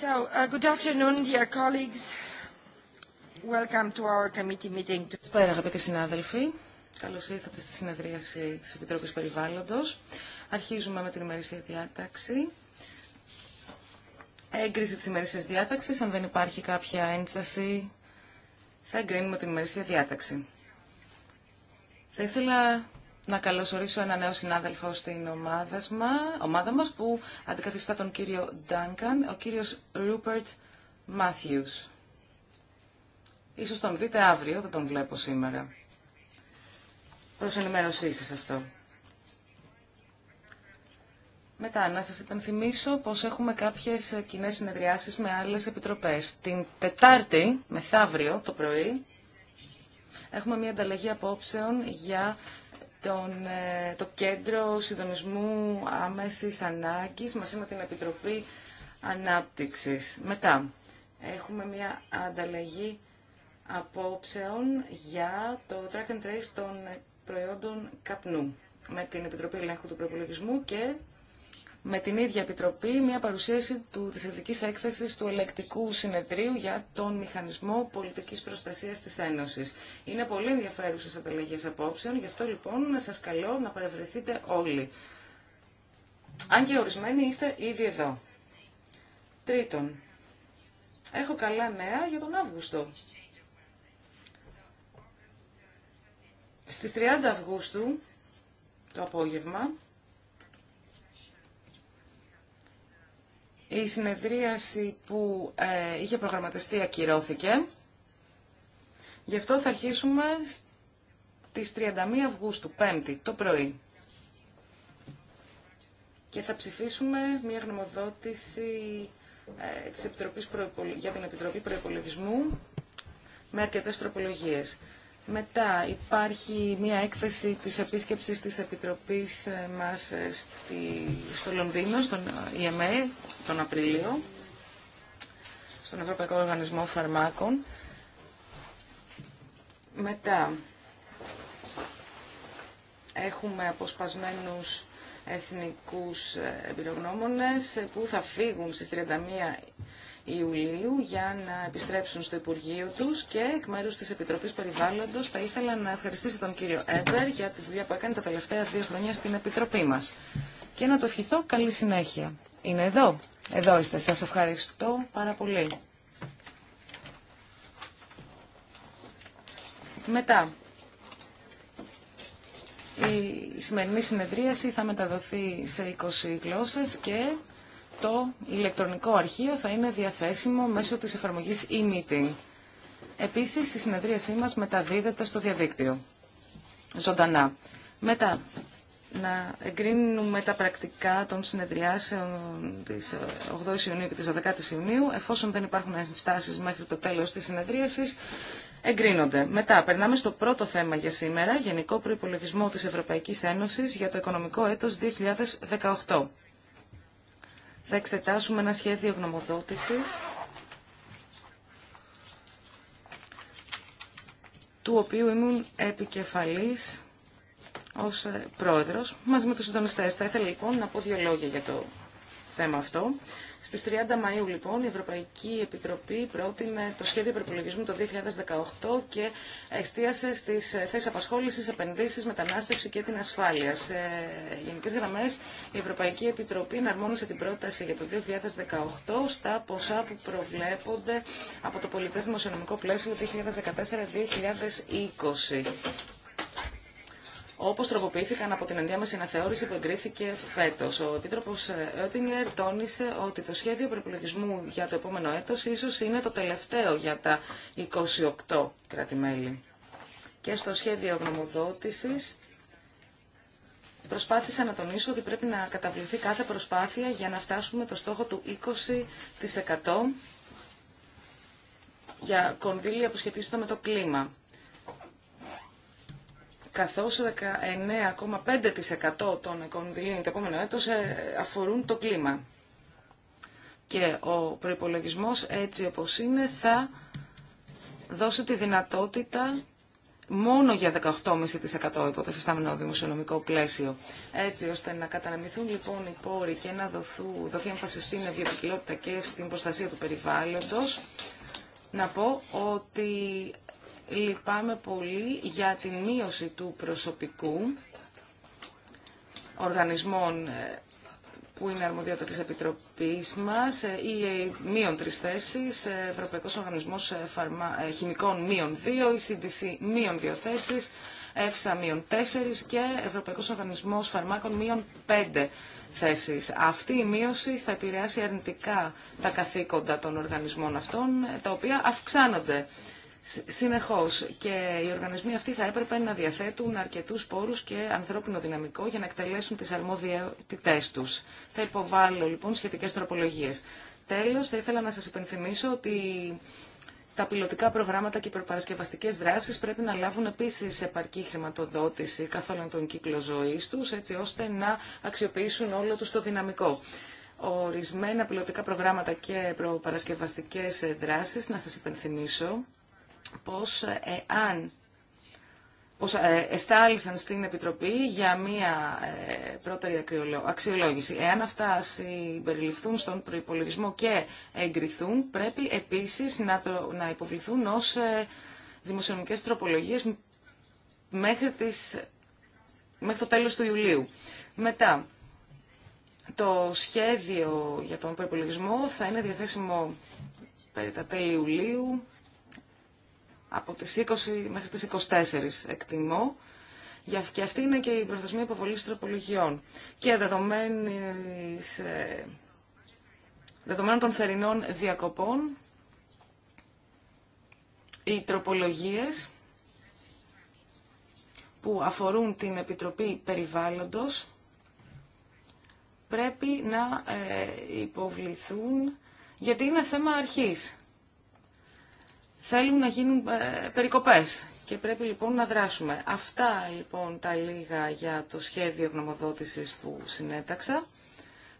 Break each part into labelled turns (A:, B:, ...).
A: So, uh, αγαπητοί
B: συνάδελφοι. Καλώς ήρθατε στη συνεδρίαση της Επιτροπής Περιβάλλοντος. Αρχίζουμε με την ημερήσια διάταξη. Έγκριση της ημερήσιας διάταξη, Αν δεν υπάρχει κάποια ένσταση, θα εγκρίνουμε την ημερήσια διάταξη. Θα ήθελα να καλωσορίσω ένα νέο συνάδελφο στην ομάδα, μα, ομάδα μας που αντικαθιστά τον κύριο Ντάνκαν, ο κύριος Ρούπερτ Μάθιους. Ίσως τον δείτε αύριο, δεν τον βλέπω σήμερα. Προς ενημέρωσή σας αυτό. Μετά, να σας υπενθυμίσω πως έχουμε κάποιες κοινέ συνεδριάσεις με άλλες επιτροπές. Την Τετάρτη, μεθαύριο το πρωί, έχουμε μια ανταλλαγή απόψεων για τον, ε, το Κέντρο Συντονισμού Άμεσης Ανάγκης μαζί με την Επιτροπή Ανάπτυξης. Μετά έχουμε μια ανταλλαγή απόψεων για το track and trace των προϊόντων καπνού με την Επιτροπή Ελέγχου του Προπολογισμού και με την ίδια επιτροπή μια παρουσίαση του, της ειδικής έκθεσης του ελεκτικού συνεδρίου για τον μηχανισμό πολιτικής προστασίας της Ένωσης. Είναι πολύ ενδιαφέρουσες απελεγγύε απόψεων, γι' αυτό λοιπόν να σας καλώ να παρευρεθείτε όλοι. Αν και ορισμένοι είστε ήδη εδώ. Τρίτον, έχω καλά νέα για τον Αύγουστο. Στις 30 Αυγούστου, το απόγευμα, Η συνεδρίαση που ε, είχε προγραμματιστεί ακυρώθηκε. Γι' αυτό θα αρχίσουμε στις 31 Αυγούστου, 5η, το πρωί. Και θα ψηφίσουμε μια γνωμοδότηση ε, της Επιτροπής για την Επιτροπή Προϋπολογισμού με αρκετές τροπολογίες. Μετά υπάρχει μια έκθεση της επίσκεψης της Επιτροπής ε, μας ε,
A: στη,
B: στο Λονδίνο, στον EMA, ε, τον Απριλίο, στον Ευρωπαϊκό Οργανισμό Φαρμάκων. Μετά έχουμε αποσπασμένους εθνικούς εμπειρογνώμονες που θα φύγουν στις 31 Ιουλίου για να επιστρέψουν στο Υπουργείο τους και εκ μέρους της Επιτροπής Περιβάλλοντος θα ήθελα να ευχαριστήσω τον κύριο Έμπερ για τη δουλειά που έκανε τα τελευταία δύο χρόνια στην Επιτροπή μας. Και να του ευχηθώ καλή συνέχεια. Είναι εδώ. Εδώ είστε. Σας ευχαριστώ πάρα πολύ. Μετά, η σημερινή συνεδρίαση θα μεταδοθεί σε 20 γλώσσες και το ηλεκτρονικό αρχείο θα είναι διαθέσιμο μέσω της εφαρμογής e-meeting. Επίσης, η συνεδρίασή μας μεταδίδεται στο διαδίκτυο, ζωντανά. Μετά, να εγκρίνουμε τα πρακτικά των συνεδριάσεων της 8ης Ιουνίου και της 12ης Ιουνίου. Εφόσον δεν υπάρχουν ενστάσεις μέχρι το τέλος της συνεδρίασης, εγκρίνονται. Μετά, περνάμε στο πρώτο θέμα για σήμερα, Γενικό Προϋπολογισμό της Ευρωπαϊκής Ένωσης για το Οικονομικό Έτος 2018 θα εξετάσουμε ένα σχέδιο γνωμοδότησης του οποίου ήμουν επικεφαλής ως ε, πρόεδρος μαζί με τους συντονιστές. Θα ήθελα λοιπόν να πω δύο λόγια για το θέμα αυτό. Στις 30 Μαΐου λοιπόν η Ευρωπαϊκή Επιτροπή πρότεινε το σχέδιο προπολογισμού το 2018 και εστίασε στις θέσεις απασχόλησης, επενδύσεις, μετανάστευση και την ασφάλεια. Σε γενικές γραμμές η Ευρωπαϊκή Επιτροπή εναρμόνισε την πρόταση για το 2018 στα ποσά που προβλέπονται από το πολιτές δημοσιονομικό πλαίσιο 2014-2020 όπως τροποποιήθηκαν από την ενδιάμεση αναθεώρηση που εγκρίθηκε φέτο. Ο Επίτροπος Ότινγκερ τόνισε ότι το σχέδιο προπολογισμού για το επόμενο έτος ίσως είναι το τελευταίο για τα 28 κράτη-μέλη. Και στο σχέδιο γνωμοδότησης προσπάθησα να τονίσω ότι πρέπει να καταβληθεί κάθε προσπάθεια για να φτάσουμε το στόχο του 20% για κονδύλια που σχετίζονται με το κλίμα καθώς 19,5% των κονδυλίων το επόμενο έτος ε, αφορούν το κλίμα. Και ο προϋπολογισμός έτσι όπως είναι θα δώσει τη δυνατότητα μόνο για 18,5% υπό το φυστάμενο δημοσιονομικό πλαίσιο. Έτσι ώστε να καταναμηθούν λοιπόν οι πόροι και να δοθού, δοθεί έμφαση στην ευγενικότητα και στην προστασία του περιβάλλοντος, να πω ότι Λυπάμαι πολύ για την μείωση του προσωπικού οργανισμών ε, που είναι αρμοδιότητα της Επιτροπής μας ή ε, ε, μείον τρεις θέσεις, Ευρωπαϊκός Οργανισμός Φαρμα... Χημικών μείον δύο, η CDC μείον δύο θέσεις, ΕΦΣΑ μείον τέσσερις και Ευρωπαϊκός Οργανισμός Φαρμάκων μείον πέντε θέσεις. Αυτή η μείωση θα επηρεάσει αρνητικά τα καθήκοντα των οργανισμών αυτών, τα οποία αυξάνονται Συνεχώ. και οι οργανισμοί αυτοί θα έπρεπε να διαθέτουν αρκετού πόρου και ανθρώπινο δυναμικό για να εκτελέσουν τι αρμοδιότητές του. Θα υποβάλω λοιπόν σχετικέ τροπολογίε. Τέλο, θα ήθελα να σα υπενθυμίσω ότι τα πιλωτικά προγράμματα και οι προπαρασκευαστικέ δράσει πρέπει να λάβουν επίση επαρκή χρηματοδότηση καθ' όλον τον κύκλο ζωή του, έτσι ώστε να αξιοποιήσουν όλο του το δυναμικό. Ορισμένα πιλωτικά προγράμματα και προπαρασκευαστικέ δράσει, να σα υπενθυμίσω, πως ε, εάν πως ε, εστάλησαν στην Επιτροπή για μία ε, πρώτερη αξιολόγηση. Εάν αυτά συμπεριληφθούν στον προϋπολογισμό και εγκριθούν, πρέπει επίσης να, το, να υποβληθούν ως δημοσιονομικές τροπολογίες μέχρι, τις, μέχρι το τέλος του Ιουλίου. Μετά, το σχέδιο για τον προϋπολογισμό θα είναι διαθέσιμο περί τα τέλη Ιουλίου, από τις 20 μέχρι τις 24 εκτιμώ. Και αυτή είναι και η προθεσμία υποβολής τροπολογιών. Και ε, δεδομένων των θερινών διακοπών, οι τροπολογίες που αφορούν την Επιτροπή Περιβάλλοντος πρέπει να ε, υποβληθούν γιατί είναι θέμα αρχής θέλουν να γίνουν ε, περικοπές και πρέπει λοιπόν να δράσουμε. Αυτά λοιπόν τα λίγα για το σχέδιο γνωμοδότησης που συνέταξα.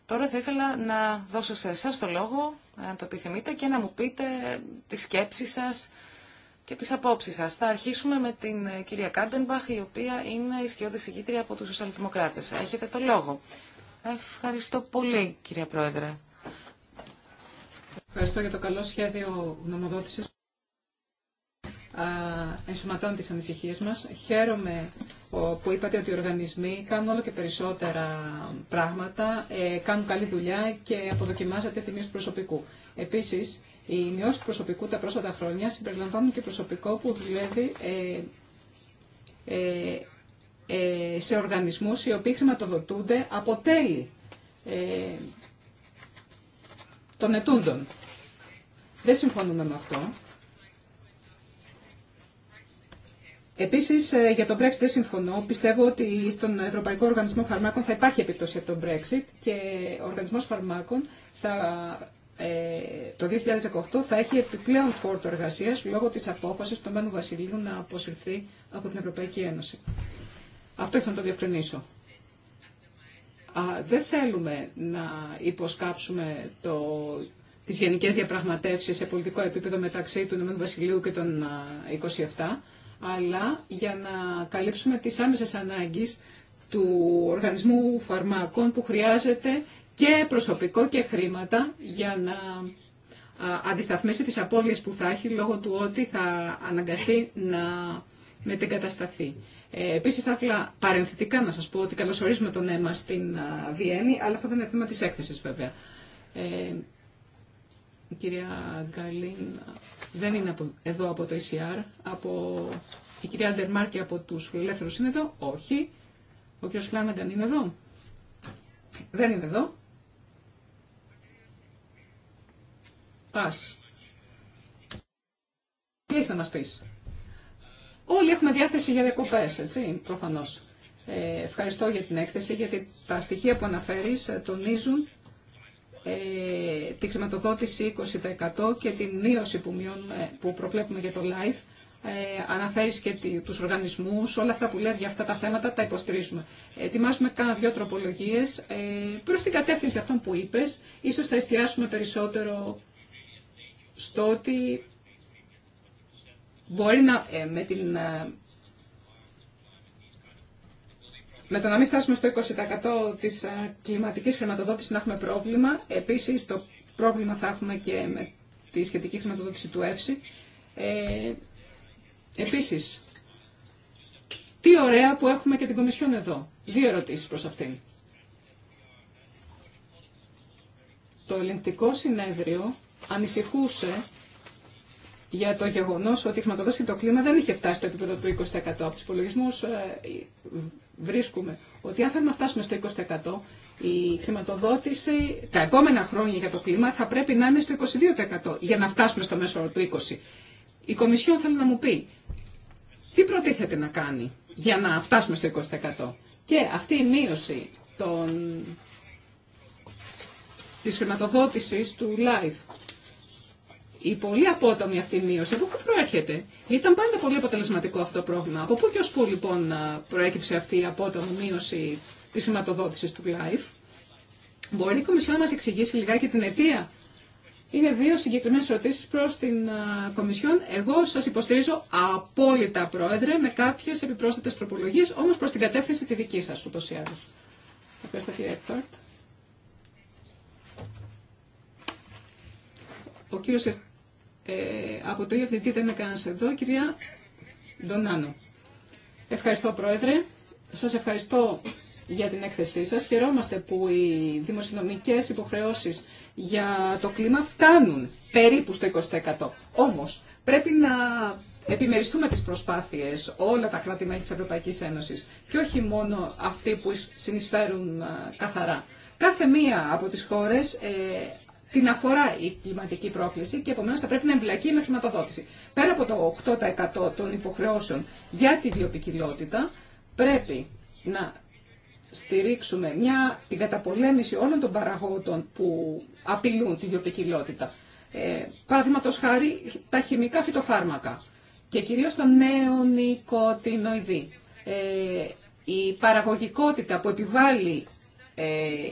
B: Τώρα θα ήθελα να δώσω σε εσάς το λόγο, αν το επιθυμείτε, και να μου πείτε τις σκέψεις σας και τις απόψεις σας. Θα αρχίσουμε με την ε, κυρία Κάντεμπαχ, η οποία είναι η σκιώδη συγκήτρια από τους Σοσιαλδημοκράτες. Έχετε το λόγο.
C: Ευχαριστώ πολύ, κυρία Πρόεδρε. Ευχαριστώ για το καλό σχέδιο γνωμοδότησης ενσωματώνει τις ανησυχίες μας. Χαίρομαι που είπατε ότι οι οργανισμοί κάνουν όλο και περισσότερα πράγματα, ε, κάνουν καλή δουλειά και αποδοκιμάζεται τη μείωση προσωπικού. Επίσης, η του προσωπικού τα πρόσφατα χρόνια συμπεριλαμβάνουν και προσωπικό που δουλεύει ε, ε, σε οργανισμούς οι οποίοι χρηματοδοτούνται από τέλη των ετούντων. Δεν συμφωνούμε με αυτό. Επίσης, ε, για το Brexit δεν συμφωνώ. Πιστεύω ότι στον Ευρωπαϊκό Οργανισμό Φαρμάκων θα υπάρχει επίπτωση από τον Brexit και ο Οργανισμός Φαρμάκων θα, ε, το 2018 θα έχει επιπλέον φόρτο εργασία λόγω τη απόφασης του Μένου Βασιλείου να αποσυρθεί από την Ευρωπαϊκή Ένωση. Αυτό ήθελα να το διευκρινίσω. Α, δεν θέλουμε να υποσκάψουμε το, τις γενικές διαπραγματεύσεις σε πολιτικό επίπεδο μεταξύ του Ηνωμένου Βασιλείου και των 27 αλλά για να καλύψουμε τις άμεσες ανάγκες του οργανισμού φαρμάκων που χρειάζεται και προσωπικό και χρήματα για να αντισταθμίσει τις απώλειες που θα έχει λόγω του ότι θα αναγκαστεί να μετεγκατασταθεί. Ε, επίσης, Επίση, θα ήθελα παρενθετικά να σα πω ότι καλωσορίζουμε τον ΕΜΑ στην Βιέννη, αλλά αυτό δεν είναι θέμα τη έκθεση βέβαια. Ε, η κυρία Γκάλιν δεν είναι εδώ από το ECR. Από... Η κυρία Αντερμάρκη από τους φιλελεύθερους είναι εδώ. Όχι. Ο κύριος Φλάνναγκαν είναι εδώ. Δεν είναι εδώ. Πας. Τι έχεις να μας πεις. Όλοι έχουμε διάθεση για διακοπές, έτσι, προφανώς. Ε, ευχαριστώ για την έκθεση, γιατί τα στοιχεία που αναφέρεις ε, τονίζουν ε, τη χρηματοδότηση 20% και την μείωση που, μειώνουμε, που προβλέπουμε για το LIFE. Ε, αναφέρεις και τους οργανισμούς, όλα αυτά που λες για αυτά τα θέματα τα υποστηρίζουμε. Ετοιμάζουμε κάνα δύο τροπολογίες ε, προς την κατεύθυνση αυτών που είπες. Ίσως θα εστιάσουμε περισσότερο στο ότι μπορεί να, ε, με την ε, με το να μην φτάσουμε στο 20% της ε, κλιματικής χρηματοδότησης να έχουμε πρόβλημα. Επίσης, το πρόβλημα θα έχουμε και με τη σχετική χρηματοδότηση του ΕΦΣΥ. Ε, επίσης, τι ωραία που έχουμε και την Κομισιόν εδώ. Δύο ερωτήσεις προς αυτήν. Το ελεγκτικό συνέδριο ανησυχούσε για το γεγονός ότι η χρηματοδότηση και το κλίμα δεν είχε φτάσει στο επίπεδο του 20%. Από του υπολογισμού ε, βρίσκουμε ότι αν θέλουμε να φτάσουμε στο 20% η χρηματοδότηση τα επόμενα χρόνια για το κλίμα θα πρέπει να είναι στο 22% για να φτάσουμε στο μέσο όρο του 20%. Η Κομισιόν θέλει να μου πει τι προτίθεται να κάνει για να φτάσουμε στο 20%. Και αυτή η μείωση των... της χρηματοδότησης του LIFE η πολύ απότομη αυτή μείωση, από πού προέρχεται. Ήταν πάντα πολύ αποτελεσματικό αυτό το πρόβλημα. Από πού και ω πού λοιπόν προέκυψε αυτή η απότομη μείωση τη χρηματοδότηση του LIFE. Μπορεί η Κομισιόν να μα εξηγήσει λιγάκι την αιτία. Είναι δύο συγκεκριμένε ερωτήσει προ την Κομισιόν. Εγώ σα υποστηρίζω απόλυτα, Πρόεδρε, με κάποιε επιπρόσθετες τροπολογίε όμω προ την κατεύθυνση τη δική σα ούτω ή άλλω. Ευχαριστώ, κύριε Ο κύριος ε, από το EFDT δεν είναι εδώ, κυρία Ντονάνο. Ευχαριστώ Πρόεδρε. Σας ευχαριστώ για την έκθεσή σας. Χαιρόμαστε που οι δημοσιονομικές υποχρεώσεις για το κλίμα φτάνουν περίπου στο 20%. Όμως, πρέπει να επιμεριστούμε τις προσπάθειες όλα τα κράτη-μέλη της Ευρωπαϊκής Ένωσης και όχι μόνο αυτοί που συνεισφέρουν καθαρά. Κάθε μία από τις χώρες ε, την αφορά η κλιματική πρόκληση και επομένως θα πρέπει να εμπλακεί με χρηματοδότηση. Πέρα από το 8% των υποχρεώσεων για τη βιοπικιλότητα, πρέπει να στηρίξουμε μια, την καταπολέμηση όλων των παραγόντων που απειλούν τη βιοπικιλότητα. Ε, Παραδείγματο χάρη τα χημικά φυτοφάρμακα και κυρίως τα νεονικοτινοειδή. Ε, η παραγωγικότητα που επιβάλλει ε,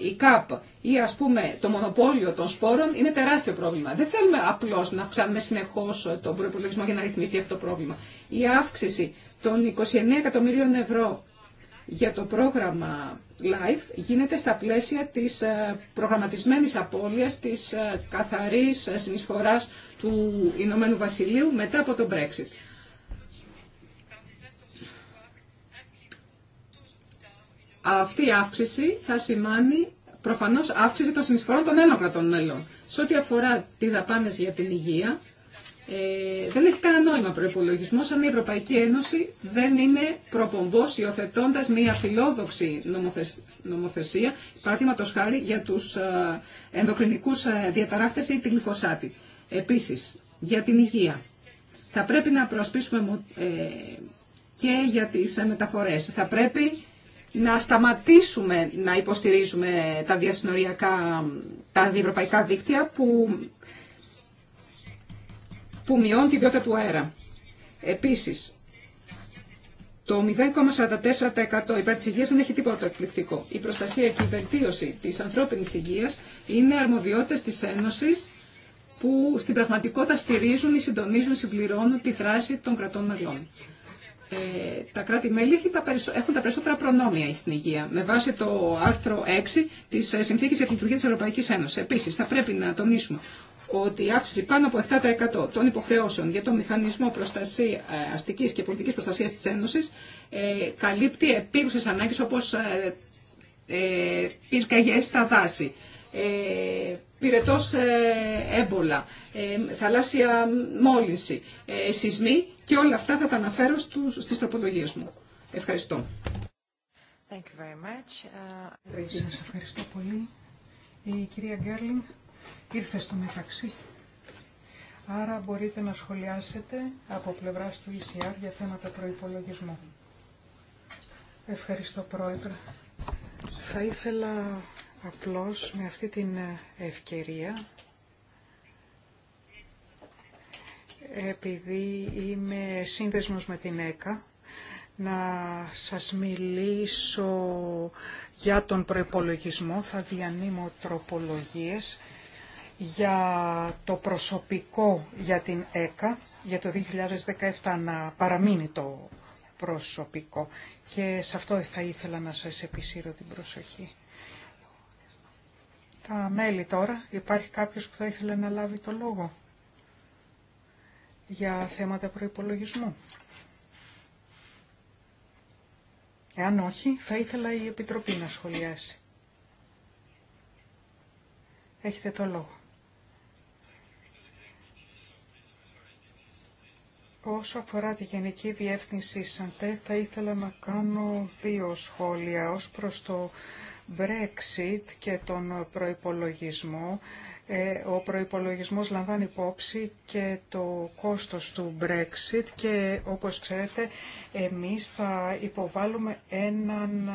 C: η ΚΑΠ ή ας πούμε το μονοπόλιο των σπόρων είναι τεράστιο πρόβλημα. Δεν θέλουμε απλώς να αυξάνουμε συνεχώς τον προϋπολογισμό για να ρυθμιστεί αυτό το πρόβλημα. Η αύξηση των 29 εκατομμυρίων ευρώ για το πρόγραμμα LIFE γίνεται στα πλαίσια της ε, προγραμματισμένης απώλειας της ε, καθαρής συνεισφοράς του Ηνωμένου Βασιλείου μετά από τον Brexit. Αυτή η αύξηση θα σημάνει προφανώ αύξηση των συνεισφορών των άλλων κρατών μελών. Σε ό,τι αφορά τι δαπάνε για την υγεία, ε, δεν έχει κανένα νόημα προπολογισμό αν η Ευρωπαϊκή Ένωση δεν είναι προπομπό υιοθετώντα μια φιλόδοξη νομοθεσία, παραδείγματο χάρη για του ε, ενδοκρινικού ε, διαταράκτε ή τη γλυφοσάτη. Επίση, για την υγεία. Θα πρέπει να προσπίσουμε ε, και για τις μεταφορές. Θα πρέπει να σταματήσουμε να υποστηρίζουμε τα διασυνοριακά, τα διευρωπαϊκά δίκτυα που, που μειώνουν την ποιότητα του αέρα. Επίσης, το 0,44% υπέρ της υγείας δεν έχει τίποτα εκπληκτικό. Η προστασία και η βελτίωση της ανθρώπινης υγείας είναι αρμοδιότητες της Ένωσης που στην πραγματικότητα στηρίζουν ή συντονίζουν, συμπληρώνουν τη δράση των κρατών μελών. Ε, τα κράτη-μέλη έχουν τα περισσότερα προνόμια στην υγεία, με βάση το άρθρο 6 της ε, Συνθήκη για τη Λειτουργία τη Ευρωπαϊκή Ένωση. Επίση, θα πρέπει να τονίσουμε ότι η αύξηση πάνω από 7% των υποχρεώσεων για τον μηχανισμό προστασία ε, Αστικής και πολιτική προστασία τη Ένωση καλύπτει επίγουσε ανάγκε όπω πυρκαγιές στα δάση, πυρετό έμπολα, θαλάσσια μόλυνση, σεισμοί και όλα αυτά θα τα αναφέρω στις τροπολογίες μου. Ευχαριστώ.
A: Thank ε, Σας ευχαριστώ πολύ. Η κυρία Γκέρλινγκ ήρθε στο μεταξύ. Άρα μπορείτε να σχολιάσετε από πλευράς του ECR για θέματα προϋπολογισμού. Ευχαριστώ Πρόεδρε. Θα ήθελα απλώς με αυτή την ευκαιρία επειδή είμαι σύνδεσμος με την ΕΚΑ, να σας μιλήσω για τον προϋπολογισμό. Θα διανύμω τροπολογίες για το προσωπικό για την ΕΚΑ για το 2017 να παραμείνει το προσωπικό και σε αυτό θα ήθελα να σας επισύρω την προσοχή. Τα μέλη τώρα, υπάρχει κάποιος που θα ήθελε να λάβει το λόγο για θέματα προϋπολογισμού. Εάν όχι, θα ήθελα η Επιτροπή να σχολιάσει. Έχετε το λόγο. Όσο αφορά τη Γενική Διεύθυνση ΣΑΝΤΕ, θα ήθελα να κάνω δύο σχόλια ως προς το Brexit και τον προϋπολογισμό. Ε, ο προϋπολογισμός λαμβάνει υπόψη και το κόστος του Brexit και όπως ξέρετε εμείς θα υποβάλουμε έναν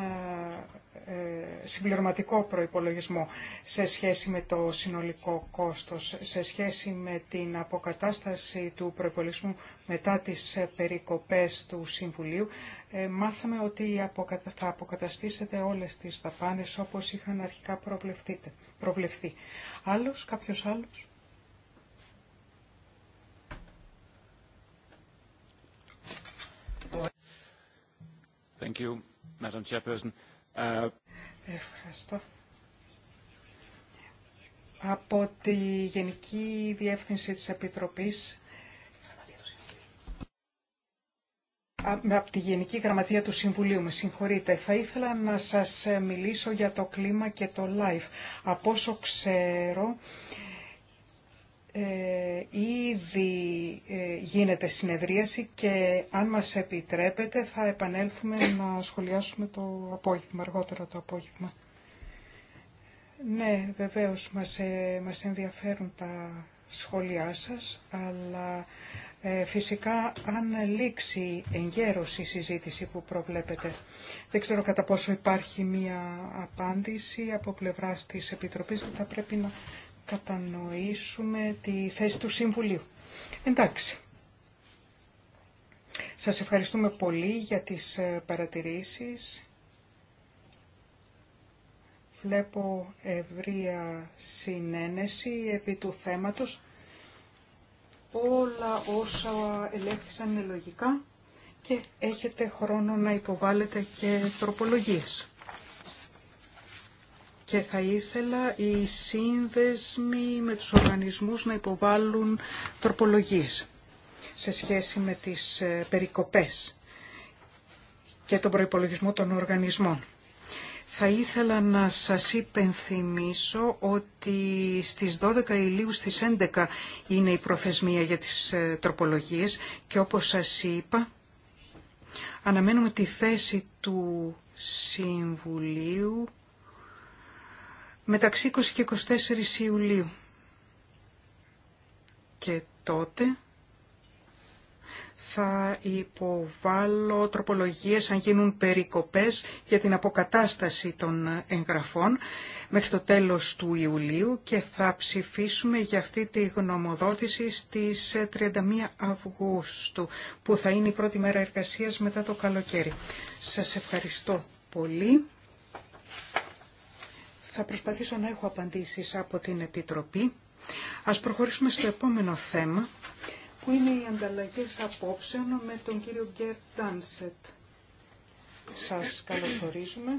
A: ε, συμπληρωματικό προϋπολογισμό σε σχέση με το συνολικό κόστος, σε σχέση με την αποκατάσταση του προϋπολογισμού μετά τις περικοπές του Συμβουλίου. Ε, μάθαμε ότι θα αποκαταστήσετε όλες τις δαπάνες όπως είχαν αρχικά προβλεφθεί. Άλλος, κάποιος άλλος.
B: Thank you,
A: Ευχαριστώ. Από τη Γενική Διεύθυνση της Επιτροπής από τη Γενική Γραμματεία του Συμβουλίου, με συγχωρείτε. Θα ήθελα να σας μιλήσω για το κλίμα και το live. Από όσο ξέρω, ε, ήδη ε, γίνεται συνεδρίαση και αν μας επιτρέπετε θα επανέλθουμε να σχολιάσουμε το απόγευμα, αργότερα το απόγευμα. Ναι, βεβαίως μας, ε, μας ενδιαφέρουν τα σχόλιά σας, αλλά ε, φυσικά αν λήξει εγκαίρως η συζήτηση που προβλέπετε. Δεν ξέρω κατά πόσο υπάρχει μία απάντηση από πλευράς της Επιτροπής θα πρέπει να κατανοήσουμε τη θέση του Συμβουλίου. Εντάξει. Σας ευχαριστούμε πολύ για τις ε, παρατηρήσεις. Βλέπω ευρεία συνένεση επί του θέματος. Όλα όσα ελέγχθησαν λογικά και έχετε χρόνο να υποβάλλετε και τροπολογίες και θα ήθελα οι σύνδεσμοι με τους οργανισμούς να υποβάλουν τροπολογίες σε σχέση με τις ε, περικοπές και τον προϋπολογισμό των οργανισμών. Θα ήθελα να σας υπενθυμίσω ότι στις 12 Ιουλίου στις 11 είναι η προθεσμία για τις ε, τροπολογίες και όπως σας είπα αναμένουμε τη θέση του Συμβουλίου μεταξύ 20 και 24 Ιουλίου. Και τότε θα υποβάλω τροπολογίες αν γίνουν περικοπές για την αποκατάσταση των εγγραφών μέχρι το τέλος του Ιουλίου και θα ψηφίσουμε για αυτή τη γνωμοδότηση στις 31 Αυγούστου που θα είναι η πρώτη μέρα εργασίας μετά το καλοκαίρι. Σας ευχαριστώ πολύ. Θα προσπαθήσω να έχω απαντήσεις από την Επιτροπή. Ας προχωρήσουμε στο επόμενο θέμα, που είναι οι ανταλλαγές απόψεων με τον κύριο Γκέρ Ντάνσετ. Σας καλωσορίζουμε.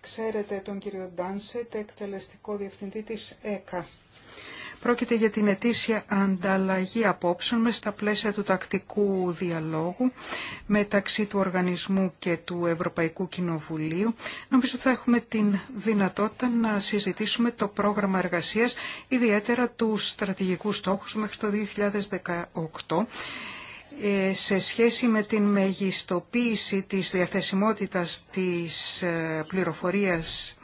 A: Ξέρετε τον κύριο Ντάνσετ, εκτελεστικό διευθυντή της ΕΚΑ. Πρόκειται για την ετήσια ανταλλαγή απόψεων με στα πλαίσια του τακτικού διαλόγου μεταξύ του Οργανισμού και του Ευρωπαϊκού Κοινοβουλίου. Νομίζω ότι θα έχουμε την δυνατότητα να συζητήσουμε το πρόγραμμα εργασίας, ιδιαίτερα του στρατηγικού στόχου μέχρι το 2018 ε, σε σχέση με την μεγιστοποίηση της διαθεσιμότητας της ε, πληροφορίας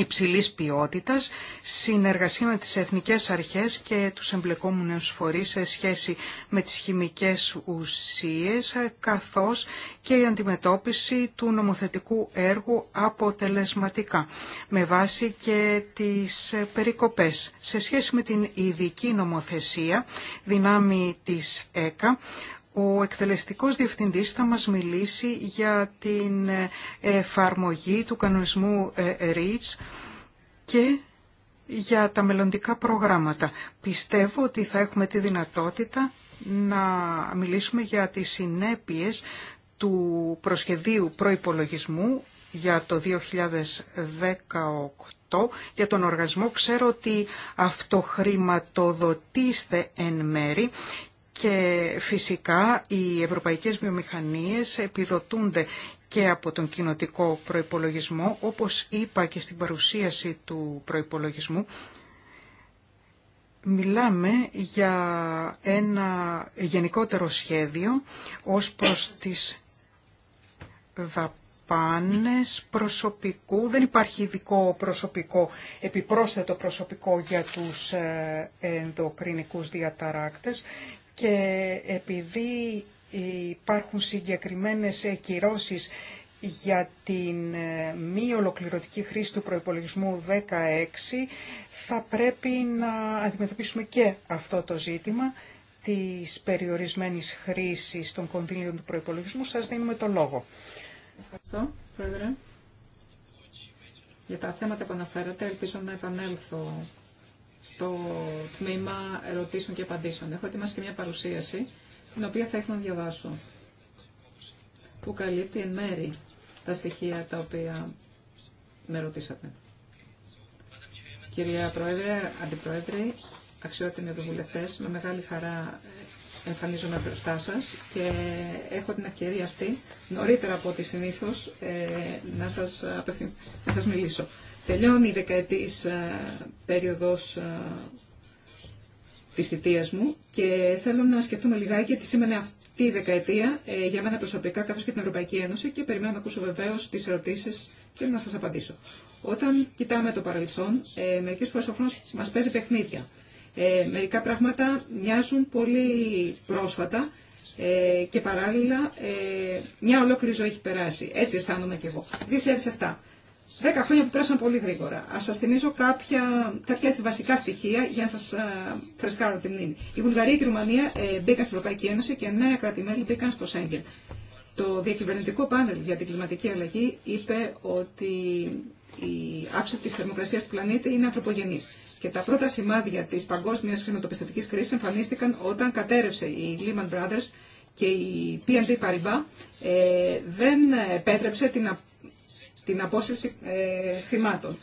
A: υψηλής ποιότητας, συνεργασία με τις εθνικές αρχές και τους εμπλεκόμενους φορείς σε σχέση με τις χημικές ουσίες, καθώς και η αντιμετώπιση του νομοθετικού έργου αποτελεσματικά, με βάση και τις περικοπές. Σε σχέση με την ειδική νομοθεσία, δυνάμει της ΕΚΑ, ο εκτελεστικός διευθυντής θα μας μιλήσει για την εφαρμογή του κανονισμού ε, REACH και για τα μελλοντικά προγράμματα. Πιστεύω ότι θα έχουμε τη δυνατότητα να μιλήσουμε για τις συνέπειες του προσχεδίου προϋπολογισμού για το 2018 για τον οργασμό. Ξέρω ότι αυτοχρηματοδοτήστε εν μέρη και φυσικά οι ευρωπαϊκές βιομηχανίες επιδοτούνται και από τον κοινοτικό προϋπολογισμό, όπως είπα και στην παρουσίαση του προϋπολογισμού, Μιλάμε για ένα γενικότερο σχέδιο ως προς τις δαπάνες προσωπικού. Δεν υπάρχει ειδικό προσωπικό, επιπρόσθετο προσωπικό για τους ε, ενδοκρινικούς διαταράκτες και επειδή υπάρχουν συγκεκριμένες κυρώσεις για την ε, μη ολοκληρωτική χρήση του προϋπολογισμού 16 θα πρέπει να αντιμετωπίσουμε και αυτό το ζήτημα της περιορισμένης χρήσης των κονδύλιων του προϋπολογισμού. Σας δίνουμε το λόγο.
C: Ευχαριστώ, Πρόεδρε. Για τα θέματα που αναφέρατε, ελπίζω να επανέλθω στο τμήμα ερωτήσεων και απαντήσεων. Έχω ετοιμάσει και μια παρουσίαση, την οποία θα ήθελα να διαβάσω, που καλύπτει εν μέρη τα στοιχεία τα οποία με ρωτήσατε. Κυρία Πρόεδρε, Αντιπρόεδρε, αξιότιμοι βουλευτέ, με μεγάλη χαρά εμφανίζομαι μπροστά σα και έχω την ευκαιρία αυτή νωρίτερα από ό,τι συνήθω ε, να σα σας μιλήσω. Τελειώνει η δεκαετής ε, περίοδος ε, της θητείας μου και θέλω να σκεφτούμε λιγάκι τι σήμαινε αυτή η δεκαετία ε, για μένα προσωπικά καθώς και την Ευρωπαϊκή Ένωση και περιμένω να ακούσω βεβαίως τις ερωτήσεις και να σας απαντήσω. Όταν κοιτάμε το παρελθόν, ε, μερικές φορές ο χρόνος μας παίζει παιχνίδια. Ε, μερικά πράγματα μοιάζουν πολύ πρόσφατα ε, και παράλληλα ε, μια ολόκληρη ζωή έχει περάσει. Έτσι αισθάνομαι και εγώ. 2007. Δέκα χρόνια που πέρασαν πολύ γρήγορα. Α σα θυμίζω κάποια, κάποια έτσι βασικά στοιχεία για να σα ε, φρεσκάρω τη μνήμη. Η Βουλγαρία και η Ρουμανία ε, μπήκαν στην Ευρωπαϊκή Ένωση και νέα κράτη-μέλη μπήκαν στο Σέγγεν. Το διακυβερνητικό πάνελ για την κλιματική αλλαγή είπε ότι η αύξηση τη θερμοκρασία του πλανήτη είναι ανθρωπογενής. Και τα πρώτα σημάδια τη παγκόσμια χρηματοπιστωτική κρίση εμφανίστηκαν όταν κατέρευσε η Lehman Brothers και η PNP Paribas ε, δεν επέτρεψε την την απόσυρση ε, χρημάτων.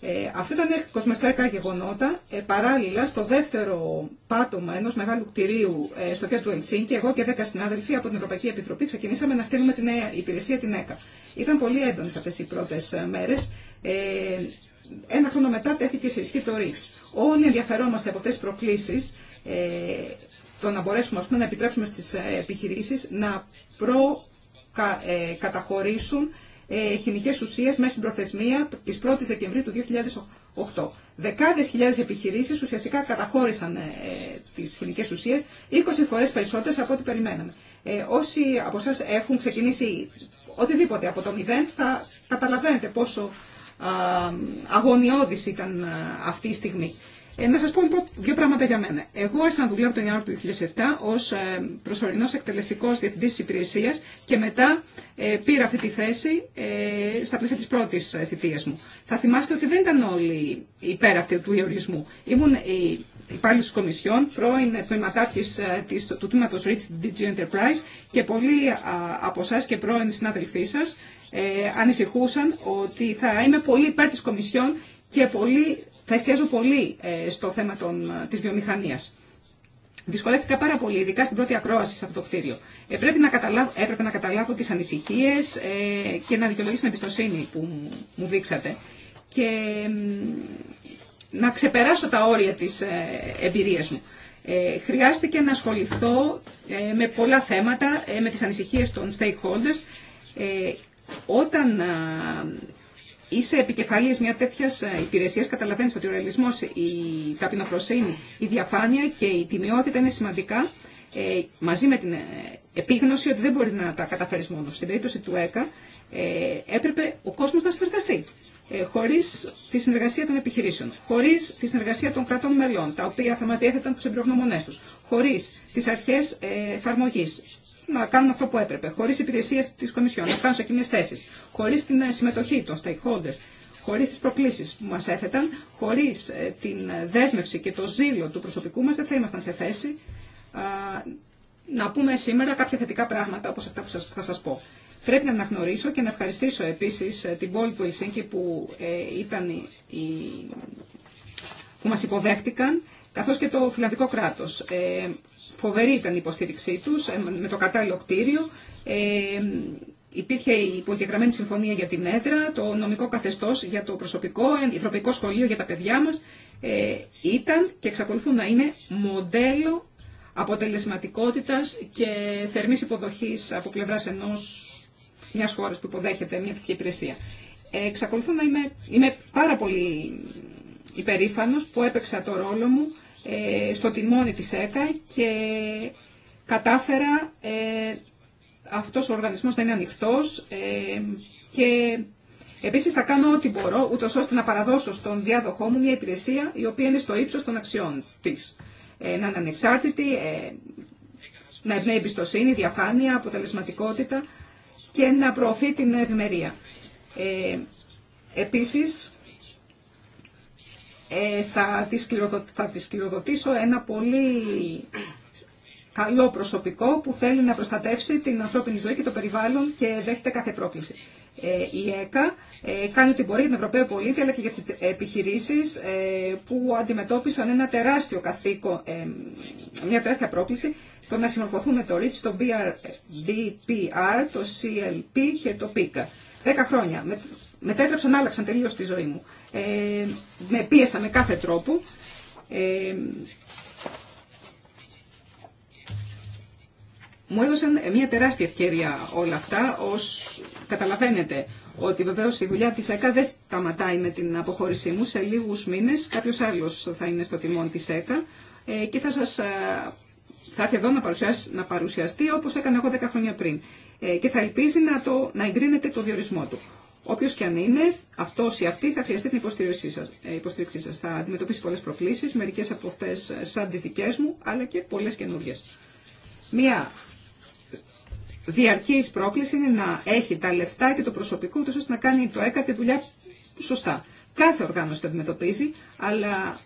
C: Ε, αυτά ήταν κοσμεστικά γεγονότα. Ε, παράλληλα, στο δεύτερο πάτωμα ενό μεγάλου κτηρίου ε, στο κέντρο του Ελσίνκη, εγώ και δέκα συνάδελφοι από την Ευρωπαϊκή Επιτροπή ξεκινήσαμε να στείλουμε την ε, υπηρεσία την ΕΚΑ. Ήταν πολύ έντονε αυτέ οι πρώτε μέρε. Ε, ένα χρόνο μετά τέθηκε σε ισχύ το ΡΙΚΣ. Όλοι ενδιαφερόμαστε από αυτέ τι προκλήσει. Ε, το να μπορέσουμε πούμε, να επιτρέψουμε στις επιχειρήσει να προκαταχωρήσουν ε, χημικές ουσίες μέσα στην προθεσμία τη 1 η Δεκεμβρίου του 2008. Δεκάδες χιλιάδε επιχειρήσεις ουσιαστικά καταχώρησαν ε, τις χημικές ουσίε, 20 φορές περισσότερες από ό,τι περιμέναμε. Ε, όσοι από εσά έχουν ξεκινήσει οτιδήποτε από το μηδέν θα καταλαβαίνετε πόσο αγωνιώδης ήταν αυτή η στιγμή. Ε, να σας πω λοιπόν δύο πράγματα για μένα. Εγώ άρχισα να δουλεύω τον Ιανουάριο του 2007 ως ε, προσωρινός εκτελεστικός διευθυντής της υπηρεσίας και μετά ε, πήρα αυτή τη θέση ε, στα πλαίσια της πρώτης ε, θητείας μου. Θα θυμάστε ότι δεν ήταν όλοι υπέρ αυτού του διορισμού. Ήμουν η υπάλληλο τη Κομισιόν, πρώην τμήματάρχη ε, του τμήματο Rich DG Enterprise και πολλοί από εσά και πρώην συνάδελφοί σα ε, ανησυχούσαν ότι θα είμαι πολύ υπέρ τη Κομισιόν και πολύ θα εστιάζω πολύ ε, στο θέμα των, ε, της βιομηχανίας. Δυσκολεύτηκα πάρα πολύ, ειδικά στην πρώτη ακρόαση σε αυτό το κτίριο. Ε, να καταλάβω, έπρεπε να καταλάβω τις ανησυχίες ε, και να δικαιολογήσω την εμπιστοσύνη που μου δείξατε και να ξεπεράσω τα όρια της ε, εμπειρίας μου. Ε, χρειάστηκε να ασχοληθώ ε, με πολλά θέματα, με τις ανησυχίες των stakeholders. όταν είσαι επικεφαλής μια τέτοια ε, υπηρεσία, καταλαβαίνει ότι ο ρεαλισμό, η ταπεινοφροσύνη, η διαφάνεια και η τιμιότητα είναι σημαντικά ε, μαζί με την ε, επίγνωση ότι δεν μπορεί να τα καταφέρει μόνο. Στην περίπτωση του ΕΚΑ ε, έπρεπε ο κόσμο να συνεργαστεί. Ε, Χωρί τη συνεργασία των επιχειρήσεων, χωρί τη συνεργασία των κρατών μελών, τα οποία θα μα διέθεταν του εμπειρογνωμονέ του, χωρί τι αρχέ ε, εφαρμογή να κάνουν αυτό που έπρεπε, χωρί υπηρεσίε τη Κομισιόν, να φτάνουν σε κοινέ θέσει, χωρί την ε, συμμετοχή των stakeholders, χωρί τι προκλήσει που μα έθεταν, χωρί ε, την ε, δέσμευση και το ζήλο του προσωπικού μα, δεν θα ήμασταν σε θέση να πούμε σήμερα κάποια θετικά πράγματα όπω αυτά που σας, θα σα πω. Πρέπει να αναγνωρίσω και να ευχαριστήσω επίση την πόλη του Ελσίνκη που, ε, ήταν η, που μα υποδέχτηκαν Καθώ και το φιλανδικό κράτο. Ε, φοβερή ήταν η υποστήριξή τους ε, με το κατάλληλο κτίριο. Ε, υπήρχε η υπογεγραμμένη συμφωνία για την έδρα, το νομικό καθεστώ για το προσωπικό, ε, ευρωπαϊκό σχολείο για τα παιδιά μα. ήταν και εξακολουθούν να είναι μοντέλο αποτελεσματικότητας και θερμής υποδοχής από πλευράς ενό μιας χώρας που υποδέχεται μια τέτοια υπηρεσία. Ε, εξακολουθώ να είμαι, είμαι πάρα πολύ υπερήφανος που έπαιξα το ρόλο μου ε, στο τιμόνι της ΕΚΑ και κατάφερα ε, αυτός ο οργανισμός να είναι ανοιχτός ε, και επίσης θα κάνω ό,τι μπορώ ούτως ώστε να παραδώσω στον διάδοχό μου μια υπηρεσία η οποία είναι στο ύψος των αξιών της. να είναι ανεξάρτητη, να εμπνέει εμπιστοσύνη, διαφάνεια, αποτελεσματικότητα και να προωθεί την ευημερία. Ε, επίσης, ε, θα, τη θα ένα πολύ καλό προσωπικό που θέλει να προστατεύσει την ανθρώπινη ζωή και το περιβάλλον και δέχεται κάθε πρόκληση. Ε, η ΕΚΑ ε, κάνει ό,τι μπορεί για την Ευρωπαίο πολίτη αλλά και για τις επιχειρήσεις που αντιμετώπισαν ένα τεράστιο καθήκο, μια τεράστια πρόκληση το να με το REACH, το BPR, το CLP και το PICA. Δέκα χρόνια μετέτρεψαν, άλλαξαν τελείω τη ζωή μου. Ε, με πίεσαν με κάθε τρόπο. Ε, μου έδωσαν μια τεράστια ευκαιρία όλα αυτά, ως καταλαβαίνετε ότι βεβαίω η δουλειά τη ΕΚΑ δεν σταματάει με την αποχώρησή μου. Σε λίγου μήνε κάποιο άλλο θα είναι στο τιμόν τη ΕΚΑ ε, και θα σας θα έρθει εδώ να, παρουσιάσει, να παρουσιαστεί όπως έκανα εγώ 10 χρόνια πριν ε, και θα ελπίζει να, το, να εγκρίνεται το διορισμό του. Όποιο και αν είναι, αυτό ή αυτή θα χρειαστεί την υποστήριξή σα. Ε, θα αντιμετωπίσει πολλέ προκλήσει, μερικέ από αυτέ ε, σαν τι δικέ μου, αλλά και πολλέ καινούριε. Μία διαρκή πρόκληση είναι να έχει τα λεφτά και το προσωπικό του ώστε να κάνει το έκατε δουλειά σωστά. Κάθε οργάνωση το αντιμετωπίζει, αλλά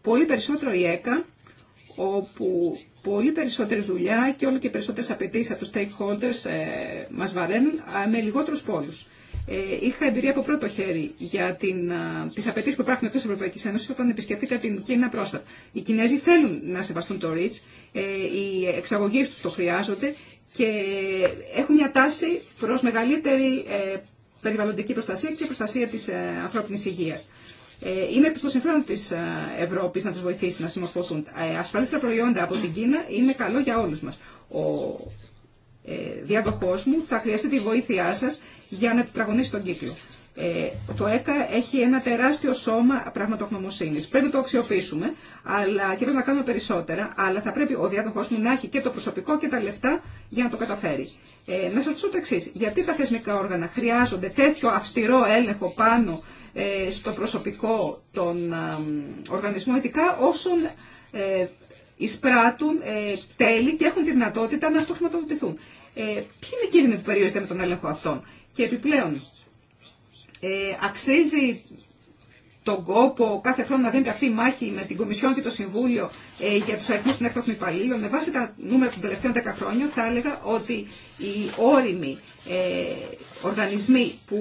C: πολύ περισσότερο η ΕΚΑ, όπου πολύ περισσότερη δουλειά και όλο και περισσότερε απαιτήσει από του stakeholders ε, μας βαραίνουν ε, με λιγότερου πόλου. Ε, είχα εμπειρία από πρώτο χέρι για τι απαιτήσει που υπάρχουν εκτό τη Ευρωπαϊκή Ένωση όταν επισκεφθήκα την Κίνα πρόσφατα. Οι Κινέζοι θέλουν να σεβαστούν το REACH, ε, οι εξαγωγεί του το χρειάζονται και έχουν μια τάση προ μεγαλύτερη ε, περιβαλλοντική προστασία και προστασία τη υγεία. υγεία. Είναι στο συμφέρον τη Ευρώπη να του βοηθήσει να συμμορφωθούν. Ασφαλίστερα προϊόντα από την Κίνα είναι καλό για όλου μα. Ο ε, διαδοχός μου θα χρειαστεί τη βοήθειά σας για να τετραγωνίσει τον κύκλο. Ε, το ΕΚΑ έχει ένα τεράστιο σώμα πραγματογνωμοσύνης. Πρέπει να το αξιοποιήσουμε αλλά, και πρέπει να κάνουμε περισσότερα, αλλά θα πρέπει ο διάδοχός μου να έχει και το προσωπικό και τα λεφτά για να το καταφέρει. Ε, να σας ρωτήσω το εξή. Γιατί τα θεσμικά όργανα χρειάζονται τέτοιο αυστηρό έλεγχο πάνω ε, στο προσωπικό των οργανισμών, ειδικά όσων εισπράττουν ε, τέλη και έχουν τη δυνατότητα να αυτοχρηματοδοτηθούν. Ε, ποιοι είναι οι κίνδυνοι που περιορίζεται με τον έλεγχο αυτών. Και επιπλέον, ε, αξίζει τον κόπο κάθε χρόνο να δίνεται αυτή η μάχη με την Κομισιόν και το Συμβούλιο ε, για του αριθμού των έκτακτων υπαλλήλων, με βάση τα νούμερα των τελευταίων 10 χρόνια θα έλεγα ότι οι όριμοι ε, οργανισμοί που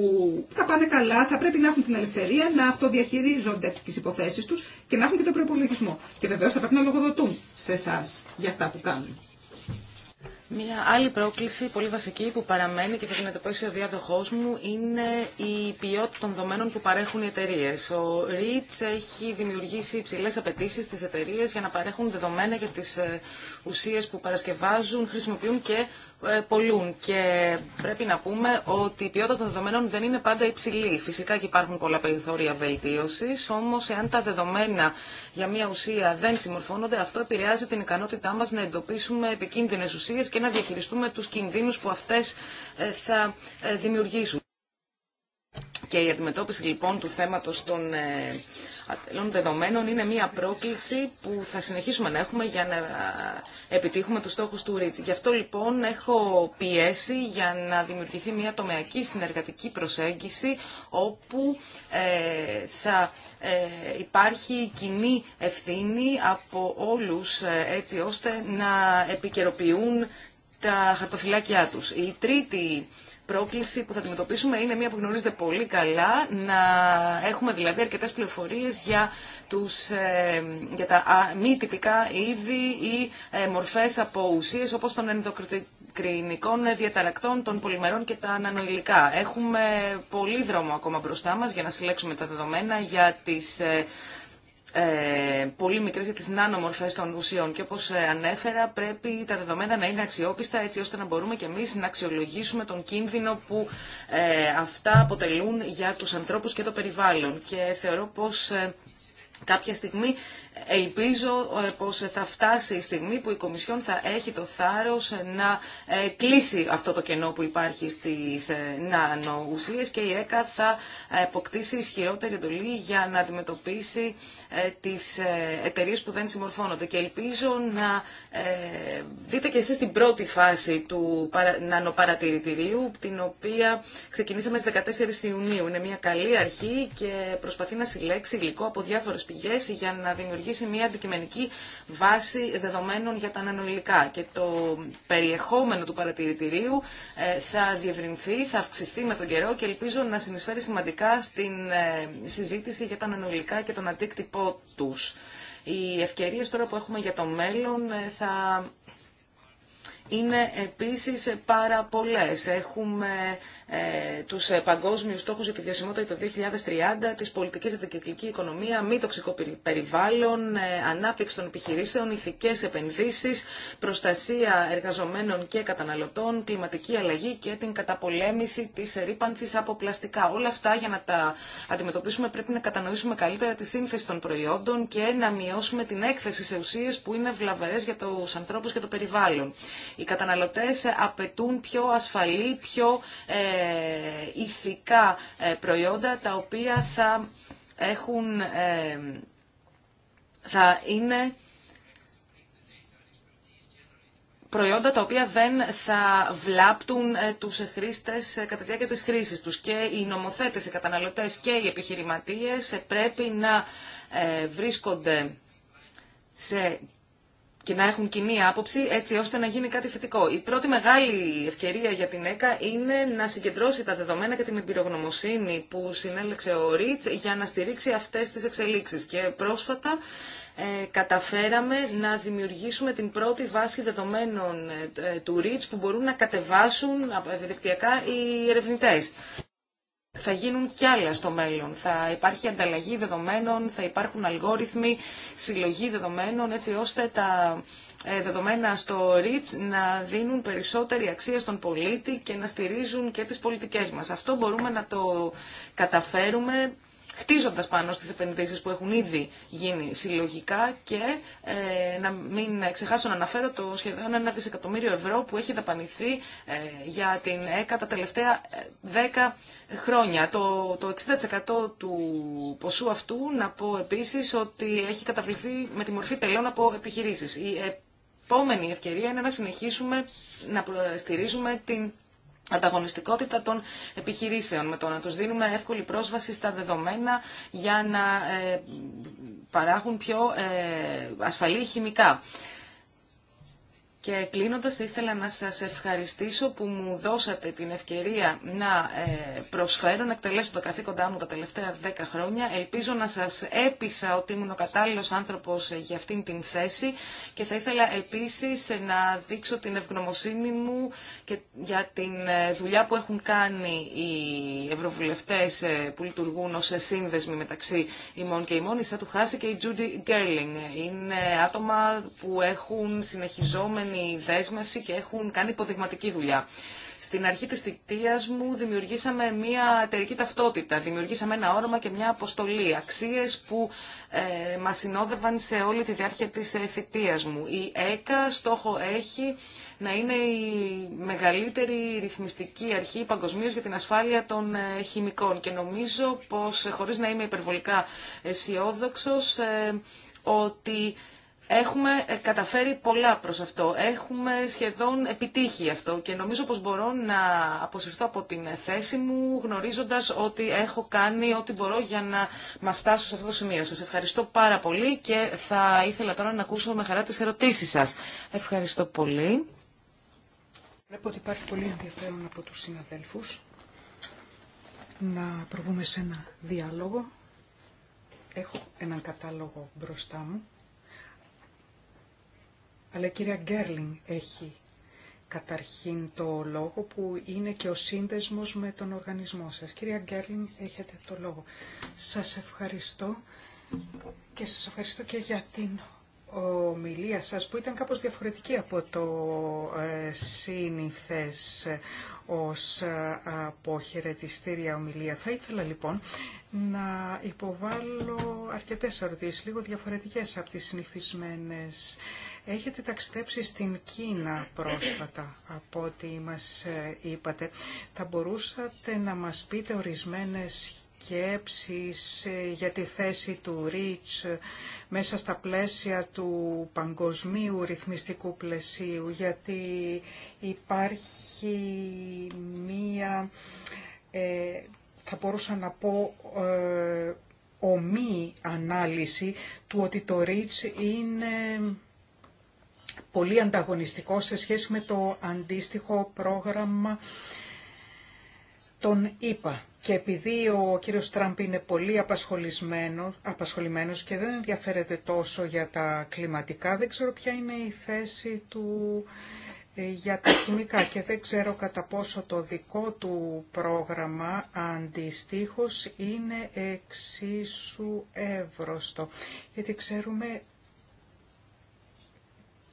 C: θα πάνε καλά θα πρέπει να έχουν την ελευθερία να αυτοδιαχειρίζονται τι υποθέσει του και να έχουν και τον προπολογισμό. Και βεβαίω θα πρέπει να λογοδοτούν σε εσά για αυτά που κάνουν.
B: Μία άλλη πρόκληση πολύ βασική που παραμένει και θα την ο διάδοχός μου είναι η ποιότητα των δομένων που παρέχουν οι εταιρείε. Ο REACH έχει δημιουργήσει υψηλέ απαιτήσει στις εταιρείε για να παρέχουν δεδομένα για τις ε, ουσίες που παρασκευάζουν, χρησιμοποιούν και ε, πολλούν και πρέπει να πούμε ότι η ποιότητα των δεδομένων δεν είναι πάντα υψηλή. Φυσικά και υπάρχουν πολλά περιθώρια βελτίωσης, Όμω, εάν τα δεδομένα για μια ουσία δεν συμμορφώνονται, αυτό επηρεάζει την ικανότητά μας να εντοπίσουμε επικίνδυνε ουσίε και να διαχειριστούμε τους κινδύνους που αυτές ε, θα ε, δημιουργήσουν. Και η αντιμετώπιση λοιπόν του θέματος των ατελών δεδομένων είναι μια πρόκληση που θα συνεχίσουμε να έχουμε για να επιτύχουμε τους στόχους του ΡΙΤΣ. Γι' αυτό λοιπόν έχω πιέσει για να δημιουργηθεί μια τομεακή συνεργατική προσέγγιση όπου ε, θα ε, υπάρχει κοινή ευθύνη από όλους ε, έτσι ώστε να επικαιροποιούν τα χαρτοφυλάκια τους. Η τρίτη πρόκληση που θα αντιμετωπίσουμε είναι μία που γνωρίζετε πολύ καλά, να έχουμε δηλαδή αρκετές πληροφορίες για, τους, ε, για τα μη τυπικά είδη ή ε, μορφές από ουσίες όπως των ενδοκρινικών διαταρακτών, των πολυμερών και τα ανανοηλικά. Έχουμε πολύ δρόμο ακόμα μπροστά μας για να συλλέξουμε τα δεδομένα για τις ε, ε, πολύ μικρές για τις νάνομορφές των ουσιών και όπως ε, ανέφερα πρέπει τα δεδομένα να είναι αξιόπιστα έτσι ώστε να μπορούμε και εμείς να αξιολογήσουμε τον κίνδυνο που ε, αυτά αποτελούν για τους ανθρώπους και το περιβάλλον και θεωρώ πως κάποια στιγμή Ελπίζω ε, πως θα φτάσει η στιγμή που η Κομισιόν θα έχει το θάρρος ε, να ε, κλείσει αυτό το κενό που υπάρχει στις νανοουσίες και η ΕΚΑ θα αποκτήσει ισχυρότερη εντολή για να αντιμετωπίσει τις εταιρείε που δεν συμμορφώνονται. Και ελπίζω να δείτε και εσείς την πρώτη φάση του νανοπαρατηρητηρίου, την οποία ξεκινήσαμε στις 14 Ιουνίου. Είναι μια καλή αρχή και προσπαθεί να συλλέξει υλικό από διάφορες πηγές για να δημιουργήσει δημιουργήσει μια αντικειμενική βάση δεδομένων για τα ανανοηλικά. Και το περιεχόμενο του παρατηρητηρίου ε, θα διευρυνθεί, θα αυξηθεί με τον καιρό και ελπίζω να συνεισφέρει σημαντικά στην ε, συζήτηση για τα ανανοηλικά και τον αντίκτυπό του. Οι ευκαιρίε τώρα που έχουμε για το μέλλον ε, θα είναι επίσης πάρα πολλές. Έχουμε ε, τους ε, παγκόσμιους στόχους για τη βιωσιμότητα το 2030, τις πολιτικές για την οικονομία, μη τοξικό περιβάλλον, ε, ανάπτυξη των επιχειρήσεων, ηθικές επενδύσεις, προστασία εργαζομένων και καταναλωτών, κλιματική αλλαγή και την καταπολέμηση της ρήπανσης από πλαστικά. Όλα αυτά για να τα αντιμετωπίσουμε πρέπει να κατανοήσουμε καλύτερα τη σύνθεση των προϊόντων και να μειώσουμε την έκθεση σε ουσίες που είναι βλαβερές για τους ανθρώπους και το περιβάλλον. Οι καταναλωτές απαιτούν πιο ασφαλή, πιο ε, ηθικά ε, προϊόντα τα οποία θα έχουν, ε, θα είναι προϊόντα τα οποία δεν θα βλάπτουν τους χρήστες κατά τη διάρκεια της χρήσης τους. Και οι νομοθέτες, οι καταναλωτές και οι επιχειρηματίες πρέπει να βρίσκονται σε και να έχουν κοινή άποψη έτσι ώστε να γίνει κάτι θετικό. Η πρώτη μεγάλη ευκαιρία για την ΕΚΑ είναι να συγκεντρώσει τα δεδομένα και την εμπειρογνωμοσύνη που συνέλεξε ο ΡΙΤΣ για να στηρίξει αυτές τις εξελίξεις. Και πρόσφατα ε, καταφέραμε να δημιουργήσουμε την πρώτη βάση δεδομένων ε, του ΡΙΤΣ που μπορούν να κατεβάσουν ε, διαδικτυακά οι ερευνητές θα γίνουν κι άλλα στο μέλλον. Θα υπάρχει ανταλλαγή δεδομένων, θα υπάρχουν αλγόριθμοι, συλλογή δεδομένων, έτσι ώστε τα ε, δεδομένα στο REACH να δίνουν περισσότερη αξία στον πολίτη και να στηρίζουν και τις πολιτικές μας. Αυτό μπορούμε να το καταφέρουμε χτίζοντας πάνω στις επενδύσεις που έχουν ήδη γίνει συλλογικά και ε, να μην ξεχάσω να αναφέρω το σχεδόν ένα δισεκατομμύριο ευρώ που έχει δαπανηθεί ε, για την ΕΚΑ τα τελευταία 10 ε, χρόνια. Το, το 60% του ποσού αυτού να πω επίσης ότι έχει καταβληθεί με τη μορφή τελών από επιχειρήσεις. Η επόμενη ευκαιρία είναι να συνεχίσουμε να στηρίζουμε την ανταγωνιστικότητα των επιχειρήσεων, με το να τους δίνουμε εύκολη πρόσβαση στα δεδομένα για να ε, παράγουν πιο ε, ασφαλή χημικά. Και κλείνοντας θα ήθελα να σας ευχαριστήσω που μου δώσατε την ευκαιρία να ε, προσφέρω, να εκτελέσω το καθήκοντά μου τα τελευταία δέκα χρόνια. Ελπίζω να σας έπεισα ότι ήμουν ο κατάλληλος άνθρωπος ε, για αυτήν την θέση και θα ήθελα επίσης ε, να δείξω την ευγνωμοσύνη μου και για την δουλειά που έχουν κάνει οι ευρωβουλευτές που λειτουργούν ως σύνδεσμοι μεταξύ ημών και ημών, η Σάτου Χάση και η Τζούντι Γκέρλινγκ. Είναι άτομα που έχουν συνεχιζόμενη αναλαμβάνει δέσμευση και έχουν κάνει υποδειγματική δουλειά. Στην αρχή της θητείας μου δημιουργήσαμε μια εταιρική ταυτότητα, δημιουργήσαμε ένα όρομα και μια αποστολή, αξίες που ε, μας συνόδευαν σε όλη τη διάρκεια της ε, θητείας μου. Η ΕΚΑ στόχο έχει να είναι η μεγαλύτερη ρυθμιστική αρχή παγκοσμίω για την ασφάλεια των ε, χημικών και νομίζω πως ε, χωρίς να είμαι υπερβολικά αισιόδοξο, ότι Έχουμε ε, καταφέρει πολλά προς αυτό. Έχουμε σχεδόν επιτύχει αυτό και νομίζω πως μπορώ να αποσυρθώ από την θέση μου γνωρίζοντας ότι έχω κάνει ό,τι μπορώ για να μας φτάσω σε αυτό το σημείο. Σας ευχαριστώ πάρα πολύ και θα ήθελα τώρα να ακούσω με χαρά τις ερωτήσεις σας. Ευχαριστώ πολύ.
A: Βλέπω ότι υπάρχει πολύ ενδιαφέρον από τους συναδέλφους να προβούμε σε ένα διάλογο. Έχω έναν κατάλογο μπροστά μου αλλά η κυρία Γκέρλινγκ έχει καταρχήν το λόγο που είναι και ο σύνδεσμος με τον οργανισμό σας. Κυρία Γκέρλινγκ, έχετε το λόγο. Σας ευχαριστώ και σας ευχαριστώ και για την ομιλία σας που ήταν κάπως διαφορετική από το ε, σύνηθες ως ε, αποχαιρετιστήρια ομιλία. Θα ήθελα λοιπόν να υποβάλω αρκετές ερωτήσεις, λίγο διαφορετικές από τις συνηθισμένες Έχετε ταξιδέψει στην Κίνα πρόσφατα, από ό,τι μας ε, είπατε. Θα μπορούσατε να μας πείτε ορισμένες σκέψεις ε, για τη θέση του ΡΙΤΣ ε, μέσα στα πλαίσια του παγκοσμίου ρυθμιστικού πλαισίου, γιατί υπάρχει μία, θα μπορούσα να πω, ε, ανάλυση του ότι το ΡΙΤΣ είναι πολύ ανταγωνιστικό σε σχέση με το αντίστοιχο πρόγραμμα τον είπα. Και επειδή ο κύριος Τραμπ είναι πολύ απασχολημένος, και δεν ενδιαφέρεται τόσο για τα κλιματικά, δεν ξέρω ποια είναι η θέση του ε, για τα χημικά και δεν ξέρω κατά πόσο το δικό του πρόγραμμα αντιστοίχως είναι εξίσου εύρωστο. Γιατί ξέρουμε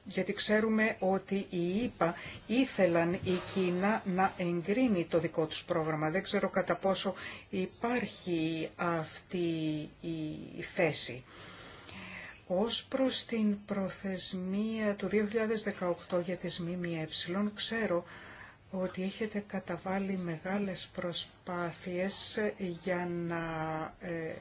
A: γιατί ξέρουμε ότι οι ΙΠΑ ήθελαν η Κίνα να εγκρίνει το δικό τους πρόγραμμα. Δεν ξέρω κατά πόσο υπάρχει αυτή η θέση. Ως προς την προθεσμία του 2018 για τις ΜΜΕ, ξέρω ότι έχετε καταβάλει μεγάλες προσπάθειες για να ε,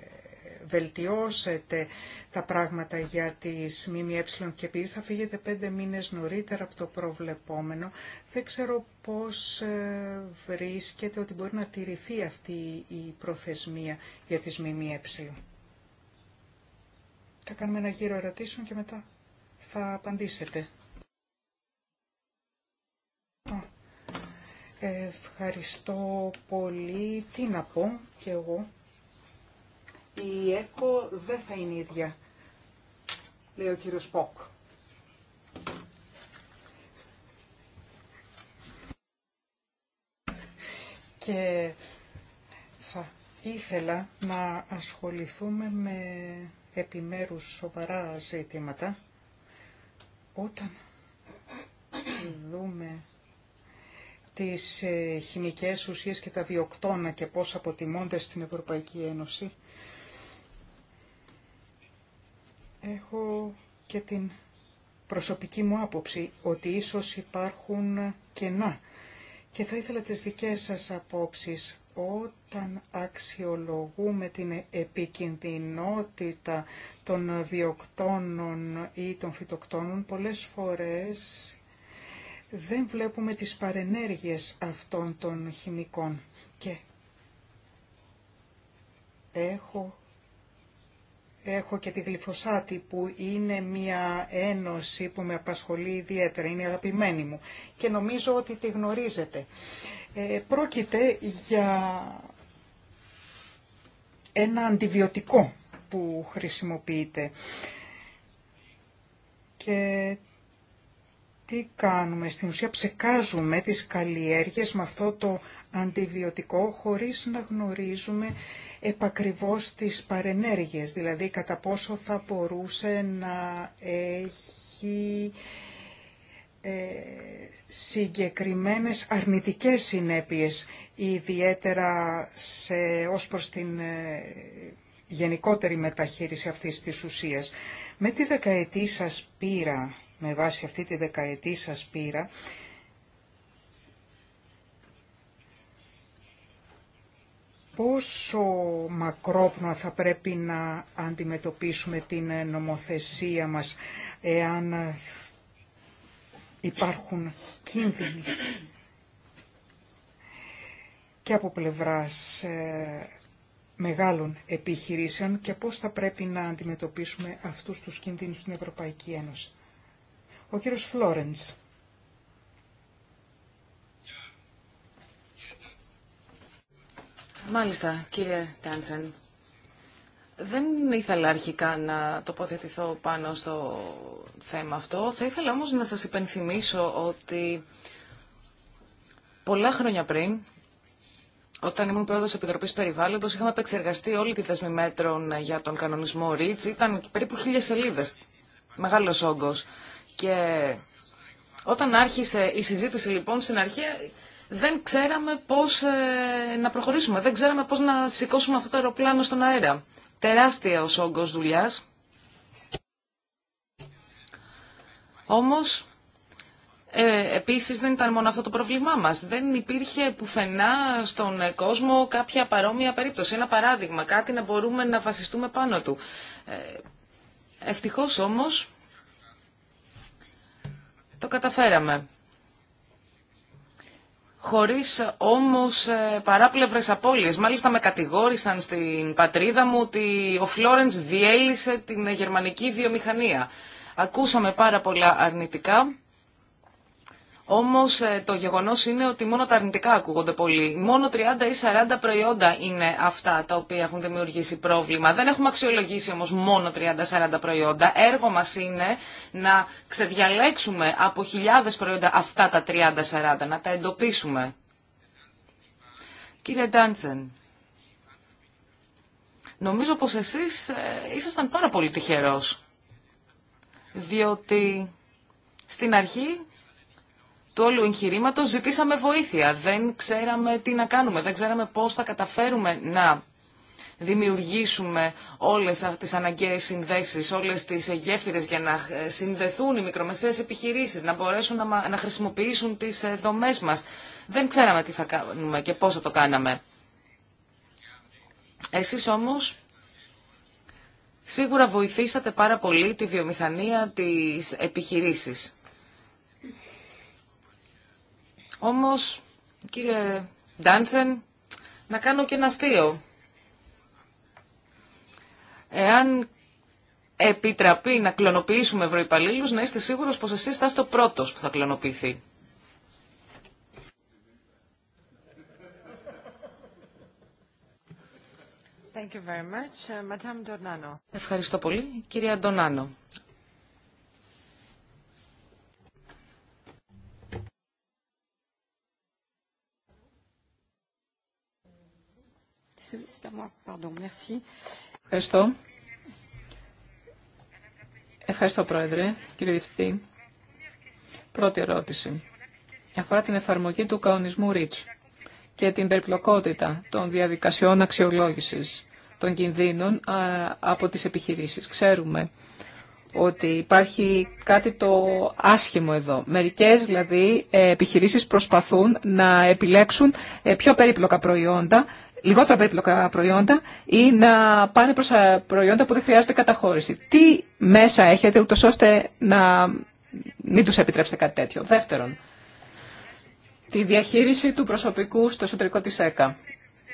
A: βελτιώσετε τα πράγματα για τις ΜΜΕ και επειδή θα φύγετε πέντε μήνες νωρίτερα από το προβλεπόμενο, δεν ξέρω πώς ε, βρίσκεται ότι μπορεί να τηρηθεί αυτή η προθεσμία για τις ΜΜΕ. Θα κάνουμε ένα γύρο ερωτήσεων και μετά θα απαντήσετε. Ευχαριστώ πολύ. Τι να πω και εγώ η ΕΚΟ δεν θα είναι ίδια, λέει ο κύριος Πόκ. Και θα ήθελα να ασχοληθούμε με επιμέρους σοβαρά ζητήματα όταν δούμε τις ε, χημικές ουσίες και τα βιοκτώνα και πώς αποτιμώνται στην Ευρωπαϊκή Ένωση Έχω και την προσωπική μου άποψη ότι ίσως υπάρχουν κενά και θα ήθελα τις δικές σας απόψεις όταν αξιολογούμε την επικινδυνότητα των βιοκτώνων ή των φυτοκτώνων πολλές φορές δεν βλέπουμε τις παρενέργειες αυτών των χημικών και έχω Έχω και τη γλυφοσάτη που είναι μια ένωση που με απασχολεί ιδιαίτερα, είναι αγαπημένη μου και νομίζω ότι τη γνωρίζετε. Ε, πρόκειται για ένα αντιβιωτικό που χρησιμοποιείται. Και τι κάνουμε, στην ουσία ψεκάζουμε τις καλλιέργειες με αυτό το αντιβιωτικό χωρίς να γνωρίζουμε επακριβώς τις παρενέργειες, δηλαδή κατά πόσο θα μπορούσε να έχει ε, συγκεκριμένες αρνητικές συνέπειες, ιδιαίτερα σε, ως προς την ε, γενικότερη μεταχείριση αυτής της ουσίας. Με τη δεκαετή σας πείρα, με βάση αυτή τη δεκαετή σας πείρα, πόσο μακρόπνοα θα πρέπει να αντιμετωπίσουμε την νομοθεσία μας εάν υπάρχουν κίνδυνοι και από πλευράς ε, μεγάλων επιχειρήσεων και πώς θα πρέπει να αντιμετωπίσουμε αυτούς τους κινδύνους στην Ευρωπαϊκή Ένωση. Ο κύριος Φλόρενς.
B: Μάλιστα, κύριε Τάνσεν. Δεν ήθελα αρχικά να τοποθετηθώ πάνω στο θέμα αυτό. Θα ήθελα όμως να σας υπενθυμίσω ότι πολλά χρόνια πριν, όταν ήμουν πρόεδρος της Επιτροπής Περιβάλλοντος, είχαμε επεξεργαστεί όλη τη δεσμή μέτρων για τον κανονισμό REACH. Ήταν περίπου χίλιες σελίδες, μεγάλος όγκος. Και όταν άρχισε η συζήτηση λοιπόν στην αρχή δεν ξέραμε πώς ε, να προχωρήσουμε, δεν ξέραμε πώς να σηκώσουμε αυτό το αεροπλάνο στον αέρα. Τεράστια ο όγκος δουλειάς. Όμως, ε, επίσης δεν ήταν μόνο αυτό το πρόβλημά μας. Δεν υπήρχε πουθενά στον κόσμο κάποια παρόμοια περίπτωση. Ένα παράδειγμα, κάτι να μπορούμε να βασιστούμε πάνω του. Ε, ευτυχώς όμως, το καταφέραμε χωρίς όμως ε, παράπλευρες απώλειες. Μάλιστα με κατηγόρησαν στην πατρίδα μου ότι ο Φλόρενς διέλυσε την γερμανική βιομηχανία. Ακούσαμε πάρα πολλά αρνητικά όμως ε, το γεγονός είναι ότι μόνο τα αρνητικά ακούγονται πολύ. Μόνο 30 ή 40 προϊόντα είναι αυτά τα οποία έχουν δημιουργήσει πρόβλημα. Δεν έχουμε αξιολογήσει όμως μόνο 30-40 προϊόντα. Έργο μας είναι να ξεδιαλέξουμε από χιλιάδες προϊόντα αυτά τα 30-40, να τα εντοπίσουμε. Κύριε Ντάντσεν, νομίζω πως εσείς ε, ήσασταν πάρα πολύ τυχερός. Διότι στην αρχή του όλου εγχειρήματο ζητήσαμε βοήθεια. Δεν ξέραμε τι να κάνουμε, δεν ξέραμε πώς θα καταφέρουμε να δημιουργήσουμε όλες τις αναγκαίες συνδέσεις, όλες τις γέφυρες για να συνδεθούν οι μικρομεσαίες επιχειρήσεις, να μπορέσουν να χρησιμοποιήσουν τις ε, δομές μας. Δεν ξέραμε τι θα κάνουμε και πώς θα το κάναμε. Εσείς όμως σίγουρα βοηθήσατε πάρα πολύ τη βιομηχανία της επιχειρήσης. Όμως, κύριε Ντάνσεν, να κάνω και ένα αστείο. Εάν επιτραπεί να κλωνοποιήσουμε ευρωϊπαλλήλους, να είστε σίγουρος πως εσείς θα είστε ο πρώτος που θα κλωνοποιηθεί. Uh, Ευχαριστώ πολύ. Κυρία Ντονάνο.
C: Ευχαριστώ. Ευχαριστώ, Πρόεδρε, κύριε Διευθυντή. Πρώτη ερώτηση. Αφορά την εφαρμογή του καονισμού REACH και την περιπλοκότητα των διαδικασιών αξιολόγησης των κινδύνων από τις επιχειρήσεις. Ξέρουμε ότι υπάρχει κάτι το άσχημο εδώ. Μερικές δηλαδή ε, επιχειρήσεις προσπαθούν να επιλέξουν ε, πιο περίπλοκα προϊόντα λιγότερα περίπλοκα προϊόντα ή να πάνε προς προϊόντα που δεν χρειάζεται καταχώρηση. Τι μέσα έχετε ούτως ώστε να μην τους επιτρέψετε κάτι τέτοιο. Δεύτερον, τη διαχείριση του προσωπικού στο εσωτερικό της ΕΚΑ.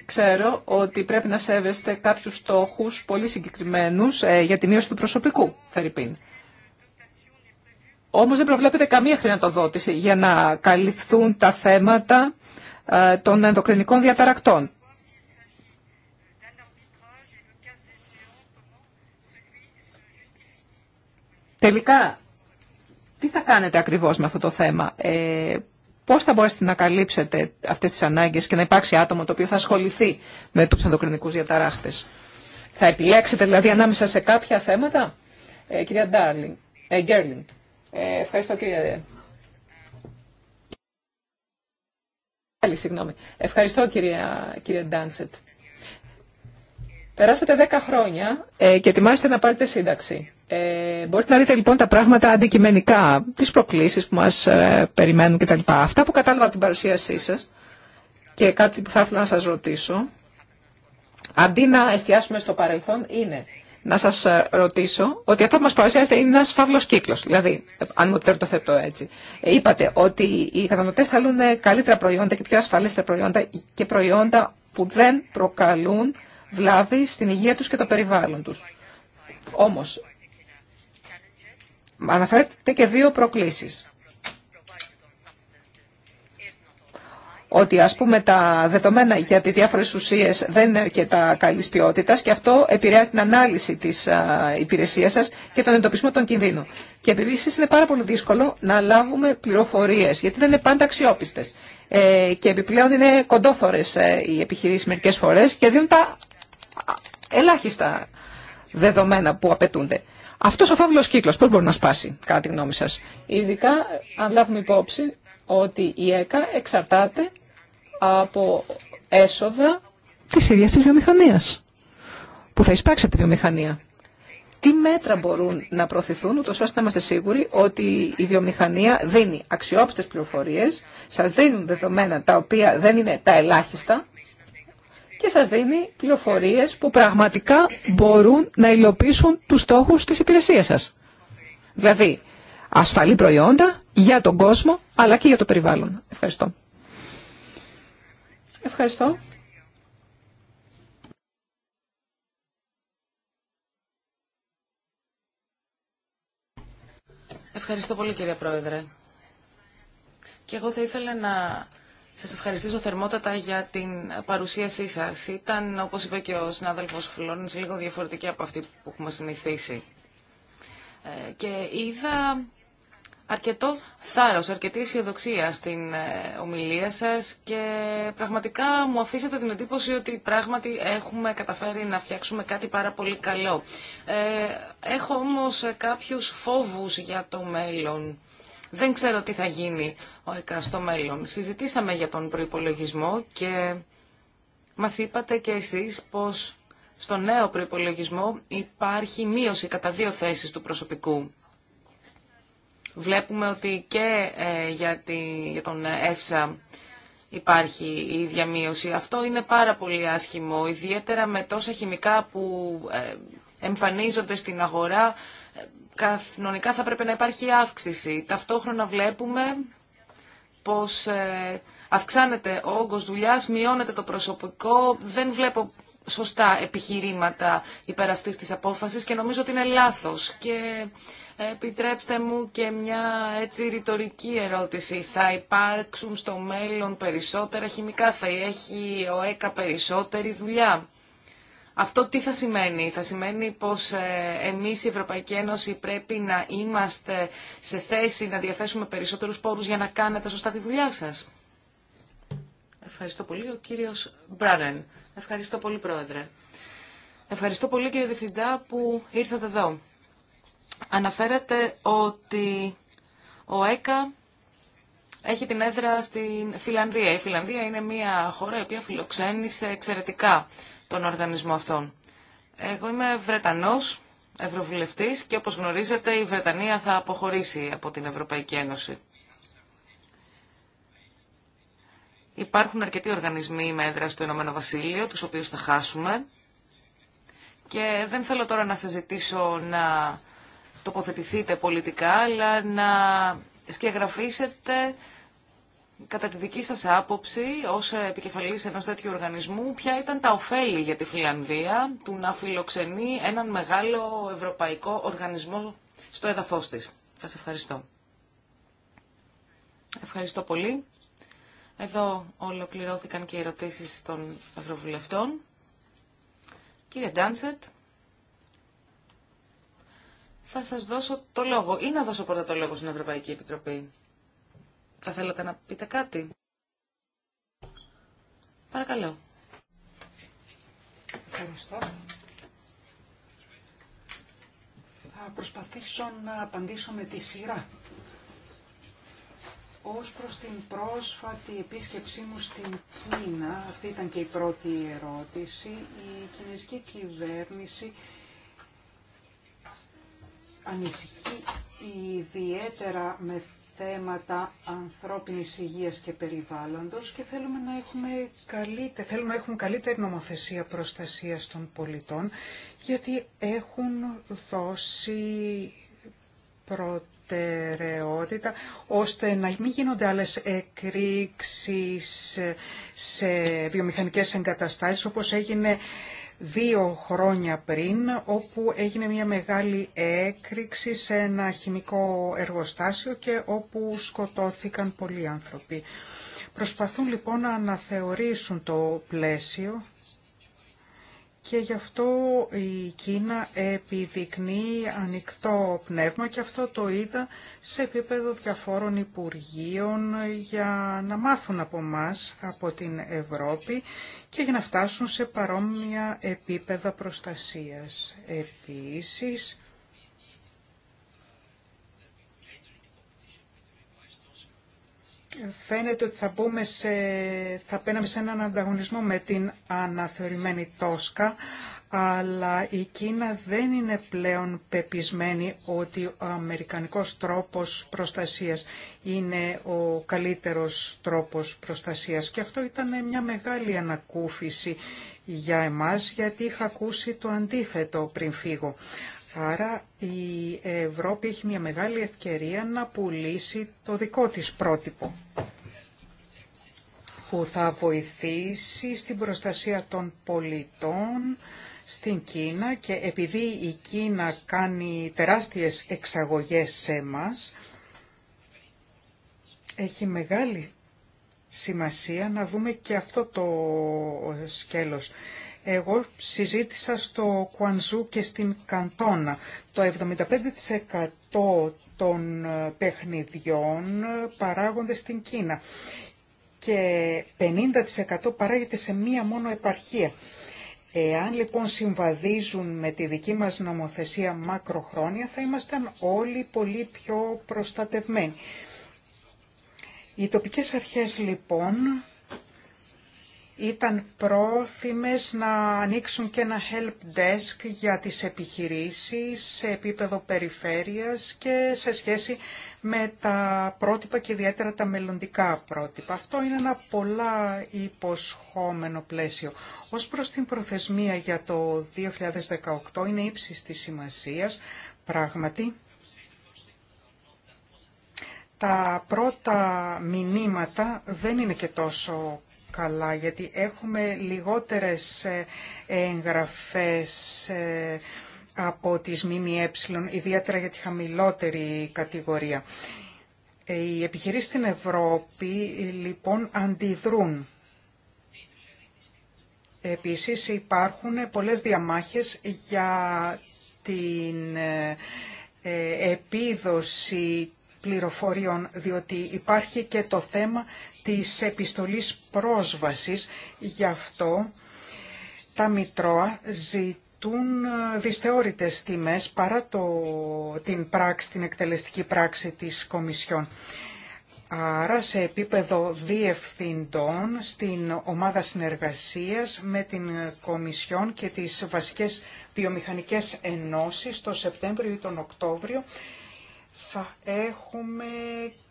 C: Ξέρω ότι πρέπει να σέβεστε κάποιους στόχους πολύ συγκεκριμένους ε, για τη μείωση του προσωπικού, Φερρυπίν. Όμως δεν προβλέπεται καμία χρηματοδότηση για να καλυφθούν τα θέματα ε, των ενδοκρινικών διαταρακτών. Τελικά, τι θα κάνετε ακριβώς με αυτό το θέμα. Ε, πώς θα μπορέσετε να καλύψετε αυτές τις ανάγκες και να υπάρξει άτομο το οποίο θα ασχοληθεί με τους ενδοκρινικούς διαταράχτες. Θα επιλέξετε δηλαδή ανάμεσα σε κάποια θέματα. Ε, κυρία ε, Γκέρλιν, ε, ευχαριστώ κύριε. Ευχαριστώ κυρία, κυρία Ντάνσετ. Περάσατε 10 χρόνια ε, και ετοιμάστε να πάρετε σύνταξη. Ε, μπορείτε να δείτε λοιπόν τα πράγματα αντικειμενικά, τις προκλήσεις που μας ε, περιμένουν κτλ. Αυτά που κατάλαβα από την παρουσίασή σας και κάτι που θα ήθελα να σας ρωτήσω, αντί να εστιάσουμε στο παρελθόν, είναι να σας ε, ρωτήσω ότι αυτό που μας παρουσιάζεται είναι ένας φαύλος κύκλος. Δηλαδή, ε, αν μου επιτρέπετε το θέτω έτσι. Ε, είπατε ότι οι κατανοτές θέλουν καλύτερα προϊόντα και πιο ασφαλέστερα προϊόντα και προϊόντα που δεν προκαλούν βλάβη στην υγεία τους και το περιβάλλον τους. Όμως, αναφέρεται και δύο προκλήσεις. Ότι ας πούμε τα δεδομένα για τις διάφορες ουσίες δεν είναι αρκετά καλής ποιότητας και αυτό επηρεάζει την ανάλυση της υπηρεσίας σας και τον εντοπισμό των κινδύνων. Και επίση είναι πάρα πολύ δύσκολο να λάβουμε πληροφορίες γιατί δεν είναι πάντα αξιόπιστες. Ε, και επιπλέον είναι κοντόθωρες ε, οι επιχειρήσεις μερικές φορές και δίνουν τα ελάχιστα δεδομένα που απαιτούνται. Αυτός ο φαύλος κύκλος πώς μπορεί να σπάσει, κατά τη γνώμη σας. Ειδικά αν λάβουμε υπόψη ότι η ΕΚΑ εξαρτάται από έσοδα της ίδιας της βιομηχανίας, που θα εισπράξει από τη βιομηχανία τι μέτρα μπορούν να προωθηθούν, ούτως ώστε να είμαστε σίγουροι ότι η βιομηχανία δίνει αξιόπιστες πληροφορίες, σας δίνουν δεδομένα τα οποία δεν είναι τα ελάχιστα και σας δίνει πληροφορίες που πραγματικά μπορούν να υλοποιήσουν τους στόχους της υπηρεσίας σας. Δηλαδή, ασφαλή προϊόντα για τον κόσμο, αλλά και για το περιβάλλον. Ευχαριστώ. Ευχαριστώ.
B: Ευχαριστώ πολύ κύριε Πρόεδρε. Και εγώ θα ήθελα να σας ευχαριστήσω θερμότατα για την παρουσίασή σας. Ήταν, όπως είπε και ο συνάδελφος Φλόρνης, λίγο διαφορετική από αυτή που έχουμε συνηθίσει. Ε, και είδα αρκετό θάρρος, αρκετή αισιοδοξία στην ε, ομιλία σας και πραγματικά μου αφήσατε την εντύπωση ότι πράγματι έχουμε καταφέρει να φτιάξουμε κάτι πάρα πολύ καλό. Ε, έχω όμως κάποιους φόβους για το μέλλον. Δεν ξέρω τι θα γίνει στο μέλλον. Συζητήσαμε για τον προϋπολογισμό και μας είπατε και εσείς πως στο νέο προϋπολογισμό υπάρχει μείωση κατά δύο θέσεις του προσωπικού. Βλέπουμε ότι και ε, για, για τον ΕΦΣΑ υπάρχει η ίδια Αυτό είναι πάρα πολύ άσχημο, ιδιαίτερα με τόσα χημικά που ε, εμφανίζονται στην αγορά. Ε, κανονικά θα πρέπει να υπάρχει αύξηση. Ταυτόχρονα βλέπουμε πως αυξάνεται ο όγκος δουλειάς, μειώνεται το προσωπικό. Δεν βλέπω σωστά επιχειρήματα υπέρ αυτής της απόφασης και νομίζω ότι είναι λάθος. Και ε, επιτρέψτε μου και μια έτσι ρητορική ερώτηση. Θα υπάρξουν στο μέλλον περισσότερα χημικά, θα έχει ο ΕΚΑ περισσότερη δουλειά. Αυτό τι θα σημαίνει. Θα σημαίνει πως ε, εμείς η Ευρωπαϊκή Ένωση πρέπει να είμαστε σε θέση να διαθέσουμε περισσότερους πόρους για να κάνετε σωστά τη δουλειά σας. Ευχαριστώ πολύ. Ο κύριος Μπράνεν. Ευχαριστώ πολύ, Πρόεδρε. Ευχαριστώ πολύ, κύριε Διευθυντά, που ήρθατε εδώ. Αναφέρατε ότι ο ΕΚΑ έχει την έδρα στην Φιλανδία. Η Φιλανδία είναι μια χώρα η οποία φιλοξένησε εξαιρετικά τον οργανισμό αυτόν. Εγώ είμαι Βρετανός, Ευρωβουλευτής και όπως γνωρίζετε η Βρετανία θα αποχωρήσει από την Ευρωπαϊκή Ένωση. Υπάρχουν αρκετοί οργανισμοί με έδρα στο Ηνωμένο Βασίλειο, τους οποίους θα χάσουμε. Και δεν θέλω τώρα να σας ζητήσω να τοποθετηθείτε πολιτικά, αλλά να σκεγγραφίσετε κατά τη δική σας άποψη, ως επικεφαλής ενός τέτοιου οργανισμού, ποια ήταν τα ωφέλη για τη Φιλανδία του να φιλοξενεί έναν μεγάλο ευρωπαϊκό οργανισμό στο έδαφος της. Σας ευχαριστώ. Ευχαριστώ πολύ. Εδώ ολοκληρώθηκαν και οι ερωτήσεις των Ευρωβουλευτών. Κύριε Ντάνσετ, θα σας δώσω το λόγο ή να δώσω πρώτα το λόγο στην Ευρωπαϊκή Επιτροπή. Θα θέλατε να πείτε κάτι. Παρακαλώ.
A: Ευχαριστώ. Θα προσπαθήσω να απαντήσω με τη σειρά ως προς την πρόσφατη επίσκεψή μου στην Κίνα, αυτή ήταν και η πρώτη ερώτηση, η κινέζικη κυβέρνηση ανησυχεί ιδιαίτερα με θέματα ανθρώπινης υγείας και περιβάλλοντος και θέλουμε να, έχουμε καλύτε, θέλουμε να έχουν καλύτερη νομοθεσία προστασίας των πολιτών γιατί έχουν δώσει προτεραιότητα ώστε να μην γίνονται άλλες εκρήξεις σε βιομηχανικές εγκαταστάσεις όπως έγινε δύο χρόνια πριν όπου έγινε μια μεγάλη έκρηξη σε ένα χημικό εργοστάσιο και όπου σκοτώθηκαν πολλοί άνθρωποι. Προσπαθούν λοιπόν να αναθεωρήσουν το πλαίσιο και γι' αυτό η Κίνα επιδεικνύει ανοιχτό πνεύμα και αυτό το είδα σε επίπεδο διαφόρων υπουργείων για να μάθουν από μας από την Ευρώπη και για να φτάσουν σε παρόμοια επίπεδα προστασίας. Επίσης, Φαίνεται ότι θα, σε, θα πέναμε σε έναν ανταγωνισμό με την αναθεωρημένη Τόσκα, αλλά η Κίνα δεν είναι πλέον πεπισμένη ότι ο αμερικανικός τρόπος προστασίας είναι ο καλύτερος τρόπος προστασίας. Και αυτό ήταν μια μεγάλη ανακούφιση για εμάς, γιατί είχα ακούσει το αντίθετο πριν φύγω. Άρα η Ευρώπη έχει μια μεγάλη ευκαιρία να πουλήσει το δικό της πρότυπο που θα βοηθήσει στην προστασία των πολιτών στην Κίνα και επειδή η Κίνα κάνει τεράστιες εξαγωγές σε μας, έχει μεγάλη σημασία να δούμε και αυτό το σκέλος εγώ συζήτησα στο Κουανζού και στην Καντόνα. Το 75% των ε, παιχνιδιών ε, παράγονται στην Κίνα και 50% παράγεται σε μία μόνο επαρχία. Εάν λοιπόν συμβαδίζουν με τη δική μας νομοθεσία μακροχρόνια θα ήμασταν όλοι πολύ πιο προστατευμένοι. Οι τοπικές αρχές λοιπόν ήταν πρόθυμες να ανοίξουν και ένα help desk για τις επιχειρήσεις σε επίπεδο περιφέρειας και σε σχέση με τα πρότυπα και ιδιαίτερα τα μελλοντικά πρότυπα. Αυτό είναι ένα πολλά υποσχόμενο πλαίσιο. Ως προς την προθεσμία για το 2018 είναι ύψης της σημασίας, πράγματι, τα πρώτα μηνύματα δεν είναι και τόσο καλά, γιατί έχουμε λιγότερες ε, εγγραφές ε, από τις ΜΜΕ, ιδιαίτερα για τη χαμηλότερη κατηγορία. Ε, οι επιχειρήσεις στην Ευρώπη λοιπόν αντιδρούν. Επίσης υπάρχουν πολλές διαμάχες για την επίδοση πληροφοριών, διότι υπάρχει και το θέμα της επιστολής πρόσβασης. Γι' αυτό τα Μητρώα ζητούν ε, δυσθεώρητες τιμές παρά το, την, πράξη, την εκτελεστική πράξη της Κομισιόν. Άρα σε επίπεδο διευθυντών στην ομάδα συνεργασίας με την Κομισιόν και τις βασικές βιομηχανικές ενώσεις το Σεπτέμβριο ή τον Οκτώβριο θα έχουμε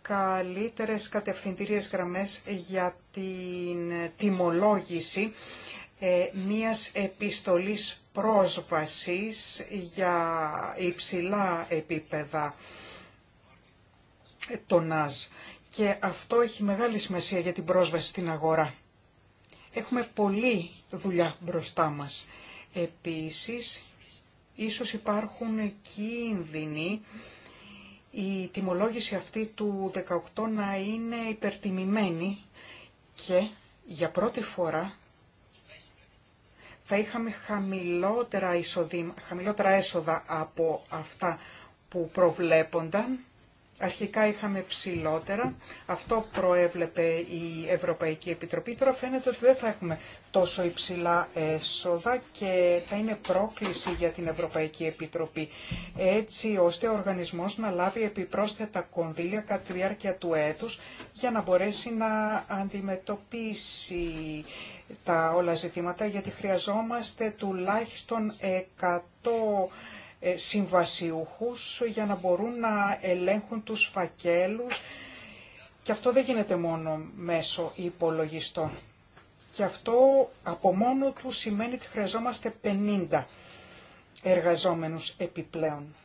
A: καλύτερες κατευθυντήριες γραμμές για την τιμολόγηση ε, μίας επιστολής πρόσβασης για υψηλά επίπεδα ε, ΝΑΣ. Και αυτό έχει μεγάλη σημασία για την πρόσβαση στην αγορά. Έχουμε πολλή δουλειά μπροστά μας. Επίσης, ίσως υπάρχουν κίνδυνοι η τιμολόγηση αυτή του 18 να είναι υπερτιμημένη και για πρώτη φορά θα είχαμε χαμηλότερα, εισοδήμα, χαμηλότερα έσοδα από αυτά που προβλέπονταν Αρχικά είχαμε ψηλότερα, αυτό προέβλεπε η Ευρωπαϊκή Επιτροπή. Τώρα φαίνεται ότι δεν θα έχουμε τόσο υψηλά έσοδα και θα είναι πρόκληση για την Ευρωπαϊκή Επιτροπή, έτσι ώστε ο οργανισμός να λάβει επιπρόσθετα κονδύλια κατά τη διάρκεια του έτους για να μπορέσει να αντιμετωπίσει τα όλα ζητήματα, γιατί χρειαζόμαστε τουλάχιστον 100 ε, συμβασιούχους για να μπορούν να ελέγχουν τους φακέλους και αυτό δεν γίνεται μόνο μέσω υπολογιστών. Και αυτό από μόνο του σημαίνει ότι χρειαζόμαστε 50 εργαζόμενους επιπλέον.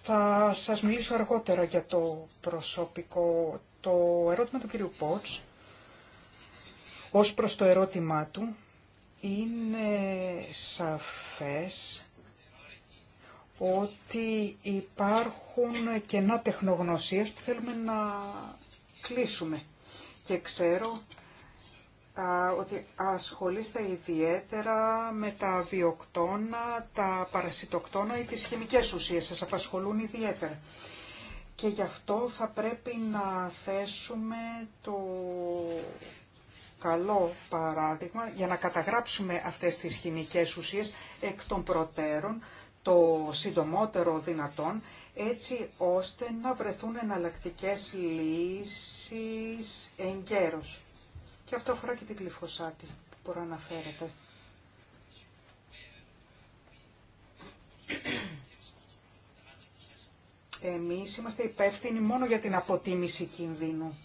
A: Θα σας μιλήσω αργότερα για το προσωπικό. Το ερώτημα του κυρίου Πότς ως προς το ερώτημά του, είναι σαφές ότι υπάρχουν κενά τεχνογνωσίας που θέλουμε να κλείσουμε. Και ξέρω α, ότι ασχολείστε ιδιαίτερα με τα βιοκτώνα, τα παρασιτοκτώνα ή τις χημικές ουσίες. Σας απασχολούν ιδιαίτερα. Και γι' αυτό θα πρέπει να θέσουμε το καλό παράδειγμα για να καταγράψουμε αυτές τις χημικές ουσίες εκ των προτέρων, το συντομότερο δυνατόν, έτσι ώστε να βρεθούν εναλλακτικέ λύσεις εγκαίρως. Και αυτό αφορά και την κλειφωσάτη που μπορεί να Εμείς είμαστε υπεύθυνοι μόνο για την αποτίμηση κινδύνου.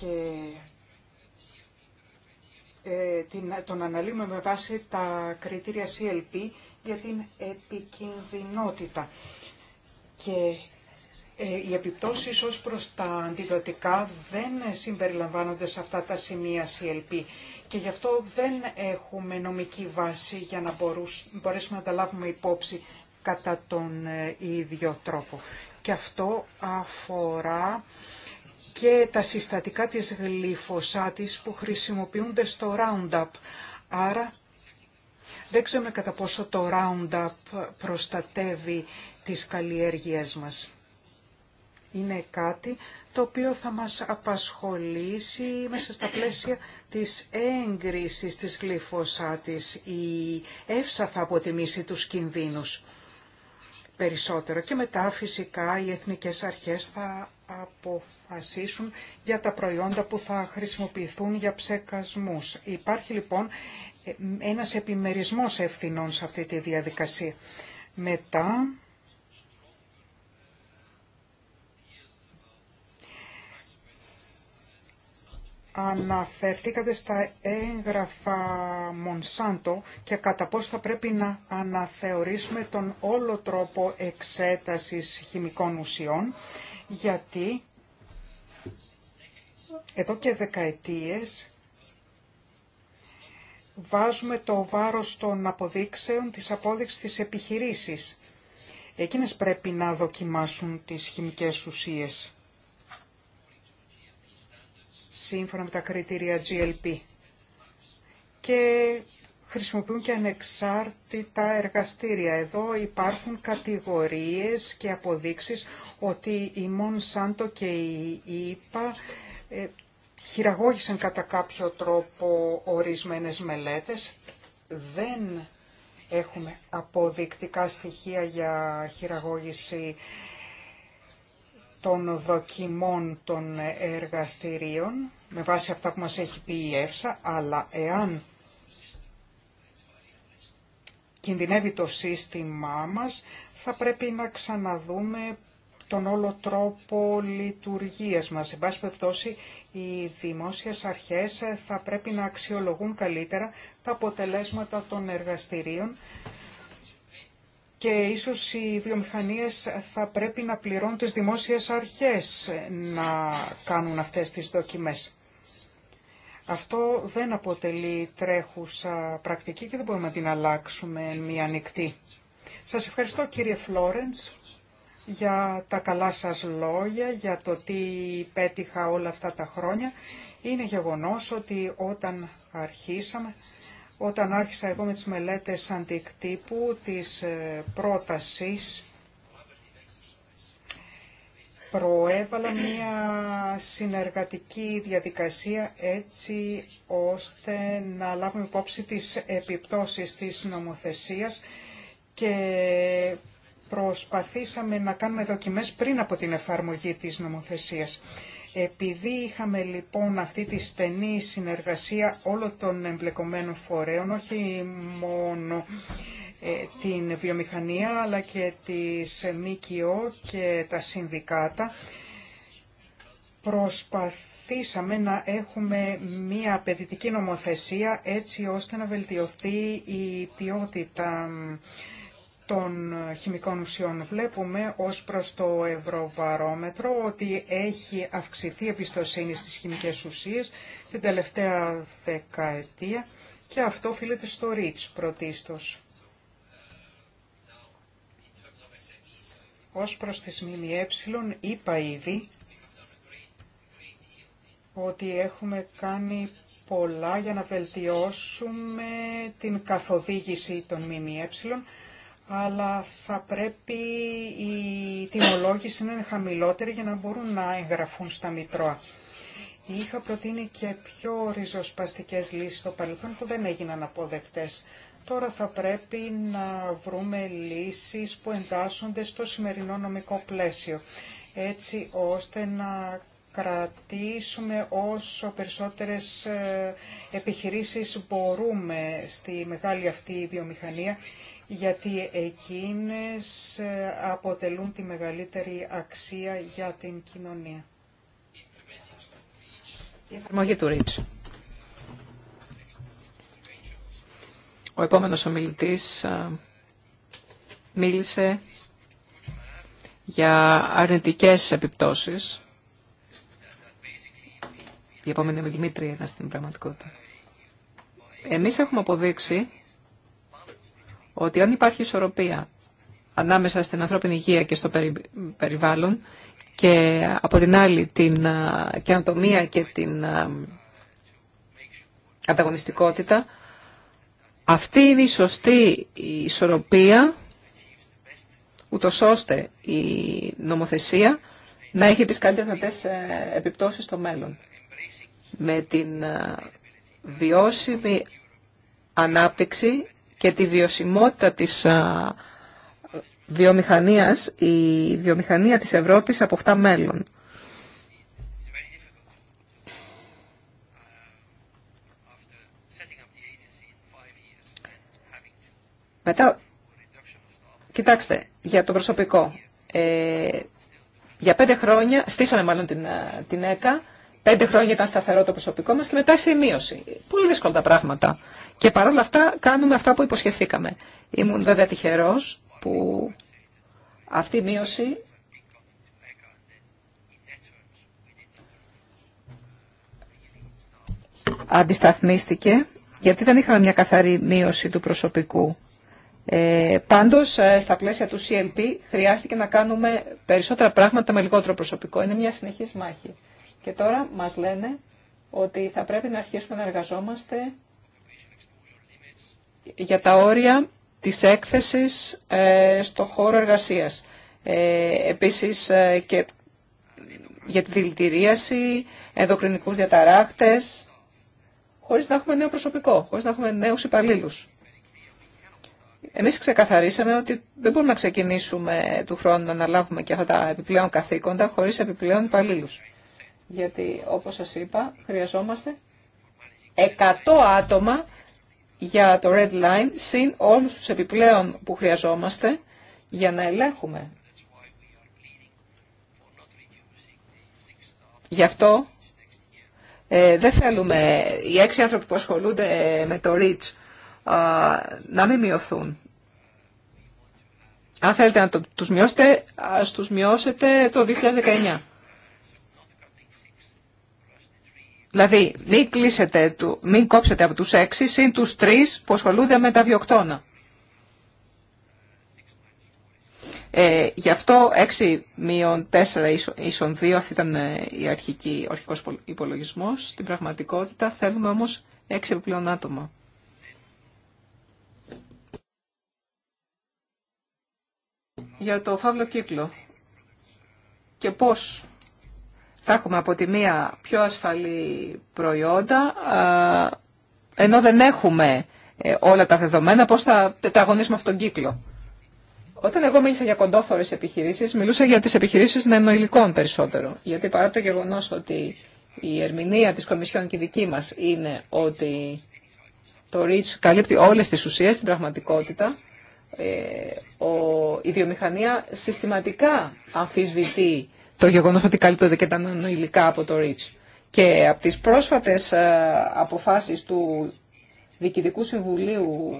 A: και ε, τον αναλύουμε με βάση τα κριτήρια CLP για την επικινδυνότητα. Και ε, οι επιπτώσεις ως προς τα αντιβιωτικά δεν συμπεριλαμβάνονται σε αυτά τα σημεία CLP και γι' αυτό δεν έχουμε νομική βάση για να μπορέσουμε να τα λάβουμε υπόψη κατά τον ε, ίδιο τρόπο. Και αυτό αφορά και τα συστατικά της γλυφοσάτης που χρησιμοποιούνται στο Roundup. Άρα δεν ξέρουμε κατά πόσο το Roundup προστατεύει τις καλλιέργειές μας. Είναι κάτι το οποίο θα μας απασχολήσει μέσα στα πλαίσια της έγκρισης της γλυφοσάτης. Η ΕΦΣΑ θα αποτιμήσει τους κινδύνους περισσότερο. Και μετά φυσικά οι εθνικές αρχές θα αποφασίσουν για τα προϊόντα που θα χρησιμοποιηθούν για ψεκασμούς. Υπάρχει λοιπόν ε, ένας επιμερισμός ευθυνών σε αυτή τη διαδικασία. Μετά αναφερθήκατε στα έγγραφα Μονσάντο και κατά πώς θα πρέπει να αναθεωρήσουμε τον όλο τρόπο εξέτασης χημικών ουσιών, γιατί εδώ και δεκαετίες βάζουμε το βάρος των αποδείξεων της απόδειξης της επιχειρήσης. Εκείνες πρέπει να δοκιμάσουν τις χημικές ουσίες σύμφωνα με τα κριτήρια GLP και χρησιμοποιούν και ανεξάρτητα εργαστήρια. Εδώ υπάρχουν κατηγορίες και αποδείξεις ότι η Σάντο και η ΙΠΑ ε, χειραγώγησαν κατά κάποιο τρόπο ορισμένες μελέτες. Δεν έχουμε αποδεικτικά στοιχεία για χειραγώγηση των δοκιμών των εργαστηρίων με βάση αυτά που μας έχει πει η ΕΦΣΑ, αλλά εάν κινδυνεύει το σύστημά μας, θα πρέπει να ξαναδούμε τον όλο τρόπο λειτουργίας μας. Σε βάση περιπτώσει, οι δημόσιες αρχές θα πρέπει να αξιολογούν καλύτερα τα αποτελέσματα των εργαστηρίων και ίσως οι βιομηχανίες θα πρέπει να πληρώνουν τις δημόσιες αρχές να κάνουν αυτές τις δοκιμές. Αυτό δεν αποτελεί τρέχουσα πρακτική και δεν μπορούμε να την αλλάξουμε μία νυχτή. Σας ευχαριστώ κύριε Φλόρενς για τα καλά σας λόγια, για το τι πέτυχα όλα αυτά τα χρόνια. Είναι γεγονός ότι όταν αρχίσαμε, όταν άρχισα εγώ με τις μελέτες αντικτύπου της ε, πρότασης προέβαλα μια συνεργατική διαδικασία έτσι ώστε να λάβουμε υπόψη τις επιπτώσεις της νομοθεσίας και προσπαθήσαμε να κάνουμε δοκιμές πριν από την εφαρμογή της νομοθεσίας. Επειδή είχαμε λοιπόν αυτή τη στενή συνεργασία όλων των εμπλεκομένων φορέων, όχι μόνο ε, την βιομηχανία αλλά και τις ΜΚΟ και τα συνδικάτα. Προσπαθήσαμε να έχουμε μία απαιτητική νομοθεσία έτσι ώστε να βελτιωθεί η ποιότητα των χημικών ουσιών. Βλέπουμε ως προς το ευρωβαρόμετρο ότι έχει αυξηθεί η εμπιστοσύνη στις χημικές ουσίες την τελευταία δεκαετία και αυτό οφείλεται στο ριτς πρωτίστως. Ως προς τις ΜΜΕ είπα ήδη ότι έχουμε κάνει πολλά για να βελτιώσουμε την καθοδήγηση των ΜΜΕ, αλλά θα πρέπει η τιμολόγηση να είναι χαμηλότερη για να μπορούν να εγγραφούν στα Μητρώα. Είχα προτείνει και πιο ριζοσπαστικές λύσεις στο παρελθόν που δεν έγιναν αποδεκτές. Τώρα θα πρέπει να βρούμε λύσεις που εντάσσονται στο σημερινό νομικό πλαίσιο, έτσι ώστε να κρατήσουμε όσο περισσότερες ε, επιχειρήσεις μπορούμε στη μεγάλη αυτή βιομηχανία, γιατί εκείνες ε, αποτελούν τη μεγαλύτερη αξία για την κοινωνία.
C: Η εφαρμογή Ο επόμενος ομιλητής μίλησε για αρνητικές επιπτώσεις. Η επόμενη με Δημήτρη ήταν στην πραγματικότητα. Εμείς έχουμε αποδείξει ότι αν υπάρχει ισορροπία ανάμεσα στην ανθρώπινη υγεία και στο περιβάλλον και από την άλλη την καινοτομία και την ανταγωνιστικότητα, αυτή είναι η σωστή ισορροπία, ούτως ώστε η νομοθεσία να έχει τις καλύτερες δυνατές ε, επιπτώσεις στο μέλλον. Με την ε, βιώσιμη ανάπτυξη και τη βιωσιμότητα της ε, βιομηχανίας, η βιομηχανία της Ευρώπης αποκτά μέλλον. Μετά, κοιτάξτε, για το προσωπικό. Ε, για πέντε χρόνια, στήσαμε μάλλον την, ε, την ΕΚΑ, πέντε χρόνια ήταν σταθερό το προσωπικό μας και μετά η μείωση. Πολύ δύσκολα τα πράγματα. Και παρόλα αυτά κάνουμε αυτά που υποσχεθήκαμε. Ήμουν βέβαια τυχερός που αυτή η μείωση αντισταθμίστηκε γιατί δεν είχαμε μια καθαρή μείωση του προσωπικού ε, πάντως, ε, στα πλαίσια του CLP χρειάστηκε να κάνουμε περισσότερα πράγματα με λιγότερο προσωπικό. Είναι μια συνεχής μάχη. Και τώρα μας λένε ότι θα πρέπει να αρχίσουμε να εργαζόμαστε για τα όρια της έκθεσης ε, στο χώρο εργασίας. Ε, επίσης ε, και για τη δηλητηρίαση, ενδοκρινικούς διαταράκτες, χωρίς να έχουμε νέο προσωπικό, χωρίς να έχουμε νέους υπαλλήλους. Εμείς ξεκαθαρίσαμε ότι δεν μπορούμε να ξεκινήσουμε του χρόνου να αναλάβουμε και αυτά τα επιπλέον καθήκοντα χωρίς επιπλέον υπαλλήλους. Γιατί, όπως σας είπα, χρειαζόμαστε 100 άτομα για το Red Line, συν όλους τους επιπλέον που χρειαζόμαστε για να ελέγχουμε. Γι' αυτό ε, δεν θέλουμε οι έξι άνθρωποι που ασχολούνται με το REACH να μην μειωθούν. Αν θέλετε να το, τους μειώσετε, ας τους μειώσετε το 2019. Δηλαδή, μην, κλείσετε, μην κόψετε από τους 6 συν τους 3 που ασχολούνται με τα βιοκτώνα. Ε, γι' αυτό 6 μείον 4 ίσον 2, αυτή ήταν ε, η αρχική, ο αρχικός υπολογισμός. Στην πραγματικότητα θέλουμε όμως 6 επιπλέον άτομα. για το φαύλο κύκλο και πώς θα έχουμε από τη μία πιο ασφαλή προϊόντα, ενώ δεν έχουμε ε, όλα τα δεδομένα, πώς θα τεταγωνίσουμε αυτόν τον κύκλο. Όταν εγώ μίλησα για κοντόθωρες επιχειρήσεις, μιλούσα για τι επιχειρήσει νενοηλικών περισσότερο. Γιατί παρά το γεγονός ότι η ερμηνεία της Κομισιόν και δική μα είναι ότι το REACH καλύπτει όλες τις ουσίες στην πραγματικότητα ε, η βιομηχανία συστηματικά αμφισβητεί το γεγονός ότι καλύπτονται και τα νοηλικά από το REACH. Και από τις πρόσφατες ε, αποφάσεις του Διοικητικού Συμβουλίου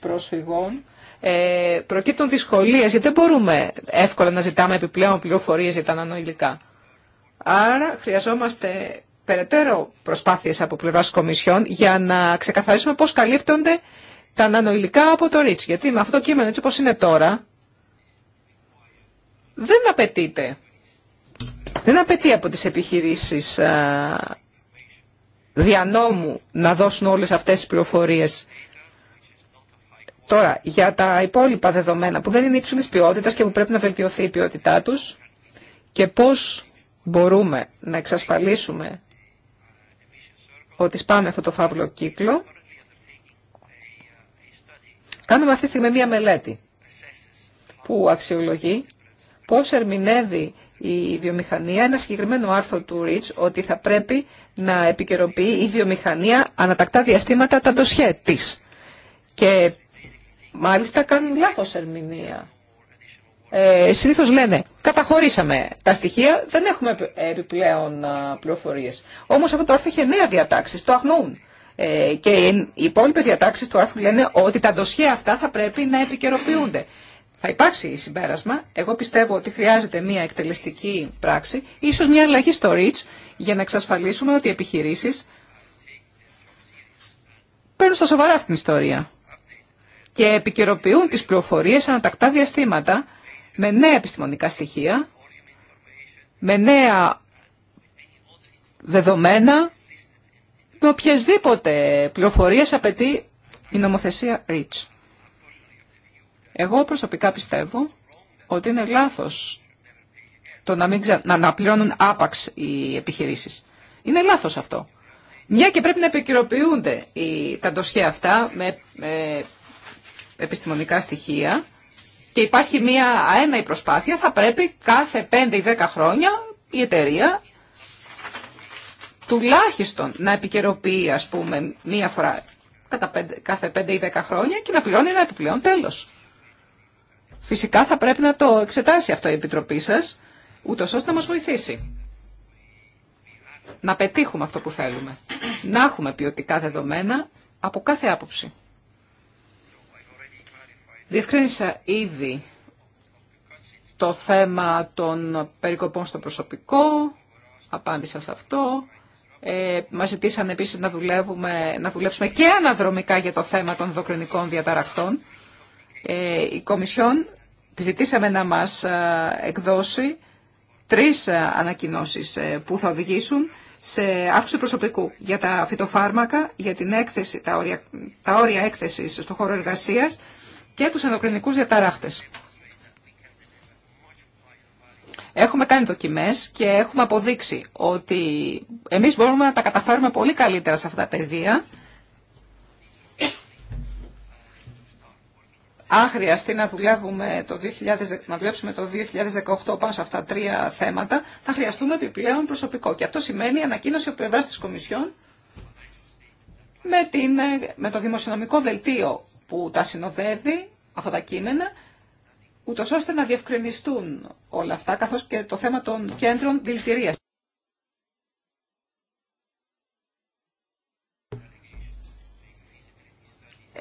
C: Προσφυγών ε, προκύπτουν δυσκολίες γιατί δεν μπορούμε εύκολα να ζητάμε επιπλέον πληροφορίες για τα νανοηλικά. Άρα χρειαζόμαστε περαιτέρω προσπάθειες από πλευράς κομισιών για να ξεκαθαρίσουμε πώς καλύπτονται τα ανανοηλικά από το ΡΙΤΣ, Γιατί με αυτό το κείμενο έτσι όπως είναι τώρα, δεν απαιτείται. Δεν απαιτεί από τις επιχειρήσεις α, διανόμου να δώσουν όλες αυτές τις πληροφορίες. Τώρα, για τα υπόλοιπα δεδομένα που δεν είναι ύψιλης ποιότητας και που πρέπει να βελτιωθεί η ποιότητά τους και πώς μπορούμε να εξασφαλίσουμε ότι σπάμε αυτό το φαύλο κύκλο, Κάνουμε αυτή τη στιγμή μία μελέτη που αξιολογεί πώς ερμηνεύει η βιομηχανία ένα συγκεκριμένο άρθρο του Ρίτς ότι θα πρέπει να επικαιροποιεί η βιομηχανία ανατακτά διαστήματα τα ντοσιέ τη. Και μάλιστα κάνουν λάθος ερμηνεία. Ε, συνήθως λένε, καταχωρήσαμε τα στοιχεία, δεν έχουμε επιπλέον πληροφορίες. Όμως αυτό το άρθρο είχε νέα διατάξεις, το αγνοούν. Ε, και οι υπόλοιπε διατάξει του άρθρου λένε ότι τα ντοσιέ αυτά θα πρέπει να επικαιροποιούνται. Θα υπάρξει συμπέρασμα. Εγώ πιστεύω ότι χρειάζεται μια εκτελεστική πράξη, ίσως μια αλλαγή στο REACH, για να εξασφαλίσουμε ότι οι επιχειρήσεις παίρνουν στα σοβαρά αυτήν την ιστορία και επικαιροποιούν τις πληροφορίες ανατακτά διαστήματα με νέα επιστημονικά στοιχεία, με νέα δεδομένα, με οποιασδήποτε πληροφορίες απαιτεί η νομοθεσία REACH. Εγώ προσωπικά πιστεύω ότι είναι λάθος το να, μην ξα... αναπληρώνουν άπαξ οι επιχειρήσεις. Είναι λάθος αυτό. Μια και πρέπει να επικυροποιούνται οι... τα ντοσιά αυτά με... επιστημονικά στοιχεία και υπάρχει μια αέναη προσπάθεια, θα πρέπει κάθε 5 ή 10 χρόνια η εταιρεία τουλάχιστον να επικαιροποιεί, α πούμε, μία φορά κατά πέντε, κάθε 5 ή 10 χρόνια και να πληρώνει ένα επιπλέον τέλος. Φυσικά θα πρέπει να το εξετάσει αυτό η Επιτροπή σας, ούτω ώστε να μας βοηθήσει. Να πετύχουμε αυτό που θέλουμε. Να έχουμε ποιοτικά δεδομένα από κάθε άποψη. Διευκρίνησα ήδη το θέμα των περικοπών στο προσωπικό, απάντησα σε αυτό, ε, μας ζητήσαν επίσης να, δουλεύουμε, να δουλέψουμε και αναδρομικά για το θέμα των ενδοκρινικών διαταραχτών. Ε, η Κομισιόν τη ζητήσαμε να μας ε, εκδώσει τρεις ε, ανακοινώσεις που θα οδηγήσουν σε αύξηση προσωπικού για τα φυτοφάρμακα, για την έκθεση, τα όρια, τα όρια έκθεσης στον χώρο εργασίας και τους ενδοκρινικούς διαταράχτες. Έχουμε κάνει δοκιμές και έχουμε αποδείξει ότι εμείς μπορούμε να τα καταφέρουμε πολύ καλύτερα σε αυτά τα παιδεία. Αν χρειαστεί να, δουλεύουμε το 2000, να δουλέψουμε το 2018 πάνω σε αυτά τα τρία θέματα, θα χρειαστούμε επιπλέον προσωπικό. Και αυτό σημαίνει ανακοίνωση από πλευρά τη Κομισιόν με, την, ε, με το δημοσιονομικό δελτίο που τα συνοδεύει αυτά τα κείμενα ούτως ώστε να διευκρινιστούν όλα αυτά, καθώς και το θέμα των κέντρων δηλητηρίας.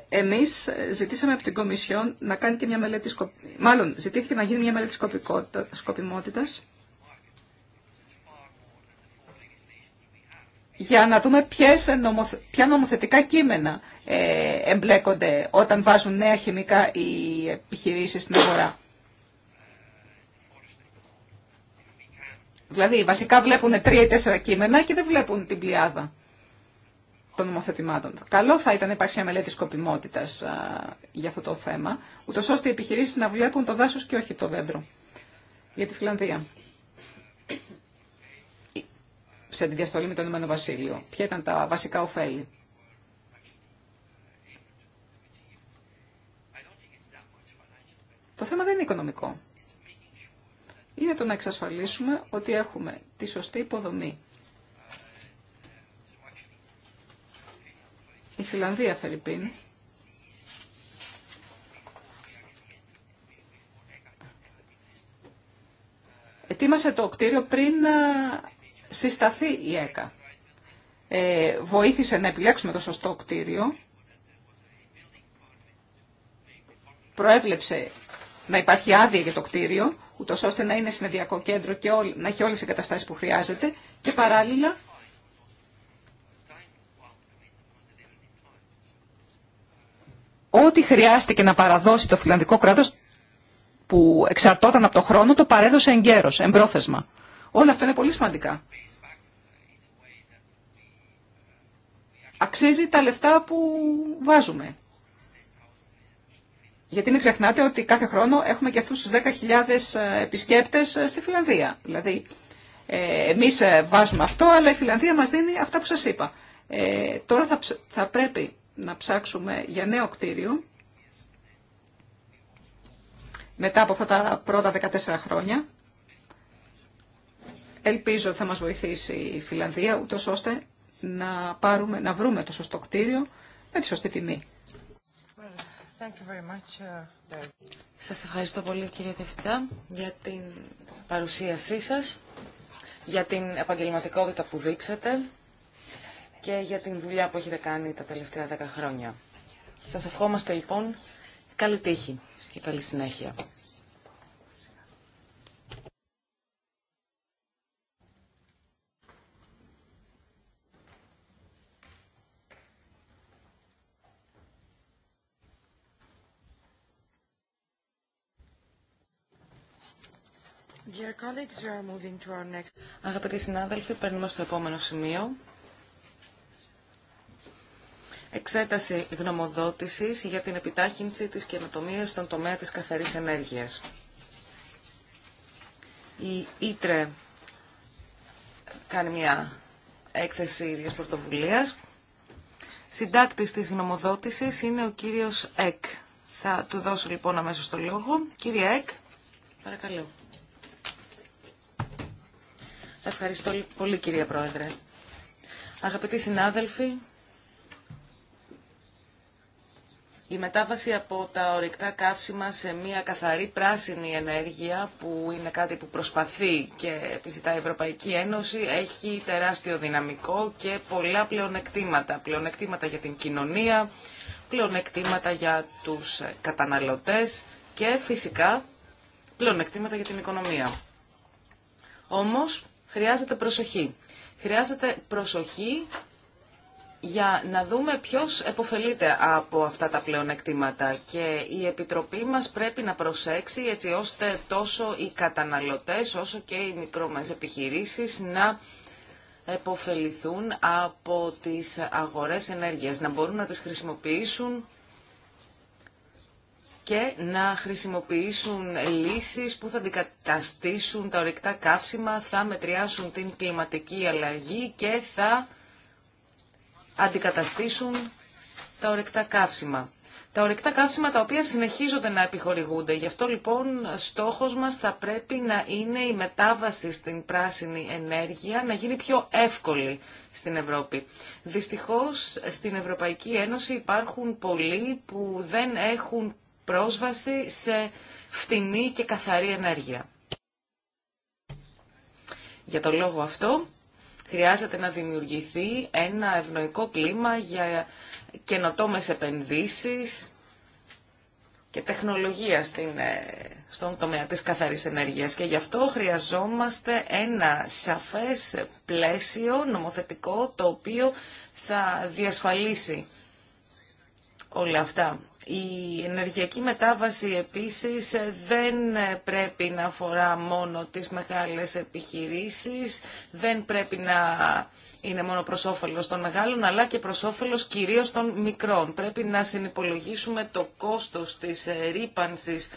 C: Εμείς ζητήσαμε από την Κομισιόν να κάνει και μια μελέτη, μάλλον ζητήθηκε να γίνει μια μελέτη για να δούμε ποιες ποια νομοθετικά κείμενα ε, εμπλέκονται όταν βάζουν νέα χημικά οι επιχειρήσεις στην αγορά. Δηλαδή, βασικά βλέπουν τρία ή τέσσερα κείμενα και δεν βλέπουν την πλειάδα των νομοθετημάτων. Καλό θα ήταν να υπάρξει μια μελέτη σκοπιμότητα για αυτό το θέμα, ούτω ώστε οι επιχειρήσει να βλέπουν το δάσο και όχι το δέντρο. Για τη Φιλανδία σε τη διαστολή με τον Ηνωμένο Βασίλειο. Ποια ήταν τα βασικά ωφέλη. Το θέμα δεν είναι οικονομικό. Είναι το να εξασφαλίσουμε ότι έχουμε τη σωστή υποδομή. Η Φιλανδία, Φερρυπίν, ετοίμασε το κτίριο πριν συσταθεί η ΕΚΑ. Ε, βοήθησε να επιλέξουμε το σωστό κτίριο, προέβλεψε να υπάρχει άδεια για το κτίριο, ούτω ώστε να είναι συνεδριακό κέντρο και να έχει όλες τις εγκαταστάσει που χρειάζεται και παράλληλα ό,τι χρειάστηκε να παραδώσει το φιλανδικό κράτος που εξαρτόταν από το χρόνο το παρέδωσε εγκαίρω, εμπρόθεσμα. Όλα αυτά είναι πολύ σημαντικά. Αξίζει τα λεφτά που βάζουμε. Γιατί μην ξεχνάτε ότι κάθε χρόνο έχουμε και αυτούς τους 10.000 ε, επισκέπτες ε, στη Φιλανδία. Δηλαδή, ε, εμείς βάζουμε αυτό, αλλά η Φιλανδία μας δίνει αυτά που σας είπα. Ε, τώρα θα, θα πρέπει να ψάξουμε για νέο κτίριο, μετά από αυτά τα πρώτα 14 χρόνια, Ελπίζω ότι θα μας βοηθήσει η Φιλανδία, ούτω ώστε να, πάρουμε, να βρούμε το σωστό κτίριο με τη σωστή τιμή.
B: Well, uh,
C: Σας ευχαριστώ
B: πολύ κύριε Δευτά για την παρουσίασή σας, για την επαγγελματικότητα που δείξατε και για την δουλειά που έχετε κάνει τα τελευταία δέκα χρόνια. Σας ευχόμαστε λοιπόν καλή τύχη και καλή συνέχεια. Αγαπητοί συνάδελφοι, παίρνουμε στο επόμενο σημείο. Εξέταση γνωμοδότησης για την επιτάχυνση της καινοτομίας στον τομέα της καθαρής ενέργειας. Η Ήτρε κάνει μια έκθεση ίδιας πρωτοβουλίας. Συντάκτης της γνωμοδότησης είναι ο κύριος Εκ. Θα του δώσω λοιπόν αμέσως το λόγο. Κύριε Εκ, παρακαλώ. Ευχαριστώ πολύ κυρία Πρόεδρε. Αγαπητοί συνάδελφοι, η μετάβαση από τα ορυκτά καύσιμα σε μια καθαρή πράσινη ενέργεια που είναι κάτι που προσπαθεί και επιζητά η Ευρωπαϊκή Ένωση έχει τεράστιο δυναμικό και πολλά πλεονεκτήματα. Πλεονεκτήματα για την κοινωνία, πλεονεκτήματα για τους καταναλωτές και φυσικά πλεονεκτήματα για την οικονομία. Όμως χρειάζεται προσοχή. Χρειάζεται προσοχή για να δούμε ποιος επωφελείται από αυτά τα πλεονεκτήματα και η Επιτροπή μας πρέπει να προσέξει έτσι ώστε τόσο οι καταναλωτές όσο και οι μικρόμες επιχειρήσεις να επωφεληθούν από τις αγορές ενέργειας, να μπορούν να τις χρησιμοποιήσουν και να χρησιμοποιήσουν λύσεις που θα αντικαταστήσουν τα ορυκτά καύσιμα, θα μετριάσουν την κλιματική αλλαγή και θα αντικαταστήσουν τα ορυκτά καύσιμα. Τα ορυκτά καύσιμα τα οποία συνεχίζονται να επιχορηγούνται. Γι' αυτό λοιπόν στόχος μας θα πρέπει να είναι η μετάβαση στην πράσινη ενέργεια να γίνει πιο εύκολη στην Ευρώπη. Δυστυχώς στην Ευρωπαϊκή Ένωση υπάρχουν πολλοί που δεν έχουν πρόσβαση σε φτηνή και καθαρή ενέργεια. Για το λόγο αυτό χρειάζεται να δημιουργηθεί ένα ευνοϊκό κλίμα για καινοτόμες επενδύσεις και τεχνολογία στην, ε, στον τομέα της καθαρής ενέργειας και γι' αυτό χρειαζόμαστε ένα σαφές πλαίσιο νομοθετικό το οποίο θα διασφαλίσει όλα αυτά. Η ενεργειακή μετάβαση επίσης δεν πρέπει να αφορά μόνο τις μεγάλες επιχειρήσεις, δεν πρέπει να είναι μόνο προς όφελος των μεγάλων, αλλά και προς όφελος κυρίως των μικρών. Πρέπει να συνυπολογίσουμε το κόστος της ρήπανσης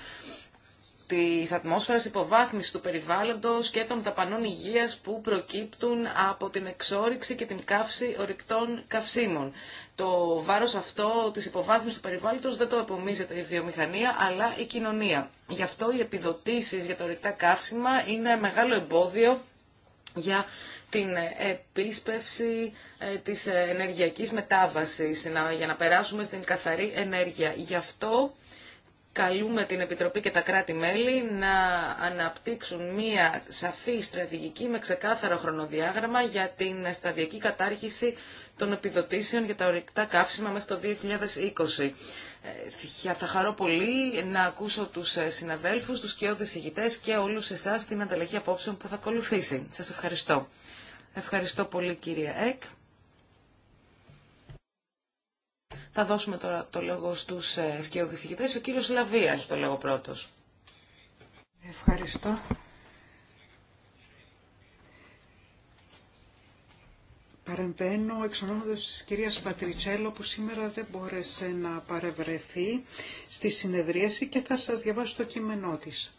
B: Τη ατμόσφαιρας υποβάθμιση του περιβάλλοντος και των δαπανών υγεία που προκύπτουν από την εξόριξη και την καύση ορυκτών καυσίμων. Το βάρος αυτό της υποβάθμισης του περιβάλλοντος δεν το επομίζεται η βιομηχανία αλλά η κοινωνία. Γι' αυτό οι επιδοτήσεις για τα ορυκτά καύσιμα είναι μεγάλο εμπόδιο για την επίσπευση ε, της ενεργειακής μετάβασης για να περάσουμε στην καθαρή ενέργεια. Γι' αυτό καλούμε την Επιτροπή και τα κράτη-μέλη να αναπτύξουν μία σαφή στρατηγική με ξεκάθαρο χρονοδιάγραμμα για την σταδιακή κατάργηση των επιδοτήσεων για τα ορυκτά καύσιμα μέχρι το 2020. Ε, θα χαρώ πολύ να ακούσω τους συναδέλφους, τους και ηγητές και όλους εσάς την ανταλλαγή απόψεων που θα ακολουθήσει. Σας ευχαριστώ. Ευχαριστώ πολύ κυρία Εκ. Θα δώσουμε τώρα το λόγο στους ε, σκιώδης Ο κύριος Λαβία έχει το λόγο πρώτος.
A: Ευχαριστώ. Παρεμβαίνω εξ ονόματος της κυρίας Πατριτσέλο που σήμερα δεν μπόρεσε να παρευρεθεί στη συνεδρίαση και θα σας διαβάσω το κείμενό της.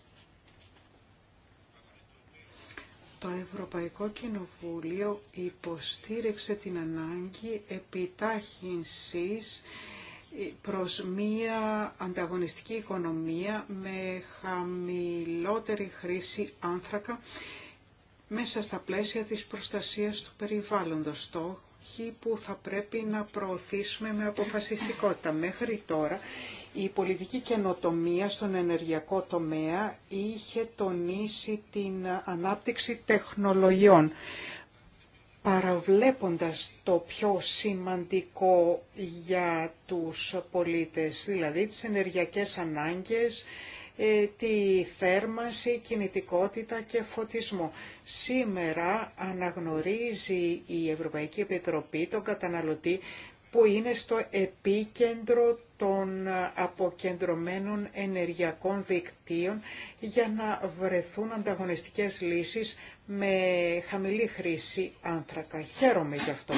A: Το Ευρωπαϊκό Κοινοβούλιο υποστήριξε την ανάγκη επιτάχυνσης προς μία ανταγωνιστική οικονομία με χαμηλότερη χρήση άνθρακα μέσα στα πλαίσια της προστασίας του περιβάλλοντος. Στόχοι που θα πρέπει να προωθήσουμε με αποφασιστικότητα. Μέχρι τώρα η πολιτική καινοτομία στον ενεργειακό τομέα είχε τονίσει την ανάπτυξη τεχνολογιών, παραβλέποντας το πιο σημαντικό για τους πολίτες, δηλαδή τις ενεργειακές ανάγκες, ε, τη θέρμανση, κινητικότητα και φωτισμό. Σήμερα αναγνωρίζει η Ευρωπαϊκή Επιτροπή τον καταναλωτή που είναι στο επίκεντρο των αποκεντρωμένων ενεργειακών δικτύων για να βρεθούν ανταγωνιστικές λύσεις με χαμηλή χρήση άνθρακα. Χαίρομαι γι' αυτό.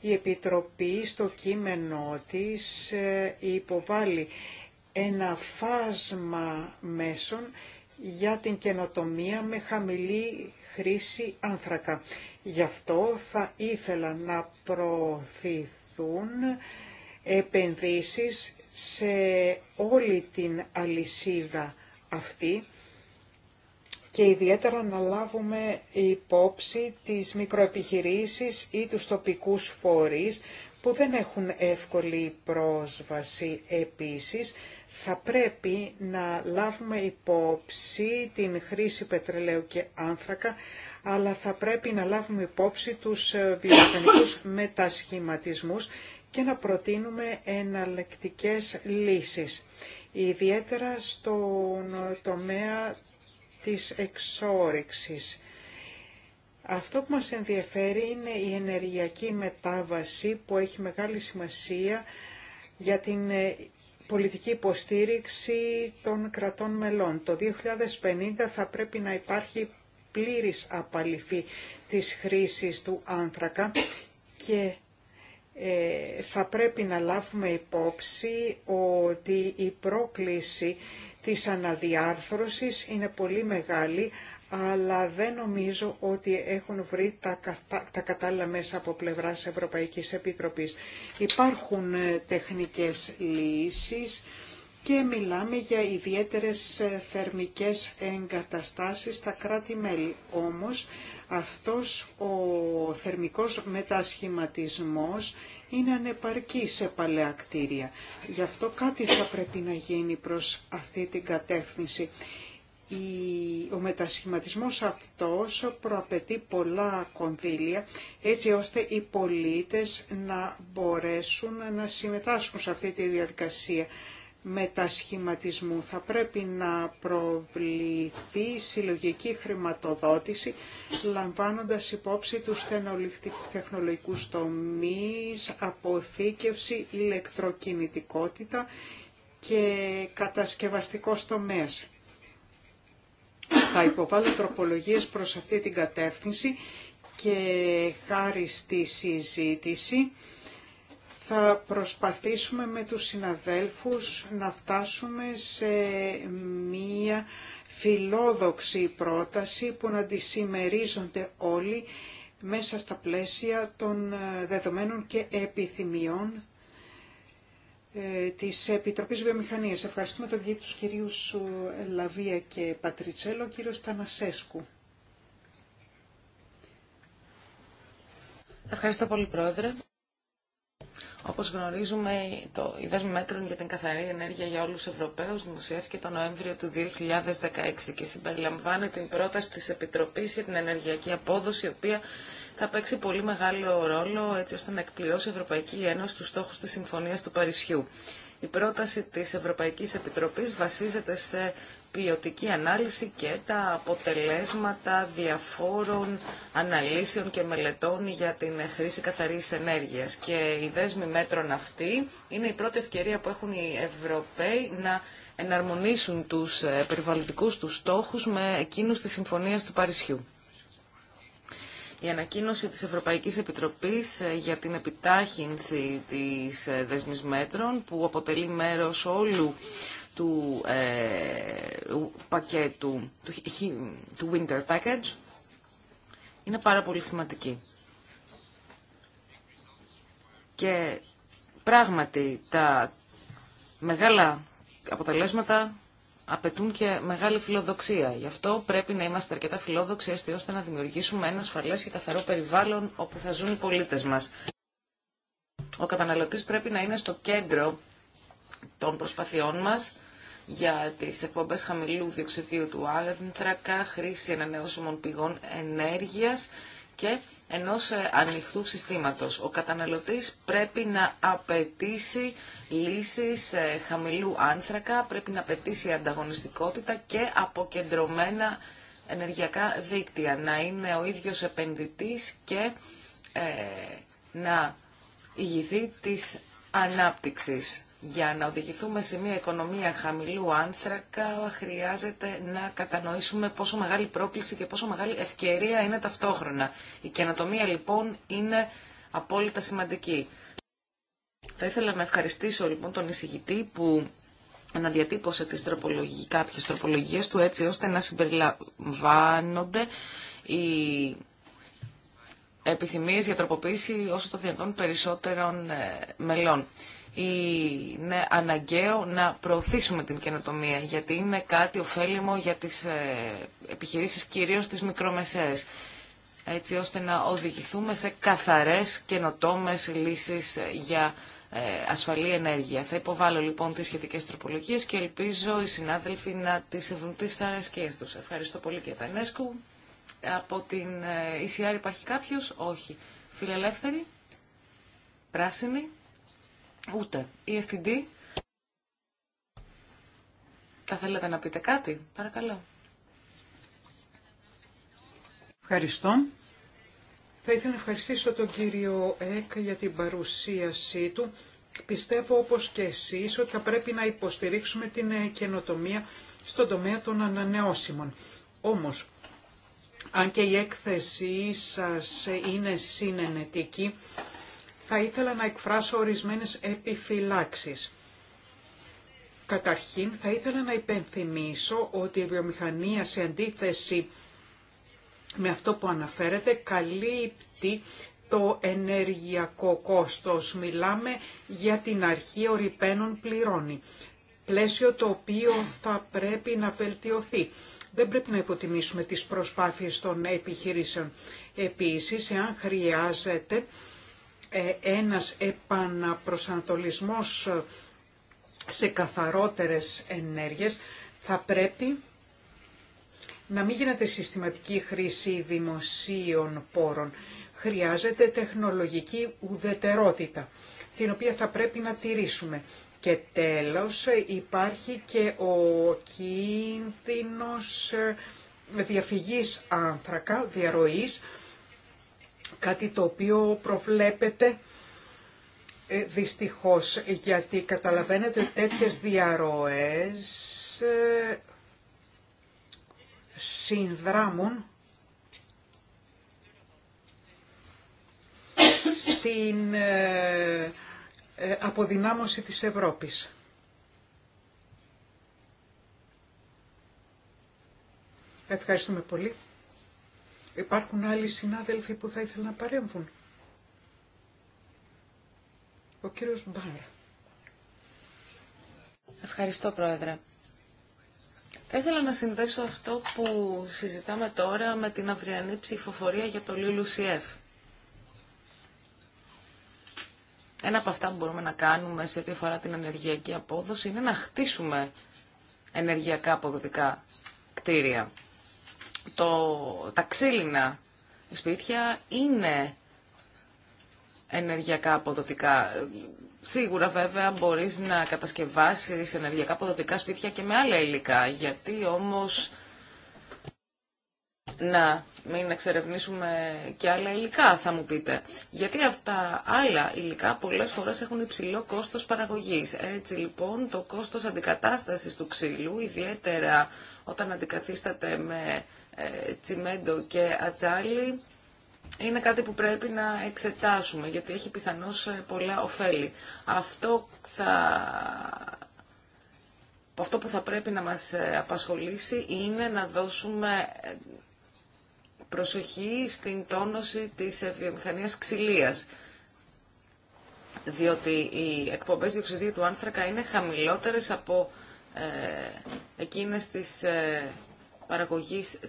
A: Η Επιτροπή στο κείμενό της ε, υποβάλλει ένα φάσμα μέσων για την καινοτομία με χαμηλή χρήση άνθρακα. Γι' αυτό θα ήθελα να προωθηθεί Επενδύσει επενδύσεις σε όλη την αλυσίδα αυτή και ιδιαίτερα να λάβουμε υπόψη τις μικροεπιχειρήσεις ή τους τοπικούς φορείς που δεν έχουν εύκολη πρόσβαση επίσης. Θα πρέπει να λάβουμε υπόψη την χρήση πετρελαίου και άνθρακα αλλά θα πρέπει να λάβουμε υπόψη τους ε, βιομηχανικούς μετασχηματισμούς και να προτείνουμε εναλλεκτικές λύσεις, ιδιαίτερα στον τομέα της εξόρυξης. Αυτό που μας ενδιαφέρει είναι η ενεργειακή μετάβαση που έχει μεγάλη σημασία για την ε, πολιτική υποστήριξη των κρατών μελών. Το 2050 θα πρέπει να υπάρχει πλήρης απαλυφή της χρήσης του άνθρακα και ε, θα πρέπει να λάβουμε υπόψη ότι η πρόκληση της αναδιάρθρωσης είναι πολύ μεγάλη, αλλά δεν νομίζω ότι έχουν βρει τα, τα κατάλληλα μέσα από πλευράς Ευρωπαϊκής Επιτροπής. Υπάρχουν ε, τεχνικές λύσεις και μιλάμε για ιδιαίτερες ε, θερμικές εγκαταστάσεις στα κράτη-μέλη. Όμως αυτός ο θερμικός μετασχηματισμός είναι ανεπαρκή σε παλαιά κτίρια. Γι' αυτό κάτι θα πρέπει να γίνει προς αυτή την κατεύθυνση. Ο μετασχηματισμός αυτός προαπαιτεί πολλά κονδύλια έτσι ώστε οι πολίτες να μπορέσουν να συμμετάσχουν σε αυτή τη διαδικασία μετασχηματισμού. Θα πρέπει να προβληθεί συλλογική χρηματοδότηση, λαμβάνοντας υπόψη τους τεχνολογικούς τομείς, αποθήκευση, ηλεκτροκινητικότητα και κατασκευαστικός τομέας. Θα υποβάλω τροπολογίες προς αυτή την κατεύθυνση και χάρη στη συζήτηση θα προσπαθήσουμε με τους συναδέλφους να φτάσουμε σε μία φιλόδοξη πρόταση που να τη όλοι μέσα στα πλαίσια των ε, δεδομένων και επιθυμιών ε, της Επιτροπής Βιομηχανίας. Ευχαριστούμε τον κύριο τους κυρίους ε, Λαβία και Πατριτσέλο, κύριο Στανασέσκου. Ευχαριστώ πολύ, Πρόεδρε. Όπως γνωρίζουμε,
B: το ΙΔΕΣ Μέτρων για την Καθαρή Ενέργεια για όλους τους Ευρωπαίους δημοσιεύτηκε το Νοέμβριο του 2016 και συμπεριλαμβάνει την πρόταση της Επιτροπής για την Ενεργειακή Απόδοση, η οποία θα παίξει πολύ μεγάλο ρόλο έτσι ώστε να εκπληρώσει η Ευρωπαϊκή Ένωση του στόχους της Συμφωνίας του Παρισιού. Η πρόταση της Ευρωπαϊκής Επιτροπής βασίζεται σε ποιοτική ανάλυση και τα αποτελέσματα διαφόρων αναλύσεων και μελετών για την χρήση καθαρής ενέργειας. Και οι δέσμοι μέτρων αυτοί είναι η πρώτη ευκαιρία που έχουν οι Ευρωπαίοι να εναρμονίσουν τους ε, περιβαλλοντικούς τους στόχους με εκείνους της Συμφωνίας του Παρισιού. Η ανακοίνωση της Ευρωπαϊκής Επιτροπής ε, για την επιτάχυνση της ε, δεσμής μέτρων που αποτελεί μέρος όλου του ε, πακέτου, του Winter Package, είναι πάρα πολύ σημαντική. Και πράγματι τα μεγάλα αποτελέσματα απαιτούν και μεγάλη φιλοδοξία. Γι' αυτό πρέπει να είμαστε αρκετά φιλόδοξοι ώστε να δημιουργήσουμε ένα ασφαλές και καθαρό περιβάλλον όπου θα ζουν οι πολίτες μας. Ο καταναλωτής πρέπει να είναι στο κέντρο των προσπαθειών μας για τις εκπομπές χαμηλού διοξιδίου του άνθρακα, χρήση ανανεώσιμων πηγών ενέργειας και ενός ε, ανοιχτού συστήματος. Ο καταναλωτής πρέπει να απαιτήσει λύσεις ε, χαμηλού άνθρακα, πρέπει να απαιτήσει ανταγωνιστικότητα και αποκεντρωμένα ενεργειακά δίκτυα, να είναι ο ίδιος επενδυτής και ε, να ηγηθεί της ανάπτυξης. Για να οδηγηθούμε σε μια οικονομία χαμηλού άνθρακα χρειάζεται να κατανοήσουμε πόσο μεγάλη πρόκληση και πόσο μεγάλη ευκαιρία είναι ταυτόχρονα. Η καινοτομία λοιπόν είναι απόλυτα σημαντική. Θα ήθελα να ευχαριστήσω λοιπόν τον εισηγητή που αναδιατύπωσε τις τροπολογι... κάποιες τροπολογίες του έτσι ώστε να συμπεριλαμβάνονται οι επιθυμίες για τροποποίηση όσο το δυνατόν περισσότερων ε, μελών είναι αναγκαίο να προωθήσουμε την καινοτομία, γιατί είναι κάτι ωφέλιμο για τις ε, επιχειρήσεις, κυρίως τις μικρομεσαίες, έτσι ώστε να οδηγηθούμε σε καθαρές καινοτόμες λύσεις για ε, ασφαλή ενέργεια. Θα υποβάλω λοιπόν τις σχετικές τροπολογίες και ελπίζω οι συνάδελφοι να τις ευρουν τις αρεσκές τους. Ευχαριστώ πολύ και Τανέσκου. Από την ECR ε, υπάρχει κάποιος? Όχι. Φιλελεύθερη? Πράσινη? Ούτε. Η FTD. Θα θέλετε να πείτε κάτι. Παρακαλώ.
A: Ευχαριστώ. Θα ήθελα να ευχαριστήσω τον κύριο Εκ για την παρουσίασή του. Πιστεύω όπως και εσείς ότι θα πρέπει να υποστηρίξουμε την καινοτομία στον τομέα των ανανεώσιμων. Όμως, αν και η έκθεσή σας είναι συνενετική, θα ήθελα να εκφράσω ορισμένες επιφυλάξεις. Καταρχήν, θα ήθελα να υπενθυμίσω ότι η βιομηχανία σε αντίθεση με αυτό που αναφέρεται καλύπτει το ενεργειακό κόστος. Μιλάμε για την αρχή ορυπαίνων πληρώνει. Πλαίσιο το οποίο θα πρέπει να βελτιωθεί. Δεν πρέπει να υποτιμήσουμε τις προσπάθειες των επιχειρήσεων. Επίσης, εάν χρειάζεται, ε, ένας επαναπροσανατολισμός σε καθαρότερες ενέργειες θα πρέπει να μην γίνεται συστηματική χρήση δημοσίων πόρων. Χρειάζεται τεχνολογική ουδετερότητα, την οποία θα πρέπει να τηρήσουμε. Και τέλος υπάρχει και ο κίνδυνος διαφυγής άνθρακα, διαρροής, κάτι το οποίο προβλέπεται ε, δυστυχώς, γιατί καταλαβαίνετε ότι τέτοιες διαρροές ε, συνδράμουν στην ε, αποδυνάμωση της Ευρώπης. Ευχαριστούμε πολύ. Υπάρχουν άλλοι συνάδελφοι που θα ήθελαν να παρέμβουν. Ο κύριος Μπάρα.
B: Ευχαριστώ, Πρόεδρε. Θα ήθελα να συνδέσω αυτό που συζητάμε τώρα με την αυριανή ψηφοφορία για το ΛΥΛΟΥΣΙΕΦ. Ένα από αυτά που μπορούμε να κάνουμε σε ό,τι αφορά την ενεργειακή απόδοση είναι να χτίσουμε ενεργειακά αποδοτικά κτίρια το, τα ξύλινα σπίτια είναι ενεργειακά αποδοτικά. Σίγουρα βέβαια μπορείς να κατασκευάσεις ενεργειακά αποδοτικά σπίτια και με άλλα υλικά. Γιατί όμως να μην εξερευνήσουμε και άλλα υλικά, θα μου πείτε. Γιατί αυτά άλλα υλικά πολλές φορές έχουν υψηλό κόστος παραγωγής. Έτσι λοιπόν το κόστος αντικατάστασης του ξύλου, ιδιαίτερα όταν αντικαθίσταται με τσιμέντο και ατζάλι είναι κάτι που πρέπει να εξετάσουμε γιατί έχει πιθανώς ε, πολλά ωφέλη. Αυτό, θα... Αυτό που θα πρέπει να μας ε, απασχολήσει είναι να δώσουμε ε, προσοχή στην τόνωση της βιομηχανίας ξυλίας διότι οι εκπομπές διοξιδίου του άνθρακα είναι χαμηλότερες από ε, εκείνες της παραγωγής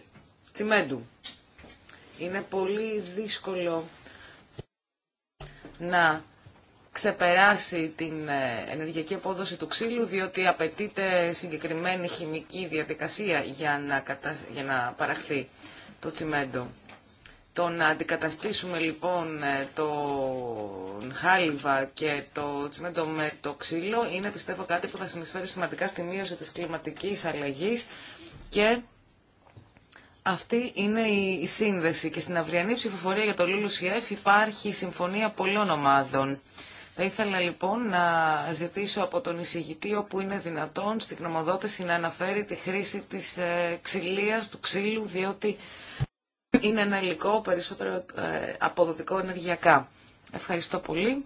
B: τσιμέντου. Είναι πολύ δύσκολο να ξεπεράσει την ε, ενεργειακή απόδοση του ξύλου, διότι απαιτείται συγκεκριμένη χημική διαδικασία για να, για να παραχθεί το τσιμέντο. Το να αντικαταστήσουμε λοιπόν ε, το χάλιβα και το τσιμέντο με το ξύλο είναι πιστεύω κάτι που θα συνεισφέρει σημαντικά στη μείωση της κλιματικής αλλαγής και αυτή είναι η σύνδεση και στην αυριανή ψηφοφορία για το ΛΟΛΟΣΙΕΦ υπάρχει συμφωνία πολλών ομάδων. Θα ήθελα λοιπόν να ζητήσω από τον εισηγητή όπου είναι δυνατόν στην γνωμοδότηση να αναφέρει τη χρήση της ε, ξυλίας, του ξύλου, διότι είναι ένα υλικό περισσότερο ε, αποδοτικό ενεργειακά. Ευχαριστώ πολύ.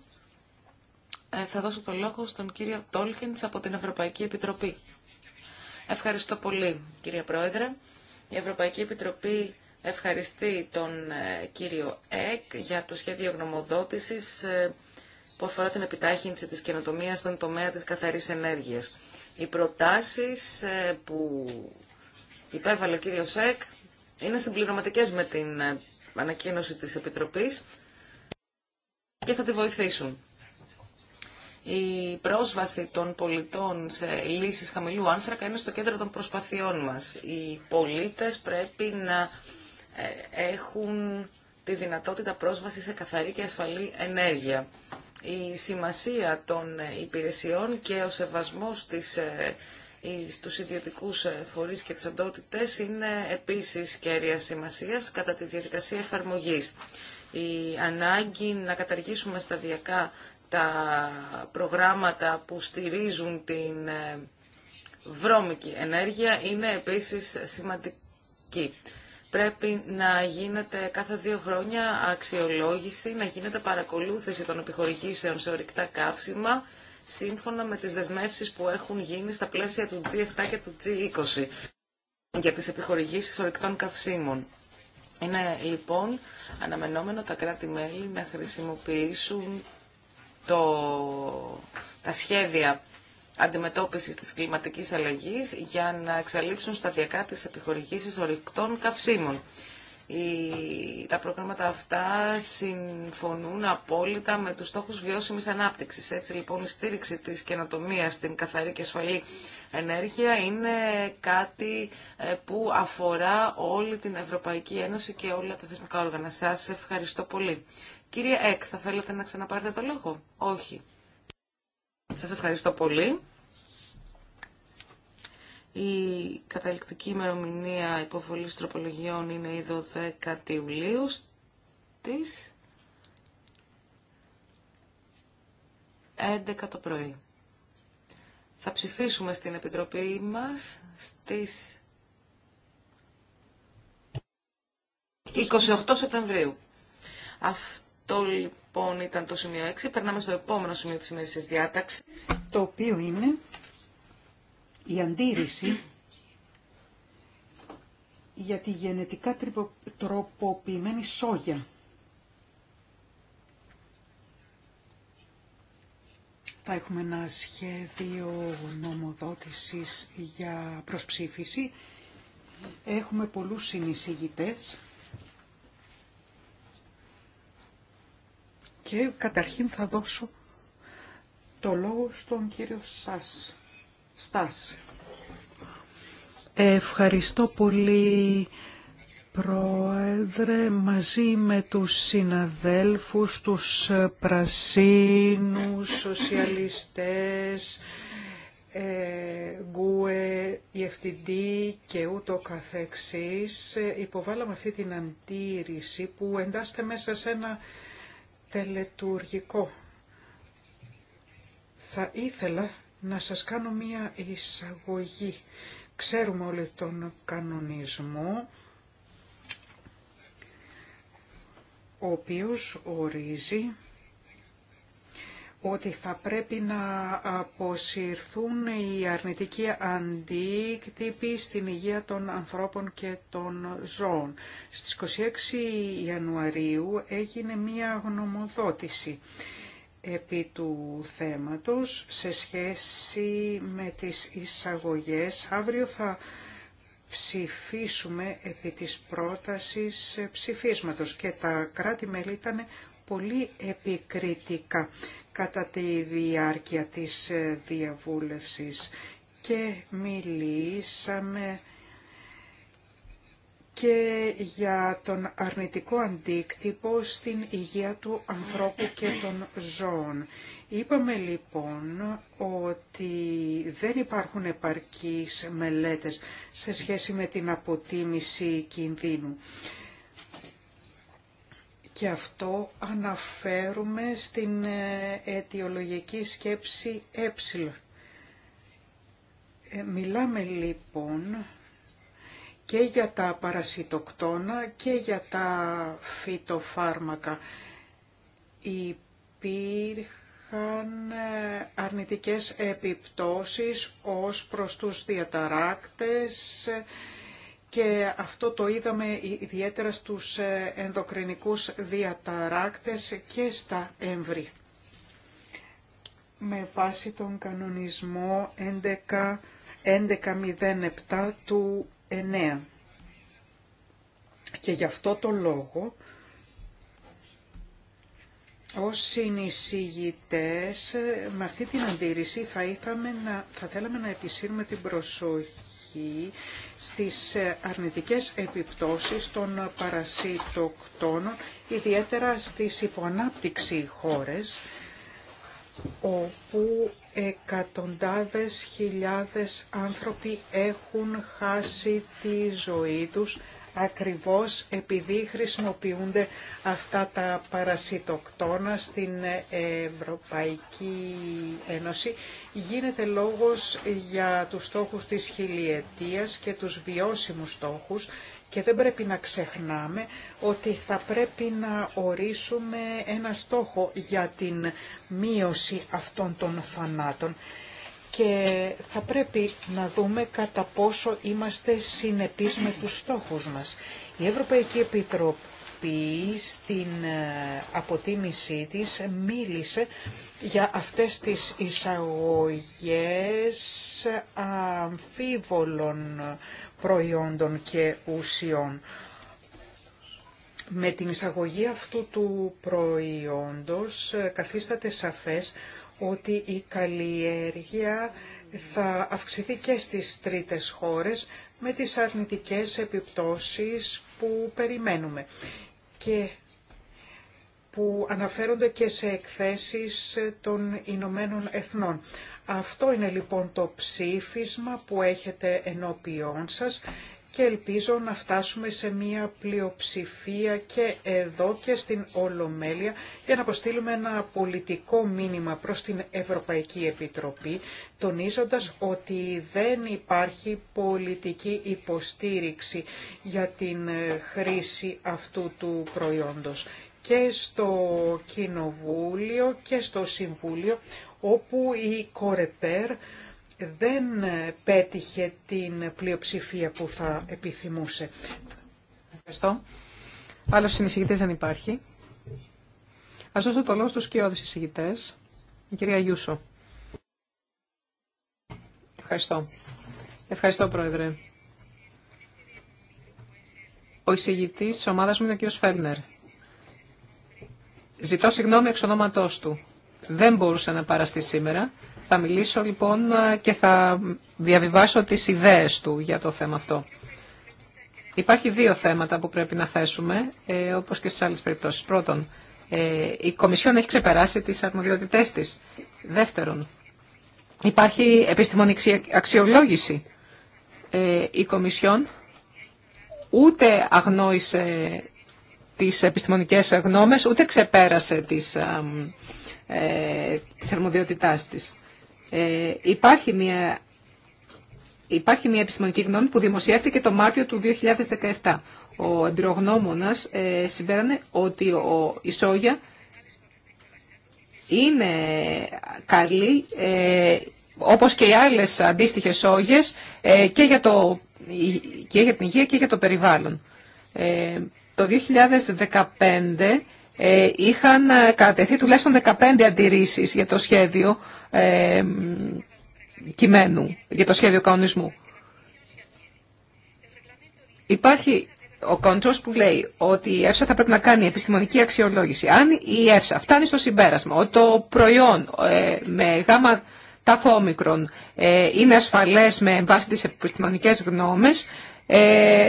B: Ε, θα δώσω το λόγο στον κύριο Τόλκιντς από την Ευρωπαϊκή Επιτροπή. Ευχαριστώ πολύ κύριε Πρόεδρε. Η Ευρωπαϊκή Επιτροπή ευχαριστεί τον ε, κύριο ΕΚ για το σχέδιο γνωμοδότησης ε, που αφορά την επιτάχυνση της καινοτομίας στον τομέα της καθαρής ενέργειας. Οι προτάσεις ε, που υπέβαλε ο κύριος ΕΚ είναι συμπληρωματικές με την ανακοίνωση της Επιτροπής και θα τη βοηθήσουν η πρόσβαση των πολιτών σε λύσεις χαμηλού άνθρακα είναι στο κέντρο των προσπαθειών μας. Οι πολίτες πρέπει να ε, έχουν τη δυνατότητα πρόσβαση σε καθαρή και ασφαλή ενέργεια. Η σημασία των υπηρεσιών και ο σεβασμός της, στους ε, ιδιωτικούς ε, φορείς και τις οντότητες είναι επίσης κέρια σημασίας κατά τη διαδικασία εφαρμογής. Η ανάγκη να καταργήσουμε σταδιακά τα προγράμματα που στηρίζουν την ε, βρώμικη ενέργεια είναι επίσης σημαντική. Πρέπει να γίνεται κάθε δύο χρόνια αξιολόγηση, να γίνεται παρακολούθηση των επιχορηγήσεων σε ορυκτά καύσιμα, σύμφωνα με τις δεσμεύσεις που έχουν γίνει στα πλαίσια του G7 και του G20 για τις επιχορηγήσεις ορυκτών καυσίμων. Είναι λοιπόν αναμενόμενο τα κράτη-μέλη να χρησιμοποιήσουν το, τα σχέδια αντιμετώπισης της κλιματικής αλλαγής για να εξαλείψουν σταδιακά τις επιχορηγήσεις ορυκτών καυσίμων. τα προγράμματα αυτά συμφωνούν απόλυτα με τους στόχους βιώσιμης ανάπτυξης. Έτσι λοιπόν η στήριξη της καινοτομία στην καθαρή και ασφαλή ενέργεια είναι κάτι ε, που αφορά όλη την Ευρωπαϊκή Ένωση και όλα τα θεσμικά όργανα. Σας ευχαριστώ πολύ. Κυρία Εκ, θα θέλατε να ξαναπάρετε το λόγο. Όχι. Σας ευχαριστώ πολύ. Η καταληκτική ημερομηνία υποβολής τροπολογιών είναι η 12 Ιουλίου στις 11 το πρωί. Θα ψηφίσουμε στην Επιτροπή μας στις 28 Σεπτεμβρίου. Το λοιπόν ήταν το σημείο 6. Περνάμε στο επόμενο σημείο της ημέρησης διάταξης. Το
A: οποίο είναι η αντίρρηση για τη γενετικά τροποποιημένη σόγια. Θα έχουμε ένα σχέδιο νομοδότησης για προσψήφιση. Έχουμε πολλούς συνεισηγητές. Και καταρχήν θα δώσω το λόγο στον κύριο Σας. Στάς. Ευχαριστώ πολύ Πρόεδρε, μαζί με τους συναδέλφους, τους πρασίνους, σοσιαλιστές, ε, γκουε, γευτιντή και ούτω καθεξής, ε, υποβάλαμε αυτή την αντίρρηση που εντάσσεται μέσα σε ένα τελετουργικό. Θα ήθελα να σας κάνω μία εισαγωγή. Ξέρουμε όλοι τον κανονισμό, ο οποίος ορίζει ότι θα πρέπει να αποσυρθούν οι αρνητικοί αντίκτυποι στην υγεία των ανθρώπων και των ζώων. Στις 26 Ιανουαρίου έγινε μία γνωμοδότηση επί του θέματος σε σχέση με τις εισαγωγές. Αύριο θα ψηφίσουμε επί της πρότασης ψηφίσματος και τα κράτη-μέλη ήταν πολύ επικριτικά κατά τη διάρκεια της ε, διαβούλευσης και μιλήσαμε και για τον αρνητικό αντίκτυπο στην υγεία του ανθρώπου και των ζώων. Είπαμε λοιπόν ότι δεν υπάρχουν επαρκείς μελέτες σε σχέση με την αποτίμηση κινδύνου. Γι' αυτό αναφέρουμε στην ε, αιτιολογική σκέψη ε. ε. Μιλάμε λοιπόν και για τα παρασιτοκτόνα και για τα φυτοφάρμακα. Υπήρχαν ε, αρνητικές επιπτώσεις ως προς τους διαταράκτες, και αυτό το είδαμε ιδιαίτερα στους ε, ενδοκρινικούς διαταράκτες και στα έμβρια. Με βάση τον κανονισμό 11, 1107 του 9. Και γι' αυτό το λόγο, ως συνεισηγητές, ε, με αυτή την αντίρρηση θα, να, θα θέλαμε να επισύρουμε την προσοχή στις ε, αρνητικές επιπτώσεις των παρασίτοκτόνων, ιδιαίτερα στις υποανάπτυξη χώρες, όπου εκατοντάδες χιλιάδες άνθρωποι έχουν χάσει τη ζωή τους ακριβώς επειδή χρησιμοποιούνται αυτά τα παρασιτοκτόνα στην Ευρωπαϊκή Ένωση. Γίνεται λόγος για τους στόχους της χιλιετίας και τους βιώσιμους στόχους και δεν πρέπει να ξεχνάμε ότι θα πρέπει να ορίσουμε ένα στόχο για την μείωση αυτών των φανάτων και θα πρέπει να δούμε κατά πόσο είμαστε συνεπείς με τους στόχους μας. Η Ευρωπαϊκή Επιτροπή στην ε, αποτίμησή της μίλησε για αυτές τις εισαγωγές αμφίβολων προϊόντων και ουσιών. Με την εισαγωγή αυτού του προϊόντος ε, καθίσταται σαφές ότι η καλλιέργεια θα αυξηθεί και στις τρίτες χώρες με τις αρνητικές επιπτώσεις που περιμένουμε και που αναφέρονται και σε εκθέσεις των Ηνωμένων Εθνών. Αυτό είναι λοιπόν το ψήφισμα που έχετε ενώπιόν σας και ελπίζω να φτάσουμε σε μία πλειοψηφία και εδώ και στην Ολομέλεια για να αποστείλουμε ένα πολιτικό μήνυμα προς την Ευρωπαϊκή Επιτροπή τονίζοντας ότι δεν υπάρχει πολιτική υποστήριξη για την χρήση αυτού του προϊόντος και στο Κοινοβούλιο και στο Συμβούλιο όπου η Κορεπέρ δεν πέτυχε την πλειοψηφία που θα επιθυμούσε.
C: Ευχαριστώ. Άλλο συνεισηγητή δεν υπάρχει. Ας δώσω το λόγο στους κοιόδους εισηγητέ. Η κυρία Γιούσο. Ευχαριστώ. Ευχαριστώ, Πρόεδρε. Ο εισηγητή τη ομάδα μου είναι ο κύριο Φέρνερ. Ζητώ συγγνώμη εξ ονόματό του. Δεν μπορούσε να παραστεί σήμερα θα μιλήσω λοιπόν και θα διαβιβάσω τις ιδέες του για το θέμα αυτό. Υπάρχει δύο θέματα που πρέπει να θέσουμε, ε, όπως και στις άλλες περιπτώσεις. Πρώτον, ε, η Κομισιόν έχει ξεπεράσει τις αρμοδιότητές της. Δεύτερον, υπάρχει επιστημονική αξιολόγηση. Ε, η Κομισιόν ούτε αγνόησε τις επιστημονικές γνώμες, ούτε ξεπέρασε τις, ε, ε τις αρμοδιότητάς της. Ε, υπάρχει, μια, υπάρχει μια επιστημονική γνώμη που δημοσιεύτηκε το Μάρτιο του 2017. Ο εμπειρογνώμονας ε, συμπέρανε ότι ο, η σόγια είναι καλή, ε, όπως και οι άλλες αντίστοιχες σόγες, ε, και, για το, και για την υγεία και για το περιβάλλον. Ε, το 2015 ε, είχαν ε, κατατεθεί τουλάχιστον 15 αντιρρήσεις για το σχέδιο ε, κειμένου, για το σχέδιο κανονισμού. Υπάρχει ο κόντρος που λέει ότι η ΕΦΣΑ θα πρέπει να κάνει επιστημονική αξιολόγηση. Αν η ΕΦΣΑ φτάνει στο συμπέρασμα ότι το προϊόν ε, με γάμα ταφόμικρον είναι ασφαλές με βάση τις επιστημονικές γνώμες,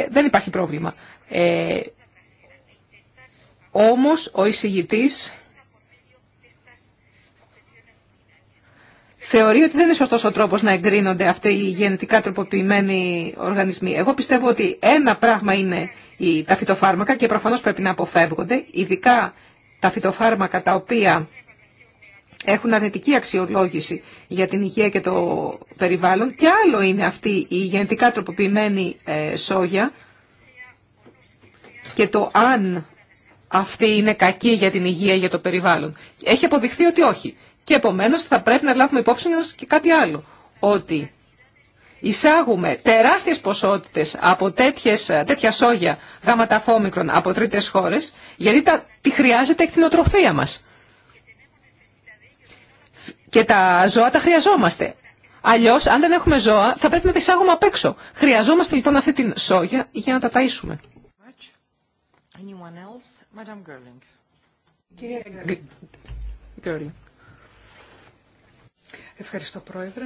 C: δεν υπάρχει πρόβλημα. Όμως ο εισηγητής θεωρεί ότι δεν είναι σωστός ο τρόπος να εγκρίνονται αυτοί οι γενετικά τροποποιημένοι οργανισμοί. Εγώ πιστεύω ότι ένα πράγμα είναι τα φυτοφάρμακα και προφανώς πρέπει να αποφεύγονται, ειδικά τα φυτοφάρμακα τα οποία έχουν αρνητική αξιολόγηση για την υγεία και το περιβάλλον και άλλο είναι αυτή η γενετικά τροποποιημένη ε, σόγια και το αν αυτή είναι κακή για την υγεία, για το περιβάλλον. Έχει αποδειχθεί ότι όχι. Και επομένω θα πρέπει να λάβουμε υπόψη μα και κάτι άλλο. Ότι εισάγουμε τεράστιες ποσότητες από τέτοιες, τέτοια σόγια γαματαφόμικρον από τρίτες χώρες, γιατί τα, τη χρειάζεται εκτινοτροφία μας. Και τα ζώα τα χρειαζόμαστε. Αλλιώ, αν δεν έχουμε ζώα, θα πρέπει να τα εισάγουμε απ' έξω. Χρειαζόμαστε λοιπόν αυτή την σόγια για να τα ταΐσουμε.
A: Ευχαριστώ, Πρόεδρε.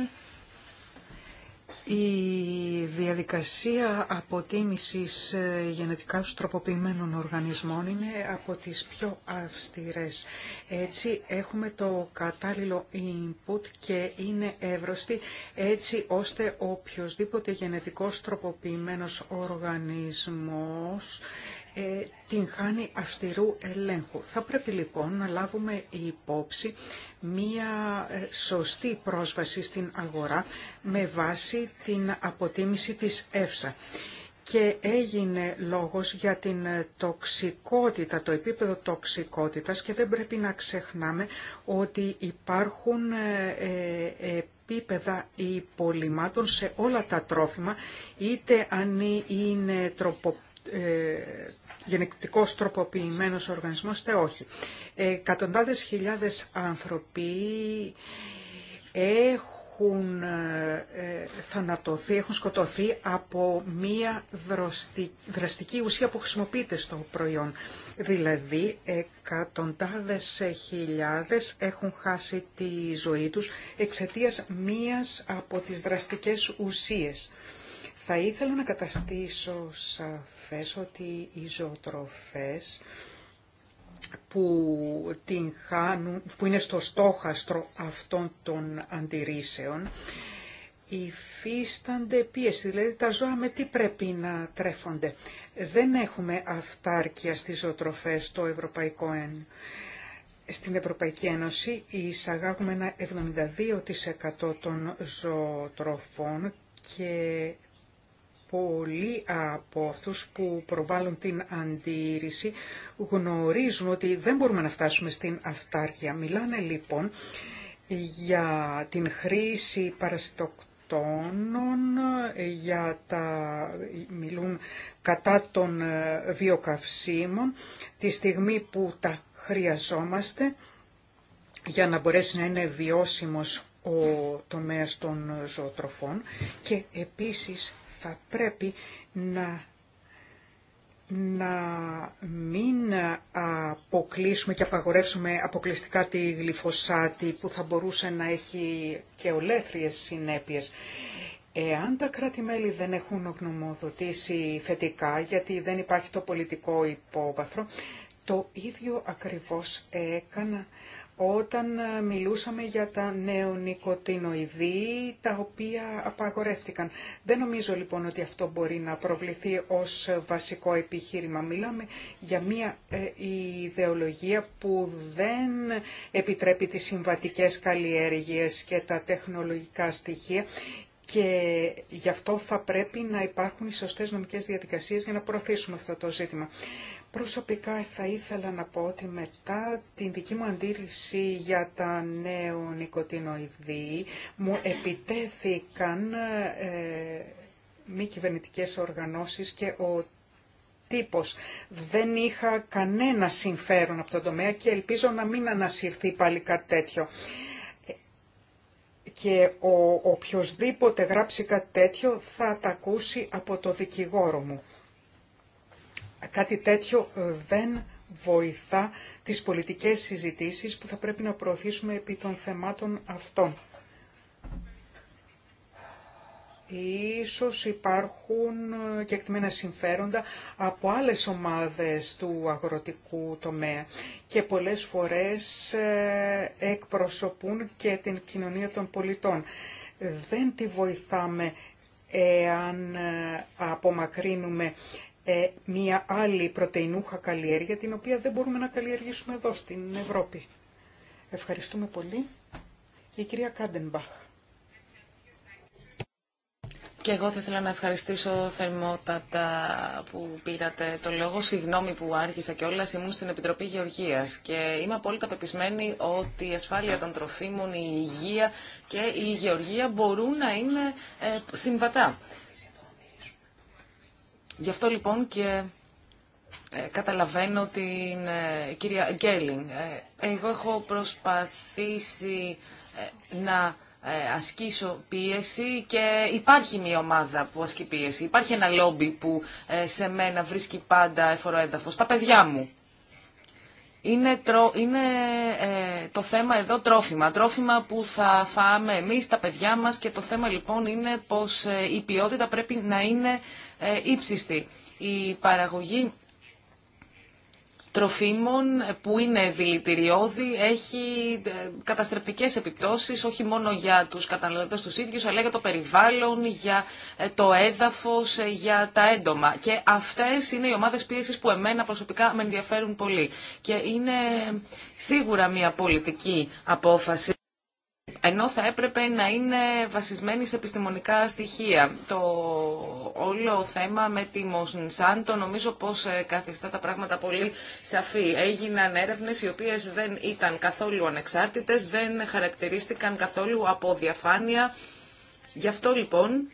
A: Η διαδικασία αποτίμησης ε, γενετικά τροποποιημένων οργανισμών είναι από τις πιο αυστηρές. Έτσι έχουμε το κατάλληλο input και είναι εύρωστη έτσι ώστε οποιοδήποτε γενετικός τροποποιημένος οργανισμός ε, την χάνει αυστηρού ελέγχου. Θα πρέπει λοιπόν να λάβουμε υπόψη μία ε, σωστή πρόσβαση στην αγορά με βάση την αποτίμηση της ΕΦΣΑ. Και έγινε λόγος για την ε, τοξικότητα, το επίπεδο τοξικότητας και δεν πρέπει να ξεχνάμε ότι υπάρχουν επίπεδα υπολοιμάτων σε όλα τα τρόφιμα, είτε αν είναι τροποποιημένα, ε, γενετικός τροποποιημένος οργανισμός, είτε όχι. Ε, εκατοντάδες χιλιάδες άνθρωποι έχουν ε, θανατωθεί, έχουν σκοτωθεί από μία δραστική ουσία που χρησιμοποιείται στο προϊόν. Δηλαδή, εκατοντάδες χιλιάδες έχουν χάσει τη ζωή τους εξαιτίας μίας από τις δραστικές ουσίες. Θα ήθελα να καταστήσω σε ότι οι ζωοτροφές που, την που είναι στο στόχαστρο αυτών των αντιρρήσεων υφίστανται πίεση, δηλαδή τα ζώα με τι πρέπει να τρέφονται. Δεν έχουμε αυτάρκεια στις ζωοτροφές στο Ευρωπαϊκό Στην Ευρωπαϊκή Ένωση εισαγάγουμε ένα 72% των ζωοτροφών και πολλοί από αυτούς που προβάλλουν την αντίρρηση γνωρίζουν ότι δεν μπορούμε να φτάσουμε στην αυτάρκεια. Μιλάνε λοιπόν για την χρήση παρασιτοκτόνων, για τα... μιλούν κατά των ε, βιοκαυσίμων, τη στιγμή που τα χρειαζόμαστε για να μπορέσει να είναι βιώσιμος ο τομέας των ζωοτροφών και επίσης θα πρέπει να να μην αποκλείσουμε και απαγορεύσουμε αποκλειστικά τη γλυφοσάτη που θα μπορούσε να έχει και ολέθριες συνέπειες. Εάν τα κράτη-μέλη δεν έχουν γνωμοδοτήσει θετικά, γιατί δεν υπάρχει το πολιτικό υπόβαθρο, το ίδιο ακριβώς έκανα όταν ε, μιλούσαμε για τα νεονικοτινοειδή τα οποία απαγορεύτηκαν. Δεν νομίζω λοιπόν ότι αυτό μπορεί να προβληθεί ως βασικό επιχείρημα. Μιλάμε για μια ε, ιδεολογία που δεν επιτρέπει τις συμβατικές καλλιέργειες και τα τεχνολογικά στοιχεία και γι' αυτό θα πρέπει να υπάρχουν οι σωστές νομικές διαδικασίες για να προωθήσουμε αυτό το ζήτημα. Προσωπικά θα ήθελα να πω ότι μετά την δική μου αντίρρηση για τα νέο νοικοτινοειδή μου επιτέθηκαν ε, μη κυβερνητικέ οργανώσεις και ο τύπος. Δεν είχα κανένα συμφέρον από τον τομέα και ελπίζω να μην ανασυρθεί πάλι κάτι τέτοιο. Και ο οποιοδήποτε γράψει κάτι τέτοιο θα τα ακούσει από το δικηγόρο μου. Κάτι τέτοιο ε, δεν βοηθά τις πολιτικές συζητήσεις που θα πρέπει να προωθήσουμε επί των θεμάτων αυτών. Ίσως υπάρχουν ε, και εκτιμένα συμφέροντα από άλλες ομάδες του αγροτικού τομέα και πολλές φορές ε, εκπροσωπούν και την κοινωνία των πολιτών. Δεν τη βοηθάμε εάν απομακρύνουμε ε, μία άλλη πρωτεϊνούχα καλλιέργεια, την οποία δεν μπορούμε να καλλιεργήσουμε εδώ στην Ευρώπη. Ευχαριστούμε πολύ. Η κυρία Κάντενμπαχ. Και εγώ θα ήθελα να ευχαριστήσω θερμότατα
B: που πήρατε το λόγο. Συγγνώμη που άρχισα και όλα. Ήμουν στην Επιτροπή Γεωργίας και είμαι απόλυτα πεπισμένη ότι η ασφάλεια των τροφίμων, η υγεία και η γεωργία μπορούν να είναι ε, συμβατά. Γι' αυτό λοιπόν και ε, καταλαβαίνω την ε, κυρία Γκέρλινγκ. Ε, εγώ έχω προσπαθήσει να ασκήσω πίεση και υπάρχει μια ομάδα που ασκεί πίεση. Υπάρχει ένα λόμπι που σε μένα βρίσκει πάντα εφοροέδαφος. Τα παιδιά μου είναι, τρο, είναι ε, το θέμα εδώ τρόφιμα. Τρόφιμα που θα φάμε εμείς, τα παιδιά μας και το θέμα λοιπόν είναι πως ε, η ποιότητα πρέπει να είναι ε, ύψιστη. Η παραγωγή τροφίμων που είναι δηλητηριώδη έχει ε, καταστρεπτικές επιπτώσεις όχι μόνο για τους καταναλωτές τους ίδιους αλλά για το περιβάλλον, για ε, το έδαφος, ε, για τα έντομα. Και αυτές είναι οι ομάδες πίεσης που εμένα προσωπικά με ενδιαφέρουν πολύ. Και είναι σίγουρα μια πολιτική απόφαση ενώ θα έπρεπε να είναι βασισμένη σε επιστημονικά στοιχεία. Το όλο θέμα με τη Μοσνισάντο νομίζω πως ε, καθιστά τα πράγματα πολύ σαφή. Έγιναν έρευνες οι οποίες δεν ήταν καθόλου ανεξάρτητες, δεν χαρακτηρίστηκαν καθόλου από διαφάνεια. Γι' αυτό λοιπόν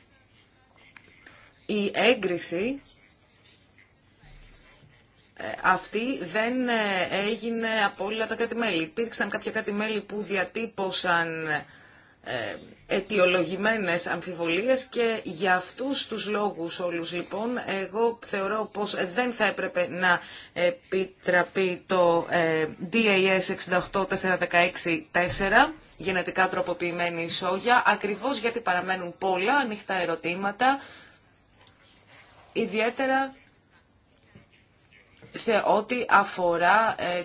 B: η έγκριση ε, αυτή δεν ε, έγινε από όλα τα κράτη-μέλη. Υπήρξαν κάποια κράτη-μέλη που διατύπωσαν ε, αιτιολογημένες αμφιβολίες και για αυτούς τους λόγους όλους λοιπόν εγώ θεωρώ πως δεν θα έπρεπε να επιτραπεί το DAS 68416-4 γενετικά τροποποιημένη σόγια ακριβώς γιατί παραμένουν πολλά ανοιχτά ερωτήματα ιδιαίτερα σε ό,τι αφορά ε,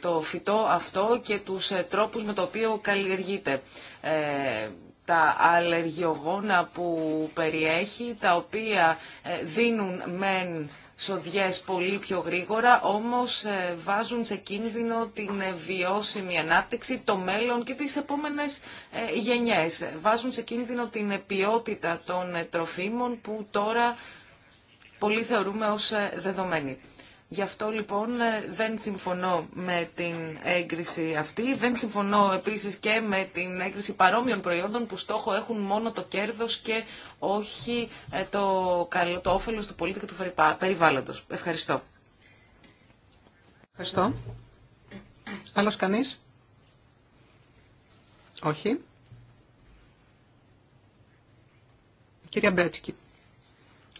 B: το φυτό αυτό και τους ε, τρόπους με το οποίο καλλιεργείται. Ε, τα αλλεργιογόνα που περιέχει, τα οποία δίνουν μεν σοδιές πολύ πιο γρήγορα, όμως βάζουν σε κίνδυνο την βιώσιμη ανάπτυξη, το μέλλον και τις επόμενες γενιές. Βάζουν σε κίνδυνο την ποιότητα των τροφίμων που τώρα πολλοί θεωρούμε ως ε, δεδομένη. Γι' αυτό λοιπόν ε, δεν συμφωνώ με την έγκριση αυτή. Δεν συμφωνώ επίσης και με την έγκριση παρόμοιων προϊόντων που στόχο έχουν μόνο το κέρδος και όχι ε, το, καλό, το όφελος του πολίτη και του περιβάλλοντος. Ευχαριστώ. Ευχαριστώ.
C: Άλλος κανείς? Όχι. Κυρία Μπρέτσικη.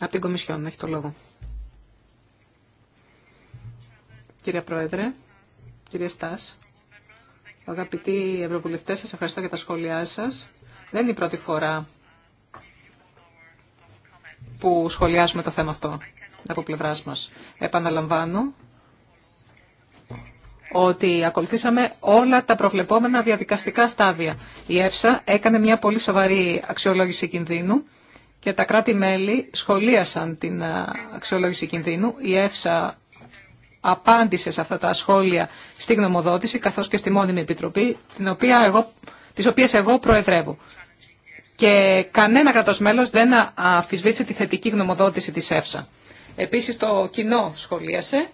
C: Από την Κομισιόν, έχει το λόγο. Κύριε Πρόεδρε, κύριε Στάς, αγαπητοί ευρωβουλευτές, σας ευχαριστώ για τα σχόλιά σας. Δεν είναι η πρώτη φορά που σχολιάζουμε το θέμα αυτό από πλευράς μας. Επαναλαμβάνω ότι ακολουθήσαμε όλα τα προβλεπόμενα διαδικαστικά στάδια. Η ΕΦΣΑ έκανε μια πολύ σοβαρή αξιολόγηση κινδύνου και τα κράτη-μέλη σχολίασαν την αξιολόγηση κινδύνου. Η ΕΦΣΑ απάντησε σε αυτά τα σχόλια στη γνωμοδότηση, καθώς και στη μόνιμη επιτροπή, την οποία εγώ, τις οποίες εγώ προεδρεύω. Και κανένα κρατός μέλος δεν αφισβήτησε τη θετική γνωμοδότηση της ΕΦΣΑ. Επίσης το κοινό σχολίασε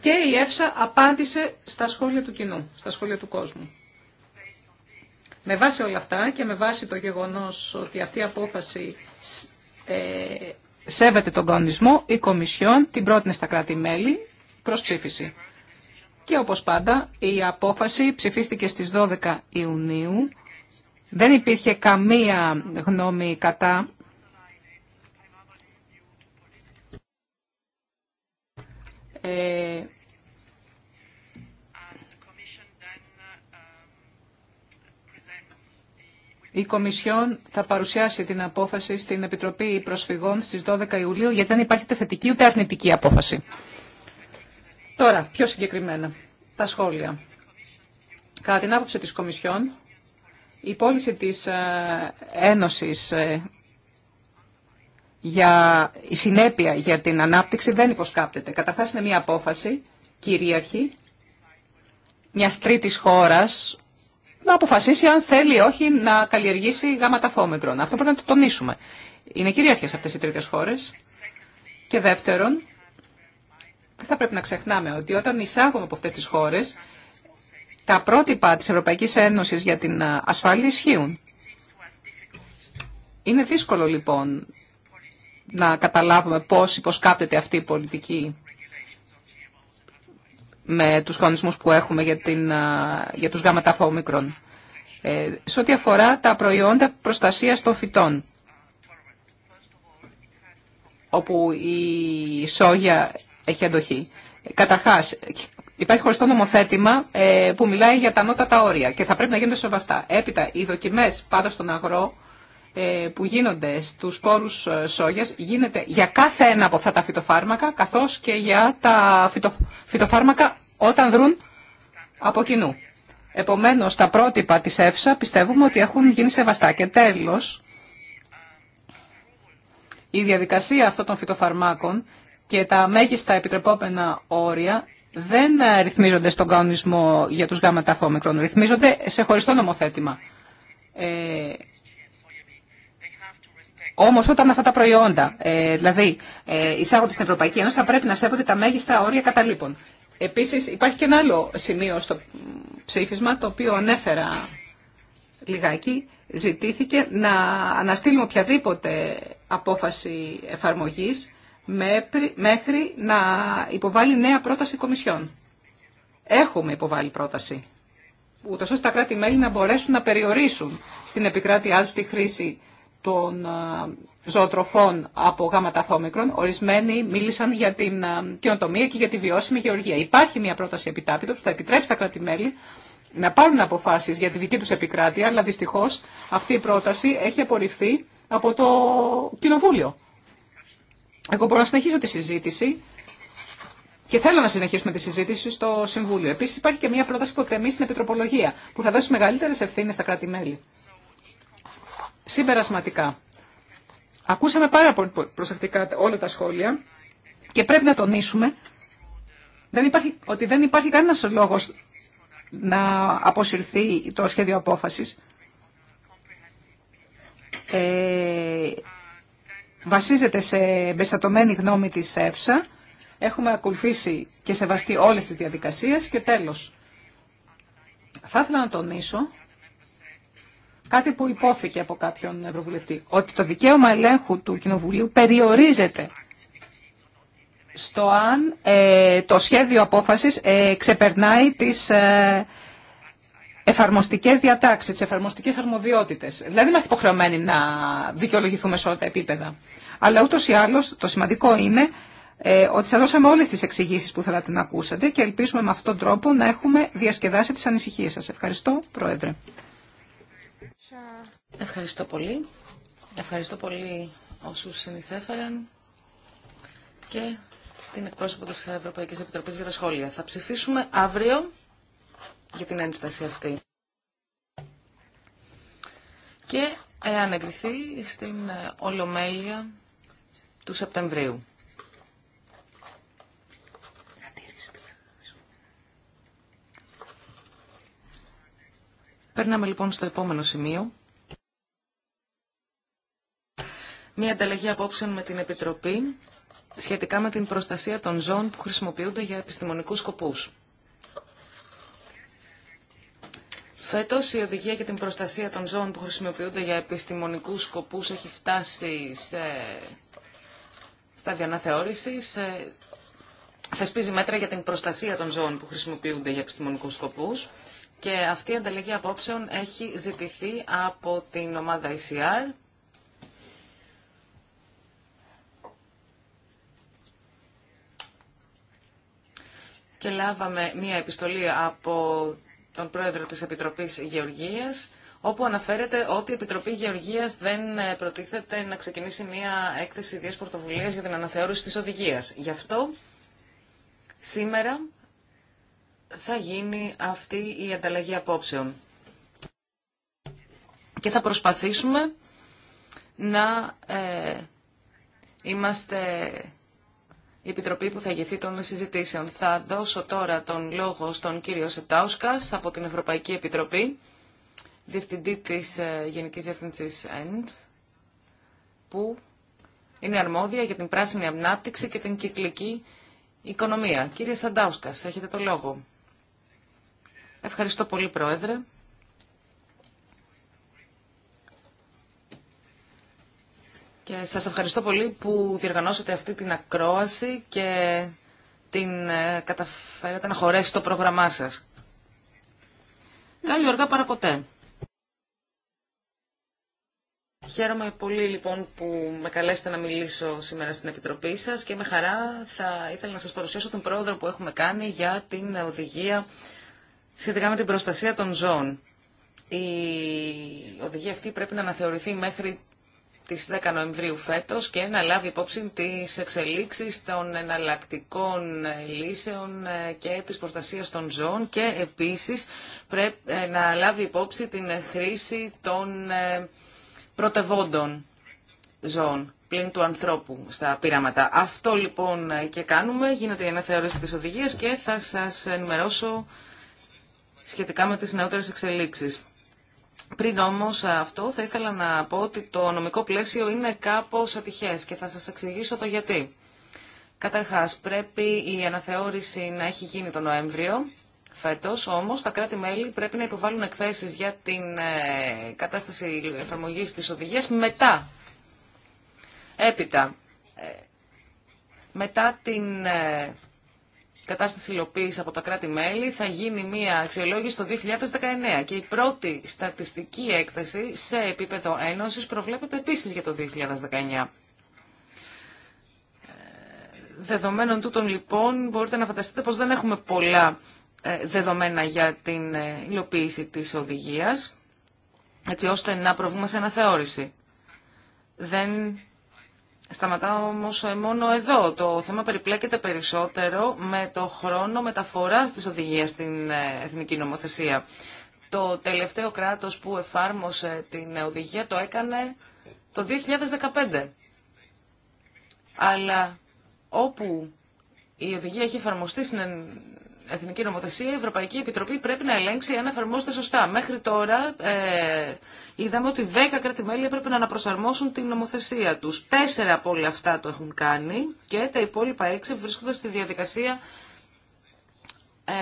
C: και η ΕΦΣΑ απάντησε στα σχόλια του κοινού, στα σχόλια του κόσμου. Με βάση όλα αυτά και με βάση το γεγονός ότι αυτή η απόφαση ε, σέβεται τον κανονισμό, η Κομισιόν την πρότεινε στα κράτη-μέλη προς ψήφιση. Και όπως πάντα η απόφαση ψηφίστηκε στις 12 Ιουνίου. Δεν υπήρχε καμία γνώμη κατά ε, Η Κομισιόν θα παρουσιάσει την απόφαση στην Επιτροπή Προσφυγών στις 12 Ιουλίου, γιατί δεν υπάρχει ούτε θετική ούτε αρνητική απόφαση. Τώρα, πιο συγκεκριμένα, τα σχόλια. Κατά την άποψη της Κομισιόν, η πώληση της ε, Ένωσης ε, για η συνέπεια για την ανάπτυξη δεν υποσκάπτεται. Καταρχάς είναι μια απόφαση κυρίαρχη μιας τρίτης χώρας να αποφασίσει αν θέλει ή όχι να καλλιεργήσει γάμματα φόμικρον. Αυτό πρέπει να το τονίσουμε. Είναι κυριαρχε αυτές οι τρίτες χώρε. Και δεύτερον, δεν θα πρέπει να ξεχνάμε ότι όταν εισάγουμε από αυτές τις χώρε, τα πρότυπα τη ευρωπαϊκή Ένωση για την ασφάλεια ισχύουν. Είναι δύσκολο λοιπόν να καταλάβουμε πώς υποσκάπτεται αυτή η πολιτική με τους κανονισμούς που έχουμε για, την, για τους γάμματα φόμικρον. Ε, σε ό,τι αφορά τα προϊόντα προστασίας των φυτών, όπου η σόγια έχει αντοχή. Καταρχάς, υπάρχει χωριστό νομοθέτημα ε, που μιλάει για τα ανώτατα όρια και θα πρέπει να γίνονται σεβαστά. Έπειτα, οι δοκιμές πάντα στον αγρό ε, που γίνονται στους πόρους ε, σόγιας γίνεται για κάθε ένα από αυτά τα φυτοφάρμακα καθώς και για τα φυτοφάρμακα όταν δρούν από κοινού. Επομένως, τα πρότυπα της ΕΦΣΑ πιστεύουμε ότι έχουν γίνει σεβαστά. Και τέλος, η διαδικασία αυτών των φυτοφαρμάκων και τα μέγιστα επιτρεπόμενα όρια δεν ρυθμίζονται στον κανονισμό για τους γάμματα φόμικρον, ρυθμίζονται σε χωριστό νομοθέτημα. Ε, Όμω όταν αυτά τα προϊόντα ε, δηλαδή ε, εισάγονται στην Ευρωπαϊκή Ένωση θα πρέπει να σέβονται τα μέγιστα όρια καταλήπων. Επίση υπάρχει και ένα άλλο σημείο στο ψήφισμα το οποίο ανέφερα λιγάκι. Ζητήθηκε να αναστείλουμε οποιαδήποτε απόφαση εφαρμογή μέχρι να υποβάλει νέα πρόταση κομισιών. Έχουμε υποβάλει πρόταση, Ούτω ώστε τα κράτη-μέλη να μπορέσουν να περιορίσουν στην επικράτειά του τη χρήση των ε, ζωοτροφών από γάματα θόμικρων, ορισμένοι μίλησαν για την ε, καινοτομία και για τη βιώσιμη γεωργία. Υπάρχει μια πρόταση επιτάπητος που θα επιτρέψει τα κράτη-μέλη να πάρουν αποφάσεις για τη δική τους επικράτεια, αλλά δυστυχώς αυτή η πρόταση έχει απορριφθεί από το Κοινοβούλιο. Εγώ μπορώ να συνεχίσω τη συζήτηση και θέλω να συνεχίσουμε τη συζήτηση στο Συμβούλιο. Επίση, υπάρχει και μια πρόταση που εκκρεμεί στην Επιτροπολογία, που θα δώσει μεγαλύτερε ευθύνε στα κράτη-μέλη. Συμπερασματικά. Ακούσαμε πάρα πολύ προσεκτικά όλα τα σχόλια και πρέπει να τονίσουμε δεν υπάρχει, ότι δεν υπάρχει κανένας λόγος να αποσυρθεί το σχέδιο απόφασης. Ε, βασίζεται σε εμπεστατωμένη γνώμη της ΕΦΣΑ. Έχουμε ακολουθήσει και σεβαστεί όλες τις διαδικασίες και τέλος. Θα ήθελα να τονίσω κάτι που υπόθηκε από κάποιον Ευρωβουλευτή, ότι το δικαίωμα ελέγχου του Κοινοβουλίου περιορίζεται στο αν ε, το σχέδιο απόφασης ε, ξεπερνάει τις ε, εφαρμοστικές διατάξεις, τις εφαρμοστικές αρμοδιότητες. Δηλαδή είμαστε υποχρεωμένοι να δικαιολογηθούμε σε όλα τα επίπεδα. Αλλά ούτως ή άλλως το σημαντικό είναι ε, ότι σας δώσαμε όλες τις εξηγήσεις που θέλατε να ακούσατε και ελπίζουμε με αυτόν τον τρόπο να έχουμε διασκεδάσει τις ανησυχίες σας. Ευχαριστώ, Πρόεδρε.
B: Ευχαριστώ πολύ. Ευχαριστώ πολύ όσους συνεισέφεραν και την εκπρόσωπο της Ευρωπαϊκής Επιτροπής για τα σχόλια. Θα ψηφίσουμε αύριο για την ένσταση αυτή. Και εάν εγκριθεί στην Ολομέλεια του Σεπτεμβρίου. Περνάμε λοιπόν στο επόμενο σημείο. μια ανταλλαγή απόψεων με την Επιτροπή σχετικά με την προστασία των ζώων που χρησιμοποιούνται για επιστημονικούς σκοπούς. Φέτος η οδηγία για την προστασία των ζώων που χρησιμοποιούνται για επιστημονικούς σκοπούς έχει φτάσει σε... στα διαναθεώρηση, σε... θεσπίζει μέτρα για την προστασία των ζώων που χρησιμοποιούνται για επιστημονικούς σκοπούς και αυτή η ανταλλαγή απόψεων έχει ζητηθεί από την ομάδα ICR και λάβαμε μία επιστολή από τον πρόεδρο της Επιτροπής Γεωργίας, όπου αναφέρεται ότι η Επιτροπή Γεωργίας δεν ε, προτίθεται να ξεκινήσει μία έκθεση ιδίας πρωτοβουλίας για την αναθεώρηση της οδηγίας. Γι' αυτό σήμερα θα γίνει αυτή η ανταλλαγή απόψεων. Και θα προσπαθήσουμε να ε, είμαστε η επιτροπή που θα ηγηθεί των συζητήσεων. Θα δώσω τώρα τον λόγο στον κύριο Σετάουσκας από την Ευρωπαϊκή Επιτροπή, διευθυντή της ε, Γενικής Διευθυντής ΕΝΤ, που είναι αρμόδια για την πράσινη ανάπτυξη και την κυκλική οικονομία. Κύριε Σαντάουσκας, έχετε το λόγο. Ευχαριστώ πολύ, Πρόεδρε. Και σας ευχαριστώ πολύ που διοργανώσατε αυτή την ακρόαση και την ε, καταφέρατε να χωρέσει το πρόγραμμά σας. Καλή οργά παραποτέ. Χαίρομαι πολύ λοιπόν που με καλέσετε να μιλήσω σήμερα στην Επιτροπή σας και με χαρά θα ήθελα να σας παρουσιάσω τον πρόεδρο που έχουμε κάνει για την οδηγία σχετικά με την προστασία των ζώων. Η οδηγία αυτή πρέπει να αναθεωρηθεί μέχρι της 10 Νοεμβρίου φέτος και να λάβει υπόψη τι εξελίξει των εναλλακτικών λύσεων ε, και τη προστασία των ζώων και επίσης πρέπει να λάβει υπόψη την χρήση των ε, πρωτευόντων ζώων πλην του ανθρώπου στα πειράματα. Αυτό λοιπόν και κάνουμε, γίνεται η αναθεώρηση τη οδηγία και θα σα ενημερώσω σχετικά με τις νεότερες εξελίξεις. Πριν όμως αυτό θα ήθελα να πω ότι το νομικό πλαίσιο είναι κάπως ατυχές και θα σας εξηγήσω το γιατί. Καταρχάς πρέπει η αναθεώρηση να έχει γίνει το Νοέμβριο. Φέτος όμως τα κράτη-μέλη πρέπει να υποβάλουν εκθέσεις για την ε, κατάσταση εφαρμογή της οδηγία μετά. Έπειτα, ε, μετά την ε, κατάσταση υλοποίηση από τα κράτη-μέλη θα γίνει μία αξιολόγηση το 2019 και η πρώτη στατιστική έκθεση σε επίπεδο ένωσης προβλέπεται επίσης για το 2019. Ε, δεδομένων τούτων λοιπόν μπορείτε να φανταστείτε πως δεν έχουμε πολλά ε, δεδομένα για την ε, υλοποίηση της οδηγίας έτσι ώστε να προβούμε σε αναθεώρηση. Δεν Σταματάω όμω μόνο εδώ. Το θέμα περιπλέκεται περισσότερο με το χρόνο μεταφοράς της οδηγίας στην ε, εθνική νομοθεσία. Το τελευταίο κράτος που εφάρμοσε την οδηγία το έκανε το 2015. Αλλά όπου η οδηγία έχει εφαρμοστεί στην εθνική νομοθεσία, η Ευρωπαϊκή Επιτροπή πρέπει να ελέγξει αν εφαρμόζεται σωστά. Μέχρι τώρα ε, είδαμε ότι 10 κράτη-μέλη έπρεπε να αναπροσαρμόσουν την νομοθεσία του. Τέσσερα από όλα αυτά το έχουν κάνει και τα υπόλοιπα έξι βρίσκονται στη διαδικασία ε,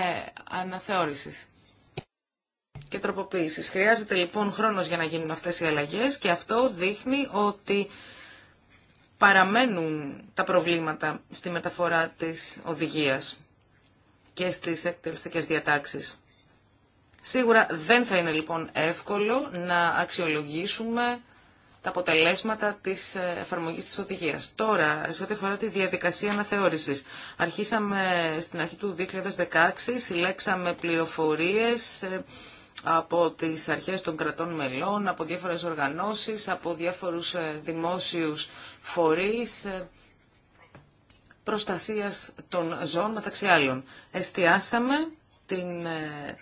B: αναθεώρησης και τροποποίηση. Χρειάζεται λοιπόν χρόνο για να γίνουν αυτέ οι αλλαγέ και αυτό δείχνει ότι παραμένουν τα προβλήματα στη μεταφορά της οδηγίας και στις εκτελεστικές διατάξεις. Σίγουρα δεν θα είναι λοιπόν εύκολο να αξιολογήσουμε τα αποτελέσματα της ε, εφαρμογής της οδηγίας. Τώρα, σε ό,τι αφορά τη διαδικασία αναθεώρησης, αρχίσαμε στην αρχή του 2016, συλλέξαμε πληροφορίες ε, από τις αρχές των κρατών μελών, από διάφορες οργανώσεις, από διάφορους ε, δημόσιους φορείς, προστασίας των ζώων μεταξύ άλλων. Εστιάσαμε την ε,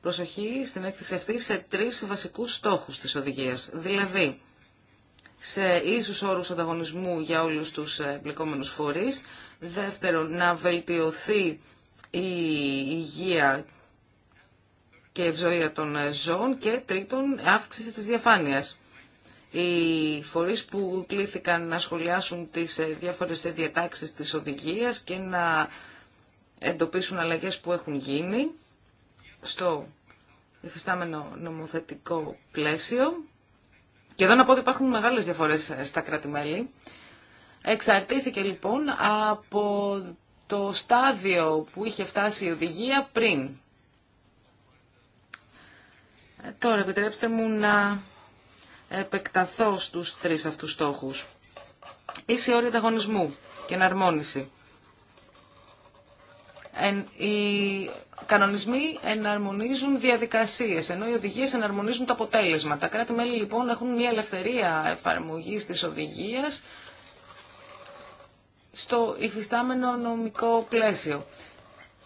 B: προσοχή στην έκθεση αυτή σε τρεις βασικούς στόχους της οδηγίας. Δηλαδή, σε ίσους όρους ανταγωνισμού για όλους τους ε, εμπλεκόμενους φορείς. Δεύτερον, να βελτιωθεί η υγεία και ευζοία των ε, ζώων. Και τρίτον, αύξηση της διαφάνειας οι φορείς που κλήθηκαν να σχολιάσουν τις ε, διάφορες διατάξεις της οδηγίας και να εντοπίσουν αλλαγές που έχουν γίνει στο υφιστάμενο νομοθετικό πλαίσιο. Και εδώ να πω ότι υπάρχουν μεγάλες διαφορές ε, στα κράτη-μέλη. Εξαρτήθηκε λοιπόν από το στάδιο που είχε φτάσει η οδηγία πριν. Ε, τώρα επιτρέψτε μου να επεκταθώ στους τρεις αυτούς στόχους. Ίση όρια ανταγωνισμού και εναρμόνιση. οι κανονισμοί εναρμονίζουν διαδικασίες, ενώ οι οδηγίες εναρμονίζουν τα αποτέλεσμα. Τα κράτη-μέλη λοιπόν έχουν μια ελευθερία εφαρμογής της οδηγίας στο υφιστάμενο νομικό πλαίσιο.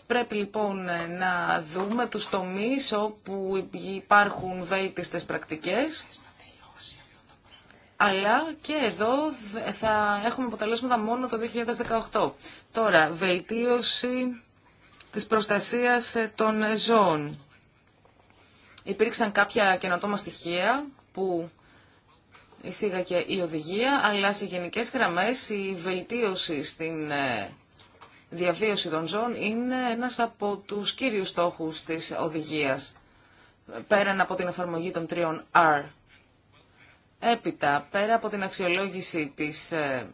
B: Πρέπει λοιπόν να δούμε τους τομείς όπου υπάρχουν βέλτιστες πρακτικές αλλά και εδώ θα έχουμε αποτελέσματα μόνο το 2018. Τώρα, βελτίωση της προστασίας ε, των ζώων. Υπήρξαν κάποια καινοτόμα στοιχεία που και η οδηγία, αλλά σε γενικές γραμμές η βελτίωση στην ε, διαβίωση των ζώων είναι ένας από τους κύριους στόχους της οδηγίας, πέραν από την εφαρμογή των τριών R. Έπειτα, πέρα από την αξιολόγηση της ε,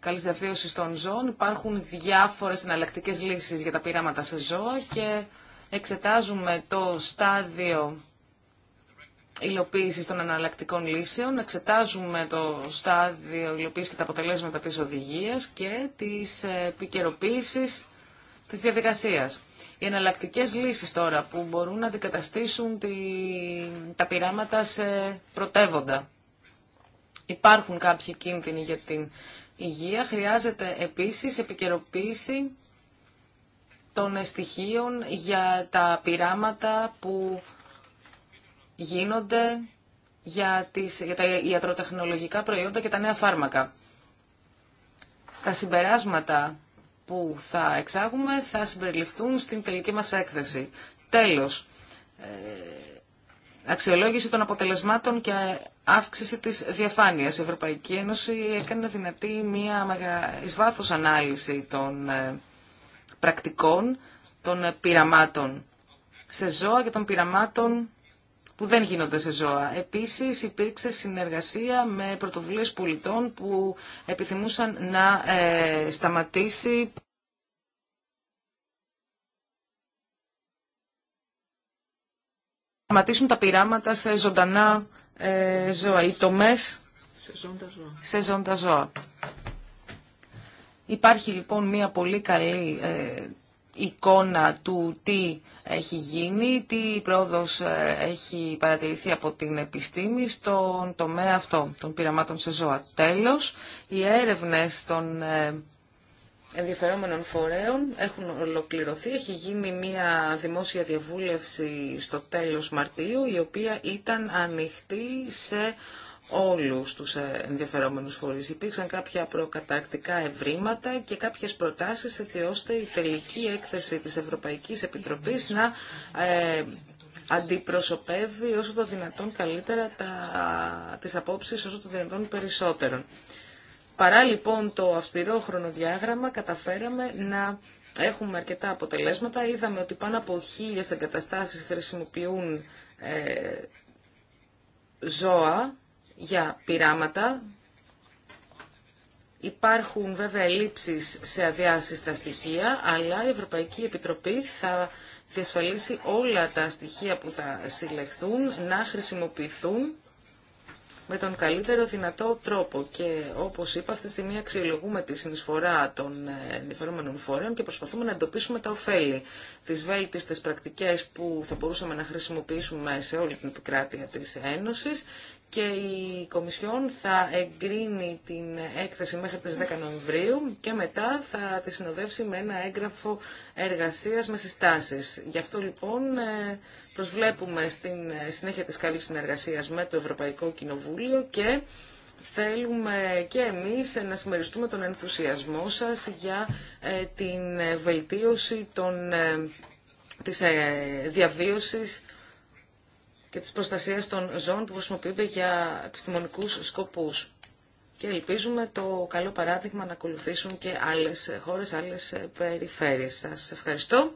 B: καλής διαφύωσης των ζώων, υπάρχουν διάφορες εναλλακτικέ λύσεις για τα πειράματα σε ζώα και εξετάζουμε το στάδιο υλοποίησης των εναλλακτικών λύσεων, εξετάζουμε το στάδιο υλοποίησης και τα αποτελέσματα της οδηγίας και της ε, επικαιροποίηση της διαδικασίας οι εναλλακτικέ λύσεις τώρα που μπορούν να αντικαταστήσουν τη... τα πειράματα σε πρωτεύοντα. Υπάρχουν κάποιοι κίνδυνοι για την υγεία. Χρειάζεται επίσης επικαιροποίηση των στοιχείων για τα πειράματα που γίνονται για, τις, για τα ιατροτεχνολογικά προϊόντα και τα νέα φάρμακα. Τα συμπεράσματα που θα εξάγουμε θα συμπεριληφθούν στην τελική μας έκθεση. Τέλος, ε, αξιολόγηση των αποτελεσμάτων και αύξηση της διαφάνειας. Η Ευρωπαϊκή Ένωση έκανε δυνατή μία εις ανάλυση των ε, πρακτικών, των ε, πειραμάτων σε ζώα και των πειραμάτων που δεν γίνονται σε ζώα. Επίσης υπήρξε συνεργασία με πρωτοβουλίες πολιτών που επιθυμούσαν να ε, σταματήσει σταματήσουν τα πειράματα σε ζωντανά ε, ζώα, ή τομές σε ζώντα ζώα. ζώα. Υπάρχει λοιπόν μια πολύ καλή ε, εικόνα του τι έχει γίνει, τι πρόοδος ε, έχει παρατηρηθεί από την επιστήμη στον τομέα αυτό των πειραμάτων σε ζώα. Τέλος, οι έρευνες των ε, ενδιαφερόμενων φορέων έχουν ολοκληρωθεί. Έχει γίνει μια δημόσια διαβούλευση στο τέλος Μαρτίου, η οποία ήταν ανοιχτή σε όλους τους ενδιαφερόμενους φορείς. Υπήρξαν κάποια προκαταρκτικά ευρήματα και κάποιες προτάσεις έτσι ώστε η τελική έκθεση της Ευρωπαϊκής Επιτροπής να ε, αντιπροσωπεύει όσο το δυνατόν καλύτερα τα, τις απόψεις όσο το δυνατόν περισσότερων. Παρά λοιπόν το αυστηρό χρονοδιάγραμμα καταφέραμε να έχουμε αρκετά αποτελέσματα. Είδαμε ότι πάνω από χίλιες εγκαταστάσεις χρησιμοποιούν ε, ζώα για πειράματα. Υπάρχουν βέβαια ελλείψεις σε στα στοιχεία, αλλά η Ευρωπαϊκή Επιτροπή θα διασφαλίσει όλα τα στοιχεία που θα συλλεχθούν να χρησιμοποιηθούν με τον καλύτερο δυνατό τρόπο. Και όπως είπα, αυτή τη στιγμή αξιολογούμε τη συνεισφορά των ενδιαφερόμενων φορέων και προσπαθούμε να εντοπίσουμε τα ωφέλη, τις βέλτιστες πρακτικές που θα μπορούσαμε να χρησιμοποιήσουμε σε όλη την επικράτεια της Ένωσης και η Κομισιόν θα εγκρίνει την έκθεση μέχρι τις 10 Νοεμβρίου και μετά θα τη συνοδεύσει με ένα έγγραφο εργασίας με συστάσεις. Γι' αυτό λοιπόν ε, προσβλέπουμε στην ε, συνέχεια της καλής συνεργασίας με το Ευρωπαϊκό Κοινοβούλιο και θέλουμε και εμείς να συμμεριστούμε τον ενθουσιασμό σας για ε, την βελτίωση των, της διαβίωσης και της προστασίας των ζώων που χρησιμοποιούνται για επιστημονικούς σκοπούς. Και ελπίζουμε το καλό παράδειγμα να ακολουθήσουν και άλλες χώρες, άλλες περιφέρειες. Σας ευχαριστώ.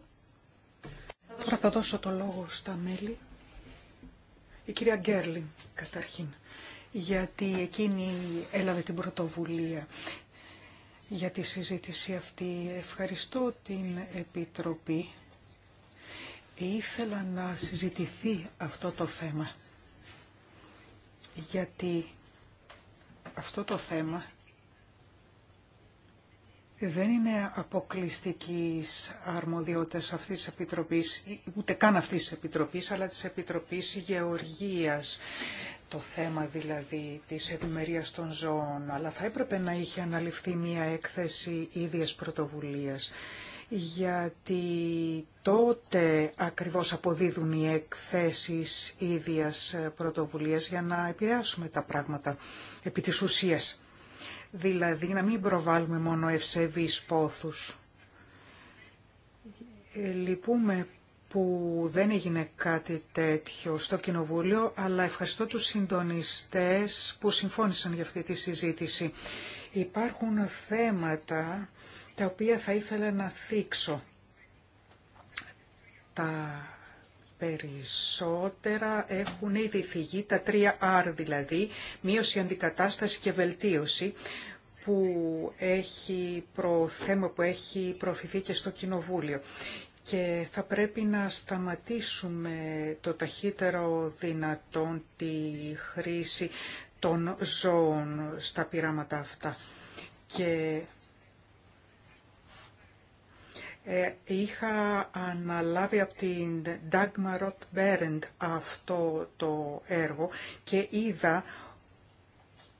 A: Τώρα θα δώσω το λόγο στα μέλη. Η κυρία Γκέρλιν, καταρχήν, γιατί εκείνη έλαβε την πρωτοβουλία για τη συζήτηση αυτή. Ευχαριστώ την Επιτροπή Ήθελα να συζητηθεί αυτό το θέμα, γιατί αυτό το θέμα δεν είναι αποκλειστικής αρμοδιότητας αυτής της Επιτροπής, ούτε καν αυτής της Επιτροπής, αλλά της Επιτροπής Γεωργίας, το θέμα δηλαδή της ευημερίας των ζώων. Αλλά θα έπρεπε να είχε αναλυφθεί μια έκθεση ίδιας πρωτοβουλίας γιατί τότε ακριβώς αποδίδουν οι εκθέσεις ίδιας πρωτοβουλίας για να επηρεάσουμε τα πράγματα επί της ουσίας. Δηλαδή να μην προβάλλουμε μόνο ευσεβείς πόθους. Ε, λυπούμε που δεν έγινε κάτι τέτοιο στο Κοινοβούλιο, αλλά ευχαριστώ τους συντονιστές που συμφώνησαν για αυτή τη συζήτηση. Υπάρχουν θέματα τα οποία θα ήθελα να θίξω. Τα περισσότερα έχουν ήδη φυγεί, τα 3R δηλαδή, μείωση, αντικατάσταση και βελτίωση, που έχει προ, θέμα που έχει προωθηθεί και στο Κοινοβούλιο. Και θα πρέπει να σταματήσουμε το ταχύτερο δυνατόν τη χρήση των ζώων στα πειράματα αυτά. Και ε, είχα αναλάβει από την Dagmar Berend αυτό το έργο και είδα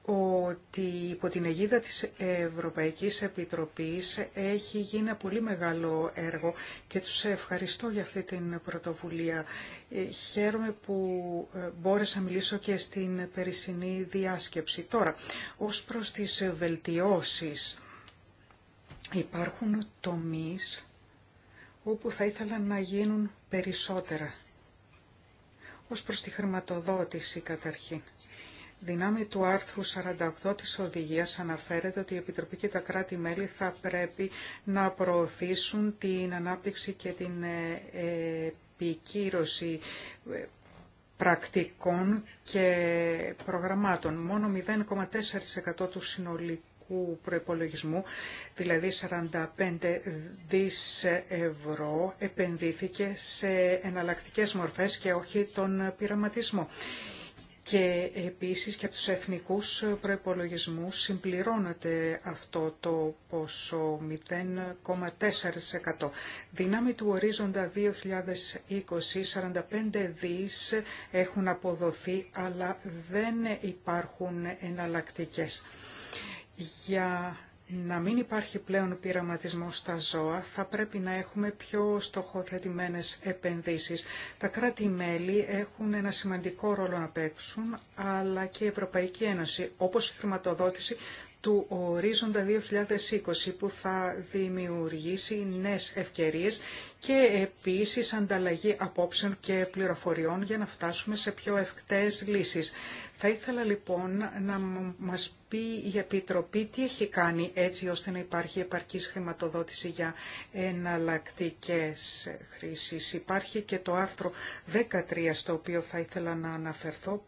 A: ότι υπό την αιγίδα της Ευρωπαϊκής Επιτροπής έχει γίνει ένα πολύ μεγάλο έργο και τους ευχαριστώ για αυτή την πρωτοβουλία. Ε, χαίρομαι που ε, μπόρεσα να μιλήσω και στην περσινή διάσκεψη. Τώρα, ως προς τις βελτιώσεις, υπάρχουν τομείς όπου θα ήθελαν να γίνουν περισσότερα. Ως προς τη χρηματοδότηση καταρχήν. Δυνάμει του άρθρου 48 της οδηγίας αναφέρεται ότι η Επιτροπή και τα κράτη-μέλη θα πρέπει να προωθήσουν την ανάπτυξη και την ε, επικύρωση ε, πρακτικών και προγραμμάτων. Μόνο 0,4% του συνολικού προεπολογισμού, προϋπολογισμού, δηλαδή 45 δις ευρώ, επενδύθηκε σε εναλλακτικές μορφές και όχι τον πειραματισμό. Και επίσης και από τους εθνικούς προϋπολογισμούς συμπληρώνεται αυτό το ποσό 0,4%. Δυνάμει του ορίζοντα 2020, 45 δις έχουν αποδοθεί αλλά δεν υπάρχουν εναλλακτικές. Για να μην υπάρχει πλέον πειραματισμό στα ζώα, θα πρέπει να έχουμε πιο στοχοθετημένες επενδύσεις. Τα κράτη-μέλη έχουν ένα σημαντικό ρόλο να παίξουν, αλλά και η Ευρωπαϊκή Ένωση, όπως η χρηματοδότηση του ορίζοντα 2020 που θα δημιουργήσει νέες ευκαιρίες και επίσης ανταλλαγή απόψεων και πληροφοριών για να φτάσουμε σε πιο ευκτές λύσεις. Θα ήθελα λοιπόν να μας πει η Επιτροπή τι έχει κάνει έτσι ώστε να υπάρχει επαρκής χρηματοδότηση για εναλλακτικέ χρήσεις. Υπάρχει και το άρθρο 13 στο οποίο θα ήθελα να αναφερθώ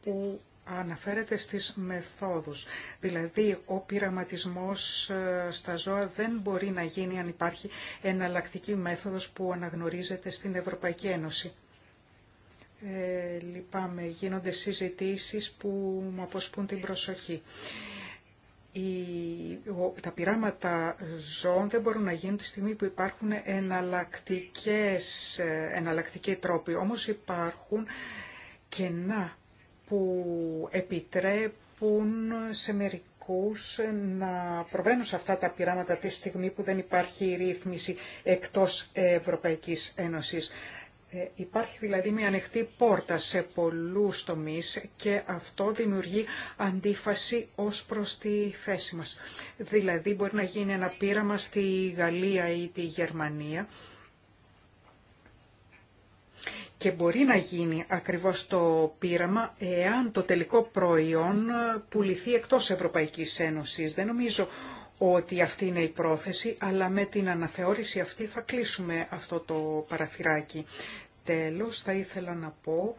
A: αναφέρεται στις μεθόδους. Δηλαδή, ο πειραματισμός ε, στα ζώα δεν μπορεί να γίνει αν υπάρχει εναλλακτική μέθοδος που αναγνωρίζεται στην Ευρωπαϊκή Ένωση. Ε, λυπάμαι, γίνονται συζητήσεις που μου αποσπούν την προσοχή. Οι, τα πειράματα ζώων δεν μπορούν να γίνουν τη στιγμή που υπάρχουν εναλλακτικές, ε, εναλλακτικοί τρόποι. Όμως υπάρχουν κενά που επιτρέπουν σε μερικούς να προβαίνουν σε αυτά τα πειράματα τη στιγμή που δεν υπάρχει ρύθμιση εκτός Ευρωπαϊκής Ένωσης. Ε, υπάρχει δηλαδή μια ανοιχτή πόρτα σε πολλούς τομείς και αυτό δημιουργεί αντίφαση ως προς τη θέση μας. Δηλαδή μπορεί να γίνει ένα πείραμα στη Γαλλία ή τη Γερμανία και μπορεί να γίνει ακριβώς το πείραμα εάν το τελικό προϊόν πουληθεί εκτός Ευρωπαϊκής Ένωσης. Δεν νομίζω ότι αυτή είναι η πρόθεση, αλλά με την αναθεώρηση αυτή θα κλείσουμε αυτό το παραθυράκι. Τέλος, θα ήθελα να πω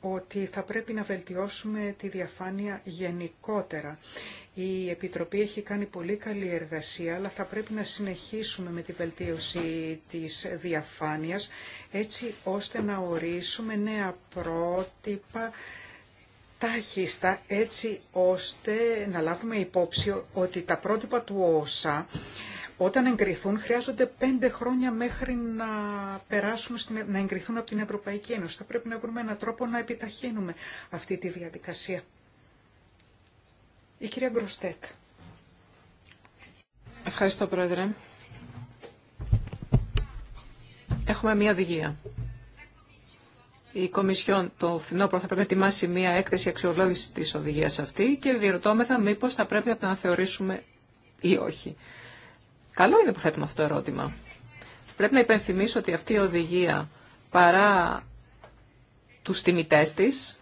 A: ότι θα πρέπει να βελτιώσουμε τη διαφάνεια γενικότερα. Η Επιτροπή έχει κάνει πολύ καλή εργασία, αλλά θα πρέπει να συνεχίσουμε με τη βελτίωση της διαφάνειας, έτσι ώστε να ορίσουμε νέα πρότυπα τάχιστα, έτσι ώστε να λάβουμε υπόψη ότι τα πρότυπα του ΩΣΑ όταν εγκριθούν χρειάζονται πέντε χρόνια μέχρι να, περάσουν στην, ε, να εγκριθούν από την Ευρωπαϊκή Ένωση. Θα πρέπει να βρούμε έναν τρόπο να επιταχύνουμε αυτή τη διαδικασία. Η κυρία Γκροστέτ.
C: Ευχαριστώ, Πρόεδρε. Έχουμε μία οδηγία. Η Κομισιόν το φθινόπωρο θα πρέπει να ετοιμάσει μία έκθεση αξιολόγηση τη οδηγία αυτή και διερωτώμεθα μήπω θα πρέπει να την αναθεωρήσουμε ή όχι. Καλό είναι που θέτουμε αυτό το ερώτημα. Πρέπει να υπενθυμίσω ότι αυτή η οδηγία παρά τους τιμητές της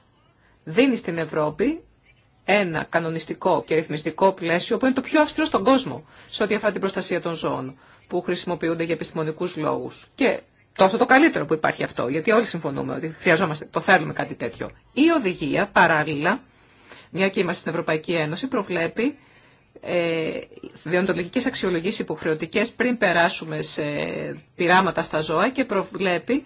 C: δίνει στην Ευρώπη ένα κανονιστικό και ρυθμιστικό πλαίσιο που είναι το πιο αυστηρό στον κόσμο σε ό,τι αφορά την προστασία των ζώων που χρησιμοποιούνται για επιστημονικούς λόγους. Και τόσο το καλύτερο που υπάρχει αυτό, γιατί όλοι συμφωνούμε ότι χρειαζόμαστε, το θέλουμε κάτι τέτοιο. Η οδηγία παράλληλα, μια και είμαστε στην Ευρωπαϊκή Ένωση, προβλέπει ε, διοντολογικές αξιολογήσεις υποχρεωτικές πριν περάσουμε σε πειράματα στα ζώα και προβλέπει,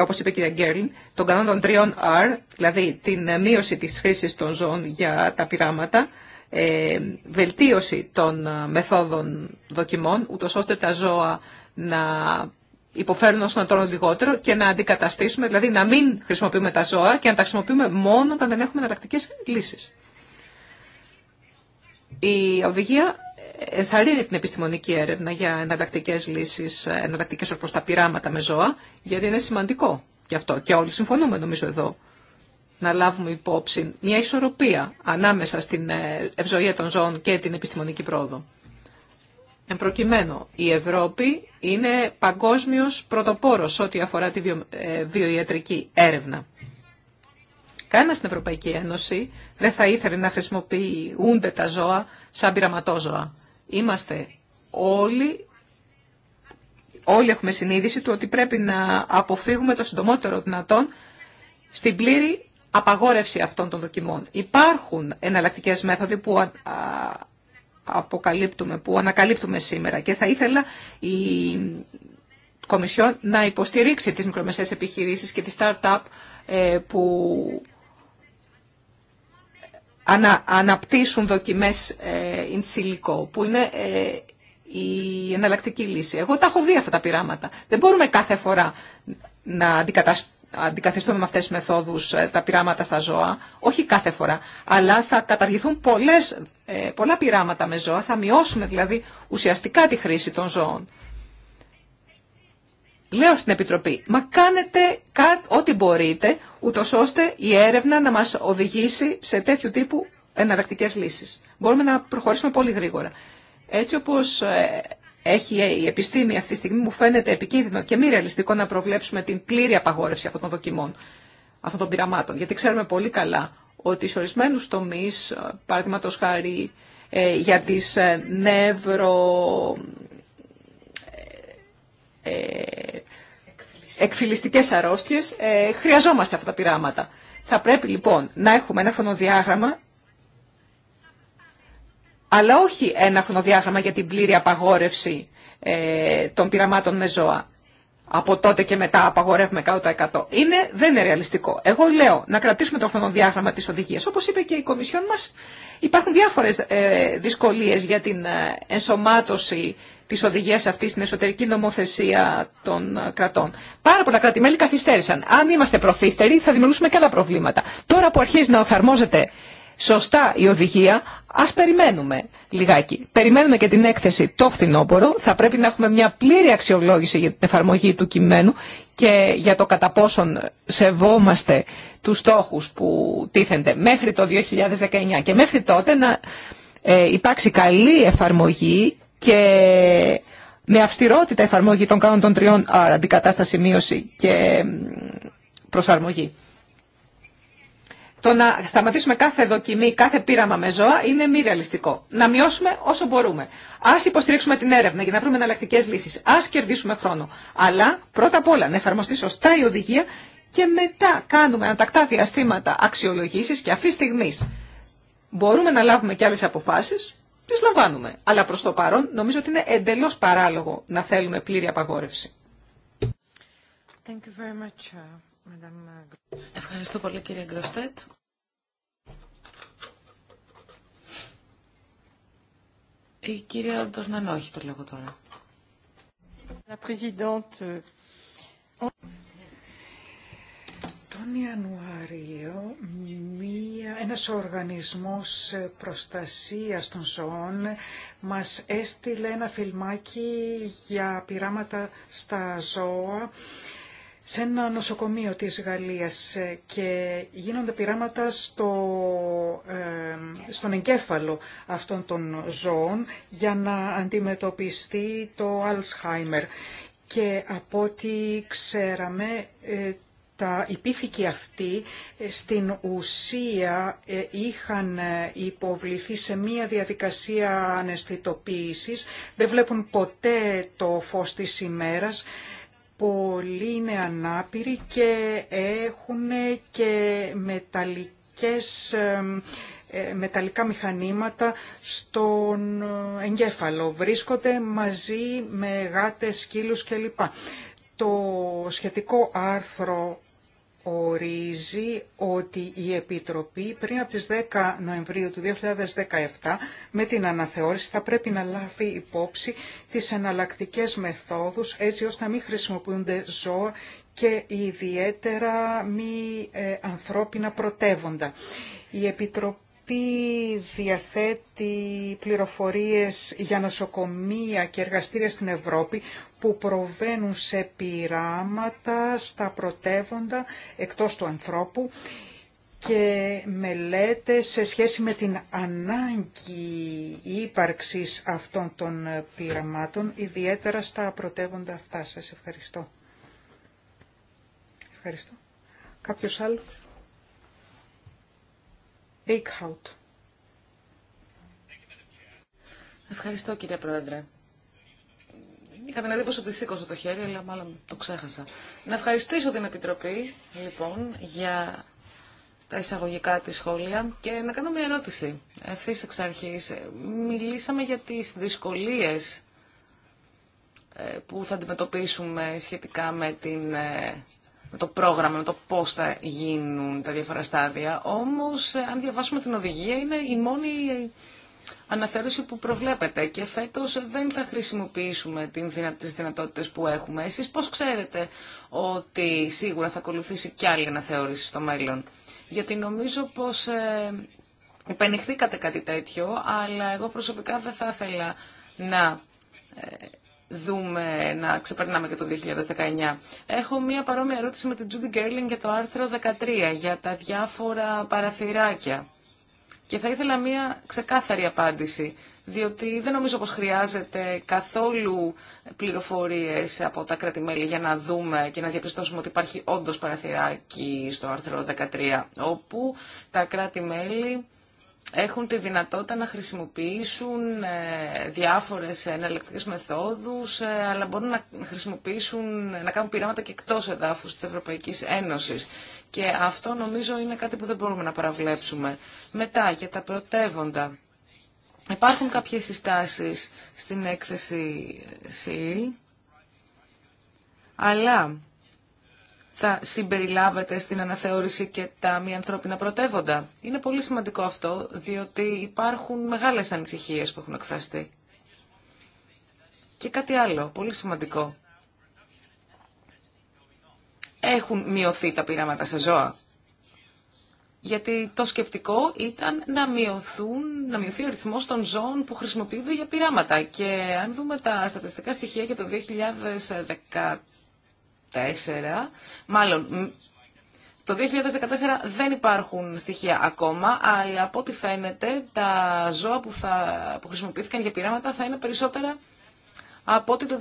C: όπως είπε η κυρία Γκέρλιν, τον κανόνα των 3 R, δηλαδή την μείωση της χρήσης των ζώων για τα πειράματα, ε, βελτίωση των μεθόδων δοκιμών, ούτω ώστε τα ζώα να υποφέρουν όσο να τρώνε λιγότερο και να αντικαταστήσουμε, δηλαδή να μην χρησιμοποιούμε τα ζώα και να τα χρησιμοποιούμε μόνο όταν δεν έχουμε εναλλακτικέ λύσεις. Η οδηγία ενθαρρύνει την επιστημονική έρευνα για εναλλακτικέ λύσει, εναλλακτικέ όπω τα πειράματα με ζώα, γιατί είναι σημαντικό γι' αυτό. Και όλοι συμφωνούμε νομίζω εδώ να λάβουμε υπόψη μια ισορροπία ανάμεσα στην ε, ευζοία των ζώων και την επιστημονική πρόοδο. Εν προκειμένου, η Ευρώπη είναι παγκόσμιος πρωτοπόρος ό,τι αφορά τη ε, βιοιατρική έρευνα. Κανένα στην Ευρωπαϊκή Ένωση δεν θα ήθελε να χρησιμοποιούνται τα ζώα σαν πειραματόζωα. Είμαστε όλοι, όλοι έχουμε συνείδηση του ότι πρέπει να αποφύγουμε το συντομότερο δυνατόν στην πλήρη απαγόρευση αυτών των δοκιμών. Υπάρχουν εναλλακτικές μέθοδοι που αποκαλύπτουμε, που ανακαλύπτουμε σήμερα και θα ήθελα η Κομισιόν να υποστηρίξει τις μικρομεσαίες επιχειρήσεις και τις startup ε, που ανα, αναπτύσσουν δοκιμές ε, in silico, που είναι ε, η εναλλακτική λύση. Εγώ τα έχω δει αυτά τα πειράματα. Δεν μπορούμε κάθε φορά να αντικαθιστούμε με αυτές τις μεθόδους ε, τα πειράματα στα ζώα. Όχι κάθε φορά. Αλλά θα καταργηθούν πολλές, ε, πολλά πειράματα με ζώα. Θα μειώσουμε δηλαδή ουσιαστικά τη χρήση των ζώων. Λέω στην Επιτροπή, μα κάνετε ό,τι μπορείτε, ούτως ώστε η έρευνα να μας οδηγήσει σε τέτοιου τύπου εναλλακτικέ λύσεις. Μπορούμε να προχωρήσουμε πολύ γρήγορα. Έτσι όπως ε, έχει η επιστήμη αυτή τη στιγμή, μου φαίνεται επικίνδυνο και μη ρεαλιστικό να προβλέψουμε την πλήρη απαγόρευση αυτών των δοκιμών, αυτών των πειραμάτων. Γιατί ξέρουμε πολύ καλά ότι σε ορισμένου τομεί, ε, παραδείγματο χάρη ε, για τις νευρο ε, εκφυλιστικές αρρώστιες, ε, χρειαζόμαστε αυτά τα πειράματα. Θα πρέπει λοιπόν να έχουμε ένα χρονοδιάγραμμα, αλλά όχι ένα χρονοδιάγραμμα για την πλήρη απαγόρευση ε, των πειραμάτων με ζώα από τότε και μετά απαγορεύουμε κάτω 100. Είναι, δεν είναι ρεαλιστικό. Εγώ λέω να κρατήσουμε το χρονοδιάγραμμα τη οδηγία. Όπω είπε και η Κομισιόν μα, υπάρχουν διάφορε ε, δυσκολίε για την ε, ενσωμάτωση τη οδηγία αυτή στην εσωτερική νομοθεσία των ε, κρατών. Πάρα πολλά κράτη-μέλη καθυστέρησαν. Αν είμαστε προθύστεροι, θα δημιουργήσουμε και άλλα προβλήματα. Τώρα που αρχίζει να εφαρμόζεται σωστά η οδηγία, ας περιμένουμε λιγάκι. Περιμένουμε και την έκθεση το φθινόπωρο. Θα πρέπει να έχουμε μια πλήρη αξιολόγηση για την εφαρμογή του κειμένου και για το κατά πόσον σεβόμαστε τους στόχους που τίθενται μέχρι το 2019 και μέχρι τότε να ε, υπάρξει καλή εφαρμογή και με αυστηρότητα εφαρμογή των κανόνων των τριών, άρα αντικατάσταση, μείωση και προσαρμογή. Το να σταματήσουμε κάθε δοκιμή, κάθε πείραμα με ζώα είναι μη ρεαλιστικό. Να μειώσουμε όσο μπορούμε. Α υποστηρίξουμε την έρευνα για να βρούμε εναλλακτικέ λύσει. Α κερδίσουμε χρόνο. Αλλά πρώτα απ' όλα να εφαρμοστεί σωστά η οδηγία και μετά κάνουμε ανατακτά διαστήματα αξιολογήσει και αυτή στιγμή μπορούμε να λάβουμε και άλλε αποφάσει. Τι λαμβάνουμε. Αλλά προ το παρόν νομίζω ότι είναι εντελώ παράλογο να θέλουμε πλήρη απαγόρευση.
B: Thank you very much. Uh,
C: Ευχαριστώ πολύ κύριε Γκροστέτ.
B: Η κυρία Ντορνανό έχει
A: το λόγο τώρα. Ε, Τον Ιανουάριο μία, ένας οργανισμός προστασίας των ζώων μας έστειλε ένα φιλμάκι για πειράματα στα ζώα σε ένα νοσοκομείο της Γαλλίας ε, και γίνονται πειράματα στο, ε, στον εγκέφαλο αυτών των ζώων για να αντιμετωπιστεί το Alzheimer. Και από ό,τι ξέραμε, ε, τα υπήθηκοι αυτοί ε, στην ουσία ε, είχαν υποβληθεί σε μία διαδικασία αναισθητοποίησης, δεν βλέπουν ποτέ το φως της ημέρας, πολλοί είναι ανάπηροι και έχουν και μεταλλικές, ε, μεταλλικά μηχανήματα στον εγκέφαλο. Βρίσκονται μαζί με γάτες, σκύλους κλπ. Το σχετικό άρθρο ορίζει ότι η Επιτροπή πριν από τις 10 Νοεμβρίου του 2017 με την αναθεώρηση θα πρέπει να λάβει υπόψη τις εναλλακτικέ μεθόδους έτσι ώστε να μην χρησιμοποιούνται ζώα και ιδιαίτερα μη ε, ανθρώπινα πρωτεύοντα. Η Επιτροπή διαθέτει πληροφορίες για νοσοκομεία και εργαστήρια στην Ευρώπη που προβαίνουν σε πειράματα στα πρωτεύοντα εκτός του ανθρώπου και μελέτε σε σχέση με την ανάγκη ύπαρξης αυτών των πειραμάτων, ιδιαίτερα στα πρωτεύοντα αυτά. Σας ευχαριστώ. Ευχαριστώ. Κάποιος άλλος. Eichhout. Ευχαριστώ κύριε Πρόεδρε. Είχα
B: την εντύπωση ότι σήκωσε το χέρι, αλλά μάλλον το ξέχασα. Να ευχαριστήσω την Επιτροπή, λοιπόν, για τα εισαγωγικά της σχόλια και να κάνω μια ερώτηση ευθύ εξ αρχής. Μιλήσαμε για τις δυσκολίες ε, που θα αντιμετωπίσουμε σχετικά με, την, ε, το πρόγραμμα, με το πώς θα γίνουν τα διάφορα στάδια. Όμως, ε, αν διαβάσουμε την οδηγία, είναι η μόνη αναθεώρηση που προβλέπετε και φέτος δεν θα χρησιμοποιήσουμε τις δυνατότητες που έχουμε. Εσείς πώς ξέρετε ότι σίγουρα θα ακολουθήσει κι άλλη αναθεώρηση στο μέλλον. Γιατί νομίζω πως ε, υπενηχθήκατε κάτι τέτοιο, αλλά εγώ προσωπικά δεν θα ήθελα να ε, δούμε να ξεπερνάμε και το 2019. Έχω μία παρόμοια ερώτηση με την Τζούντι Γκέρλινγκ για το άρθρο 13, για τα διάφορα παραθυράκια. Και θα ήθελα μία ξεκάθαρη απάντηση, διότι δεν νομίζω πως χρειάζεται καθόλου πληροφορίες από τα κράτη-μέλη για να δούμε και να διαπιστώσουμε ότι υπάρχει όντως παραθυράκι στο άρθρο 13, όπου τα κράτη-μέλη έχουν τη δυνατότητα να χρησιμοποιήσουν ε, διάφορες εναλλεκτικές μεθόδους, ε, αλλά μπορούν να χρησιμοποιήσουν, να κάνουν πειράματα και εκτός εδάφους της Ευρωπαϊκής Ένωσης. Και αυτό νομίζω είναι κάτι που δεν μπορούμε να παραβλέψουμε. Μετά, για τα πρωτεύοντα. Υπάρχουν κάποιες συστάσεις στην έκθεση ΣΥΛ αλλά θα συμπεριλάβετε στην αναθεώρηση και τα μη ανθρώπινα πρωτεύοντα. Είναι πολύ σημαντικό αυτό, διότι υπάρχουν μεγάλες ανησυχίες που έχουν εκφραστεί. Και κάτι άλλο, πολύ σημαντικό. Έχουν μειωθεί τα πειράματα σε ζώα. Γιατί το σκεπτικό ήταν να, μειωθούν, να μειωθεί ο ρυθμός των ζώων που χρησιμοποιούνται για πειράματα. Και αν δούμε τα στατιστικά στοιχεία για το 2014, μάλλον το 2014 δεν υπάρχουν στοιχεία ακόμα, αλλά από ό,τι φαίνεται τα ζώα που, θα, που χρησιμοποιήθηκαν για πειράματα θα είναι περισσότερα από ό,τι το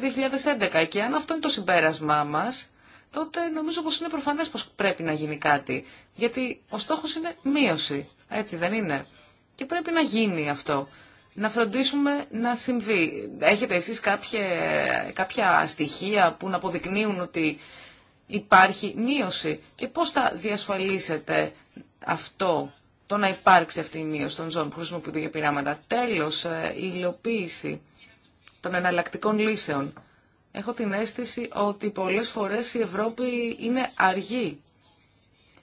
B: 2011. Και αν αυτό είναι το συμπέρασμά μας, τότε νομίζω πως είναι προφανές πως πρέπει να γίνει κάτι. Γιατί ο στόχος είναι μείωση, έτσι δεν είναι. Και πρέπει να γίνει αυτό να φροντίσουμε να συμβεί. Έχετε εσείς κάποια, κάποια στοιχεία που να αποδεικνύουν ότι υπάρχει μείωση και πώς θα διασφαλίσετε αυτό, το να υπάρξει αυτή η μείωση των ζώων που χρησιμοποιούνται για πειράματα. Τέλος, ε, η υλοποίηση των εναλλακτικών λύσεων. Έχω την αίσθηση ότι πολλές φορές η Ευρώπη είναι αργή,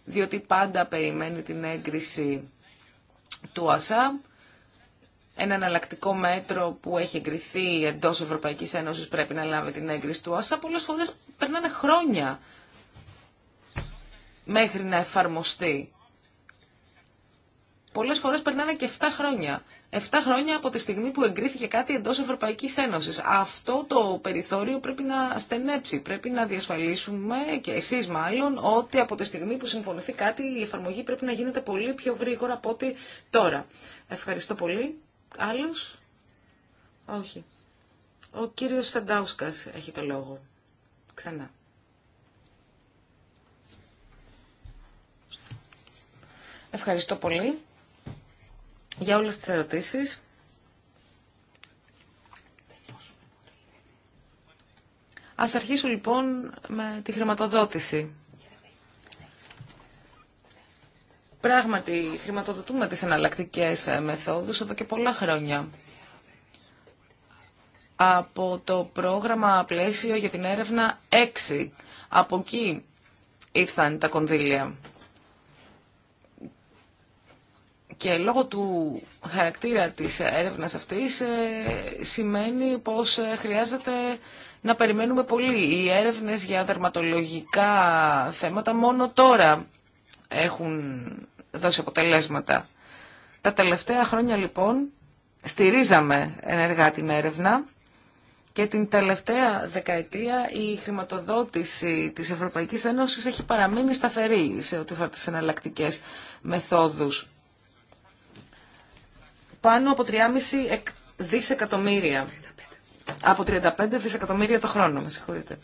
B: διότι πάντα περιμένει την έγκριση του ΑΣΑΜ ένα εναλλακτικό μέτρο που έχει εγκριθεί εντό Ευρωπαϊκή Ένωση πρέπει να λάβει την έγκριση του ΟΑΣΑ. Πολλέ φορέ περνάνε χρόνια μέχρι να εφαρμοστεί. Πολλέ φορέ περνάνε και 7 χρόνια. 7 χρόνια από τη στιγμή που εγκρίθηκε κάτι εντό Ευρωπαϊκή Ένωση. Αυτό το περιθώριο πρέπει να στενέψει. Πρέπει να διασφαλίσουμε και εσεί μάλλον ότι από τη στιγμή που συμφωνηθεί κάτι η εφαρμογή πρέπει να γίνεται πολύ πιο γρήγορα από ό,τι τώρα. Ευχαριστώ πολύ. Άλλος? Όχι. Ο κύριος Σαντάουσκας έχει το λόγο. Ξανά. Ευχαριστώ πολύ για όλες τις ερωτήσεις. Ας αρχίσω λοιπόν με τη χρηματοδότηση. Πράγματι, χρηματοδοτούμε τις εναλλακτικέ ε, μεθόδους εδώ και πολλά χρόνια. Από το πρόγραμμα πλαίσιο για την έρευνα 6. Από εκεί ήρθαν τα κονδύλια. Και λόγω του χαρακτήρα της έρευνας αυτής ε, σημαίνει πως ε, χρειάζεται να περιμένουμε πολύ. Οι έρευνες για δερματολογικά θέματα μόνο τώρα έχουν δώσει αποτελέσματα. Τα τελευταία χρόνια λοιπόν στηρίζαμε ενεργά την έρευνα και την τελευταία δεκαετία η χρηματοδότηση της Ευρωπαϊκής Ένωσης έχει παραμείνει σταθερή σε ό,τι αφορά τις εναλλακτικέ μεθόδους. Πάνω από 3,5 δισεκατομμύρια. Από 35 δισεκατομμύρια το χρόνο, με συγχωρείτε.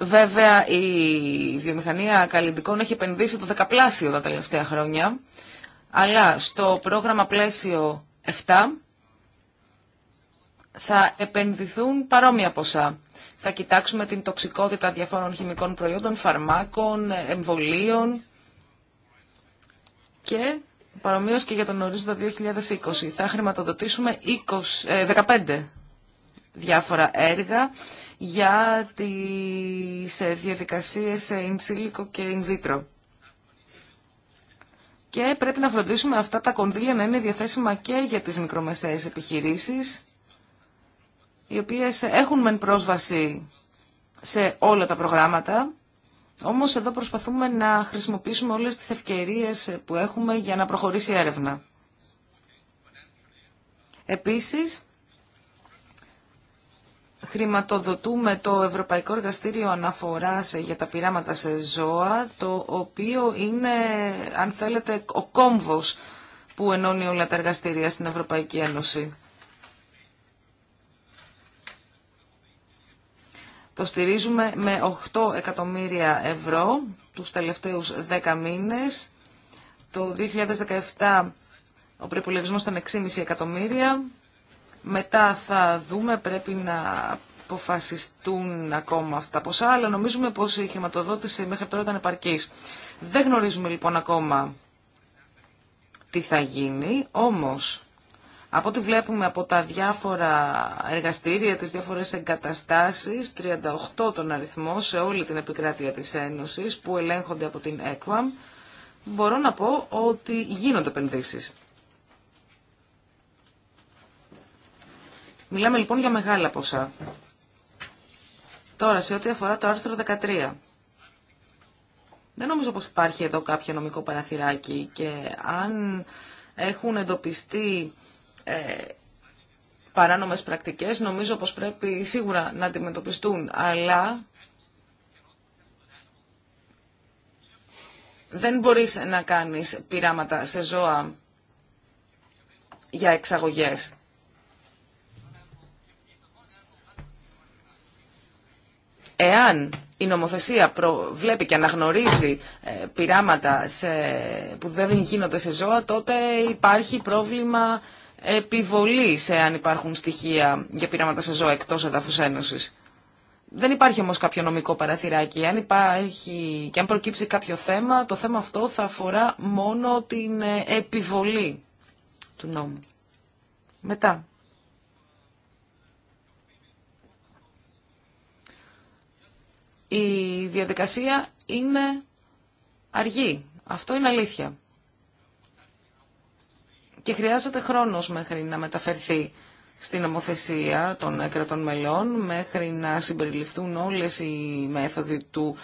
B: Βέβαια η βιομηχανία καλλιντικών έχει επενδύσει το δεκαπλάσιο τα τελευταία χρόνια, αλλά στο πρόγραμμα πλαίσιο 7 θα επενδυθούν παρόμοια ποσά. Θα κοιτάξουμε την τοξικότητα διαφόρων χημικών προϊόντων, φαρμάκων, εμβολίων και παρομοίως και για τον ορίζοντα 2020. Θα χρηματοδοτήσουμε 15 ε, διάφορα έργα για τις ε, διαδικασίες ε, in silico και in vitro. Και πρέπει να φροντίσουμε αυτά τα κονδύλια να είναι διαθέσιμα και για τις μικρομεσαίες επιχειρήσεις, οι οποίες έχουν μεν πρόσβαση σε όλα τα προγράμματα, όμως εδώ προσπαθούμε να χρησιμοποιήσουμε όλες τις ευκαιρίες που έχουμε για να προχωρήσει η έρευνα. Επίσης, χρηματοδοτούμε το Ευρωπαϊκό Εργαστήριο Αναφοράς για τα πειράματα σε ζώα, το οποίο είναι, αν θέλετε, ο κόμβος που ενώνει όλα τα εργαστήρια στην Ευρωπαϊκή Ένωση. Το στηρίζουμε με 8 εκατομμύρια ευρώ τους τελευταίους 10 μήνες. Το 2017 ο προϋπολογισμός ήταν 6,5 εκατομμύρια. Μετά θα δούμε, πρέπει να αποφασιστούν ακόμα αυτά ποσά, αλλά νομίζουμε πως η χρηματοδότηση μέχρι τώρα ήταν επαρκής. Δεν γνωρίζουμε λοιπόν ακόμα τι θα γίνει, όμως από ό,τι βλέπουμε από τα διάφορα εργαστήρια, τις διάφορες εγκαταστάσεις, 38 τον αριθμό σε όλη την επικράτεια της Ένωσης που ελέγχονται από την ΕΚΒΑΜ, μπορώ να πω ότι γίνονται επενδύσεις. Μιλάμε λοιπόν για μεγάλα ποσά. Τώρα, σε ό,τι αφορά το άρθρο 13. Δεν νομίζω πως υπάρχει εδώ κάποιο νομικό παραθυράκι και αν έχουν εντοπιστεί ε, παράνομες πρακτικές, νομίζω πως πρέπει σίγουρα να αντιμετωπιστούν, αλλά δεν μπορείς να κάνεις πειράματα σε ζώα για εξαγωγές. Εάν η νομοθεσία προβλέπει και αναγνωρίζει ε, πειράματα που δεν γίνονται σε ζώα, τότε υπάρχει πρόβλημα επιβολής εάν υπάρχουν στοιχεία για πειράματα σε ζώα εκτός εδάφους ένωσης. Δεν υπάρχει όμως κάποιο νομικό παραθυράκι. Αν υπάρχει και αν προκύψει κάποιο θέμα, το θέμα αυτό θα αφορά μόνο την ε, επιβολή του νόμου. Μετά, η διαδικασία είναι αργή. Αυτό είναι αλήθεια. Και χρειάζεται χρόνος μέχρι να μεταφερθεί στην νομοθεσία των κρατών μελών μέχρι να συμπεριληφθούν όλες οι μέθοδοι του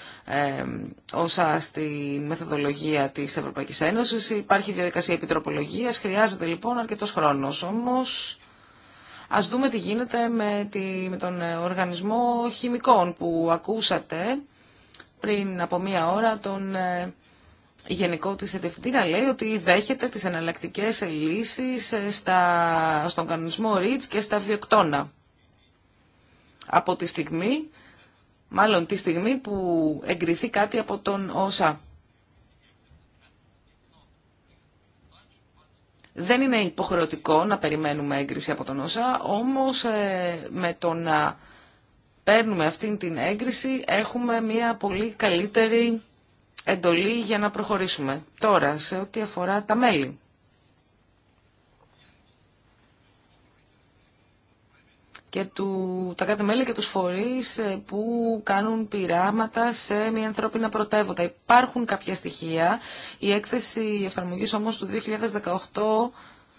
B: όσα στη μεθοδολογία της Ευρωπαϊκής Ένωσης. Υπάρχει διαδικασία επιτροπολογίας, χρειάζεται λοιπόν αρκετός χρόνος. Όμως Ας δούμε τι γίνεται με, τον ε, οργανισμό χημικών που ακούσατε πριν από μία ώρα τον ε, γενικό της να λέει ότι δέχεται τις εναλλακτικέ λύσεις ε, στον κανονισμό ριτς και στα βιοκτώνα. Από τη στιγμή, μάλλον τη στιγμή που εγκριθεί κάτι από τον ΩΣΑ. Δεν είναι υποχρεωτικό να περιμένουμε έγκριση από τον ΩΣΑ, όμως ε, με το να παίρνουμε αυτήν την έγκριση έχουμε μια πολύ καλύτερη εντολή για να προχωρήσουμε. Τώρα, σε ό,τι αφορά τα μέλη. και του, τα κάθε μέλη και τους φορείς ε, που κάνουν πειράματα σε μια ανθρώπινα πρωτεύοντα. Υπάρχουν κάποια στοιχεία. Η έκθεση εφαρμογής όμως του 2018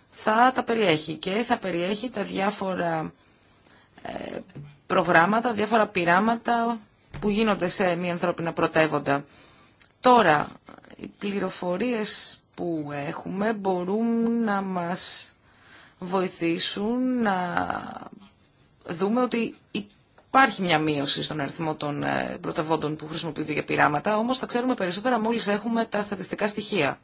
B: θα τα περιέχει και θα περιέχει τα διάφορα ε, προγράμματα, διάφορα πειράματα που γίνονται σε μια ανθρώπινα πρωτεύοντα. Τώρα, οι πληροφορίες που έχουμε μπορούν να μας βοηθήσουν να δούμε ότι υπάρχει μια μείωση στον αριθμό των ε, πρωτευόντων που χρησιμοποιούνται για πειράματα, όμως θα ξέρουμε περισσότερα μόλις έχουμε τα στατιστικά στοιχεία.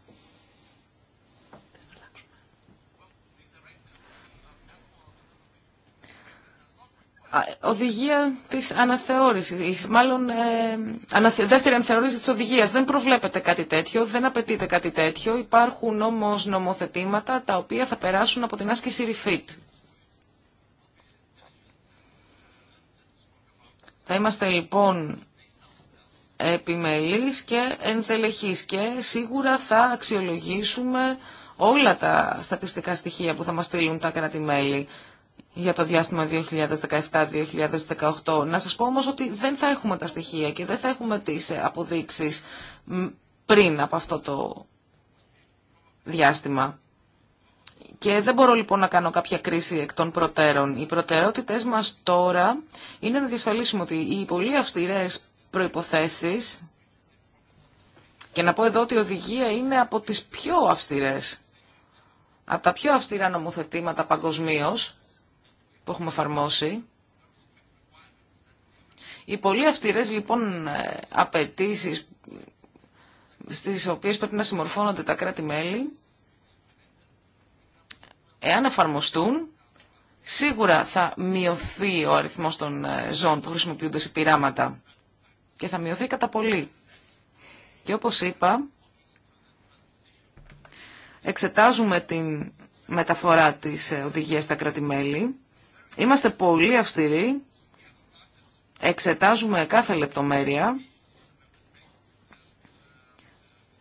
B: οδηγία της αναθεώρησης, μάλλον ε, δεύτερη αναθεώρηση της οδηγίας. Δεν προβλέπεται κάτι τέτοιο, δεν απαιτείται κάτι τέτοιο. Υπάρχουν όμως νομοθετήματα τα οποία θα περάσουν από την άσκηση refit Θα είμαστε λοιπόν επιμελής και ενθελεχείς και σίγουρα θα αξιολογήσουμε όλα τα στατιστικά στοιχεία που θα μας στείλουν τα κράτη-μέλη για το διάστημα 2017-2018. Να σας πω όμως ότι δεν θα έχουμε τα στοιχεία και δεν θα έχουμε τις αποδείξεις πριν από αυτό το διάστημα. Και δεν μπορώ λοιπόν να κάνω κάποια κρίση εκ των προτέρων. Οι προτεραιότητες μα τώρα είναι να διασφαλίσουμε ότι οι πολύ αυστηρέ προϋποθέσεις και να πω εδώ ότι η οδηγία είναι από τις πιο αυστηρές, από τα πιο αυστηρά νομοθετήματα παγκοσμίω που έχουμε εφαρμόσει. Οι πολύ αυστηρές λοιπόν ε, απαιτήσει στις οποίες πρέπει να συμμορφώνονται τα κράτη-μέλη Εάν εφαρμοστούν, σίγουρα θα μειωθεί ο αριθμός των ε, ζώων που χρησιμοποιούνται σε πειράματα και θα μειωθεί κατά πολύ. Και όπως είπα, εξετάζουμε την μεταφορά της ε, οδηγίας στα κρατη Είμαστε πολύ αυστηροί, εξετάζουμε κάθε λεπτομέρεια,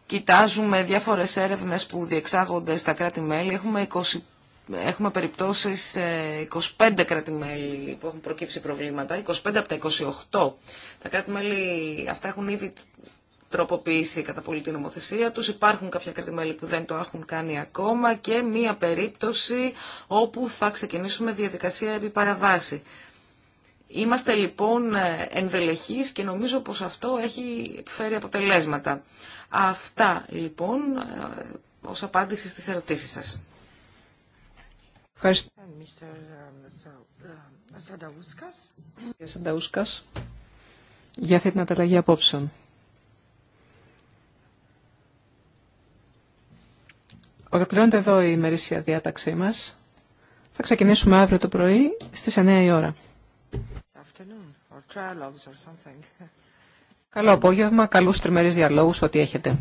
B: κοιτάζουμε διάφορες έρευνες που διεξάγονται στα κράτη-μέλη. Έχουμε έχουμε περιπτώσεις 25 ε, κράτη-μέλη που έχουν προκύψει προβλήματα, 25 από τα 28. Τα κράτη-μέλη αυτά έχουν ήδη τροποποιήσει κατά πολύ την νομοθεσία τους. Υπάρχουν κάποια κράτη-μέλη που δεν το έχουν κάνει ακόμα και μία περίπτωση όπου θα ξεκινήσουμε διαδικασία επί παραβάση. Είμαστε λοιπόν ε, ενδελεχείς και νομίζω πως αυτό έχει φέρει αποτελέσματα. Αυτά λοιπόν ε, ως απάντηση στις ερωτήσεις σας. Ευχαριστώ. Um, um, Κύριε
C: Σανταούσκας, για αυτή την ανταλλαγή απόψεων. Ολοκληρώνεται εδώ η ημερήσια διάταξή μας. Θα ξεκινήσουμε αύριο το πρωί στις 9 η ώρα. Καλό απόγευμα, καλούς τριμερείς διαλόγους, ό,τι έχετε.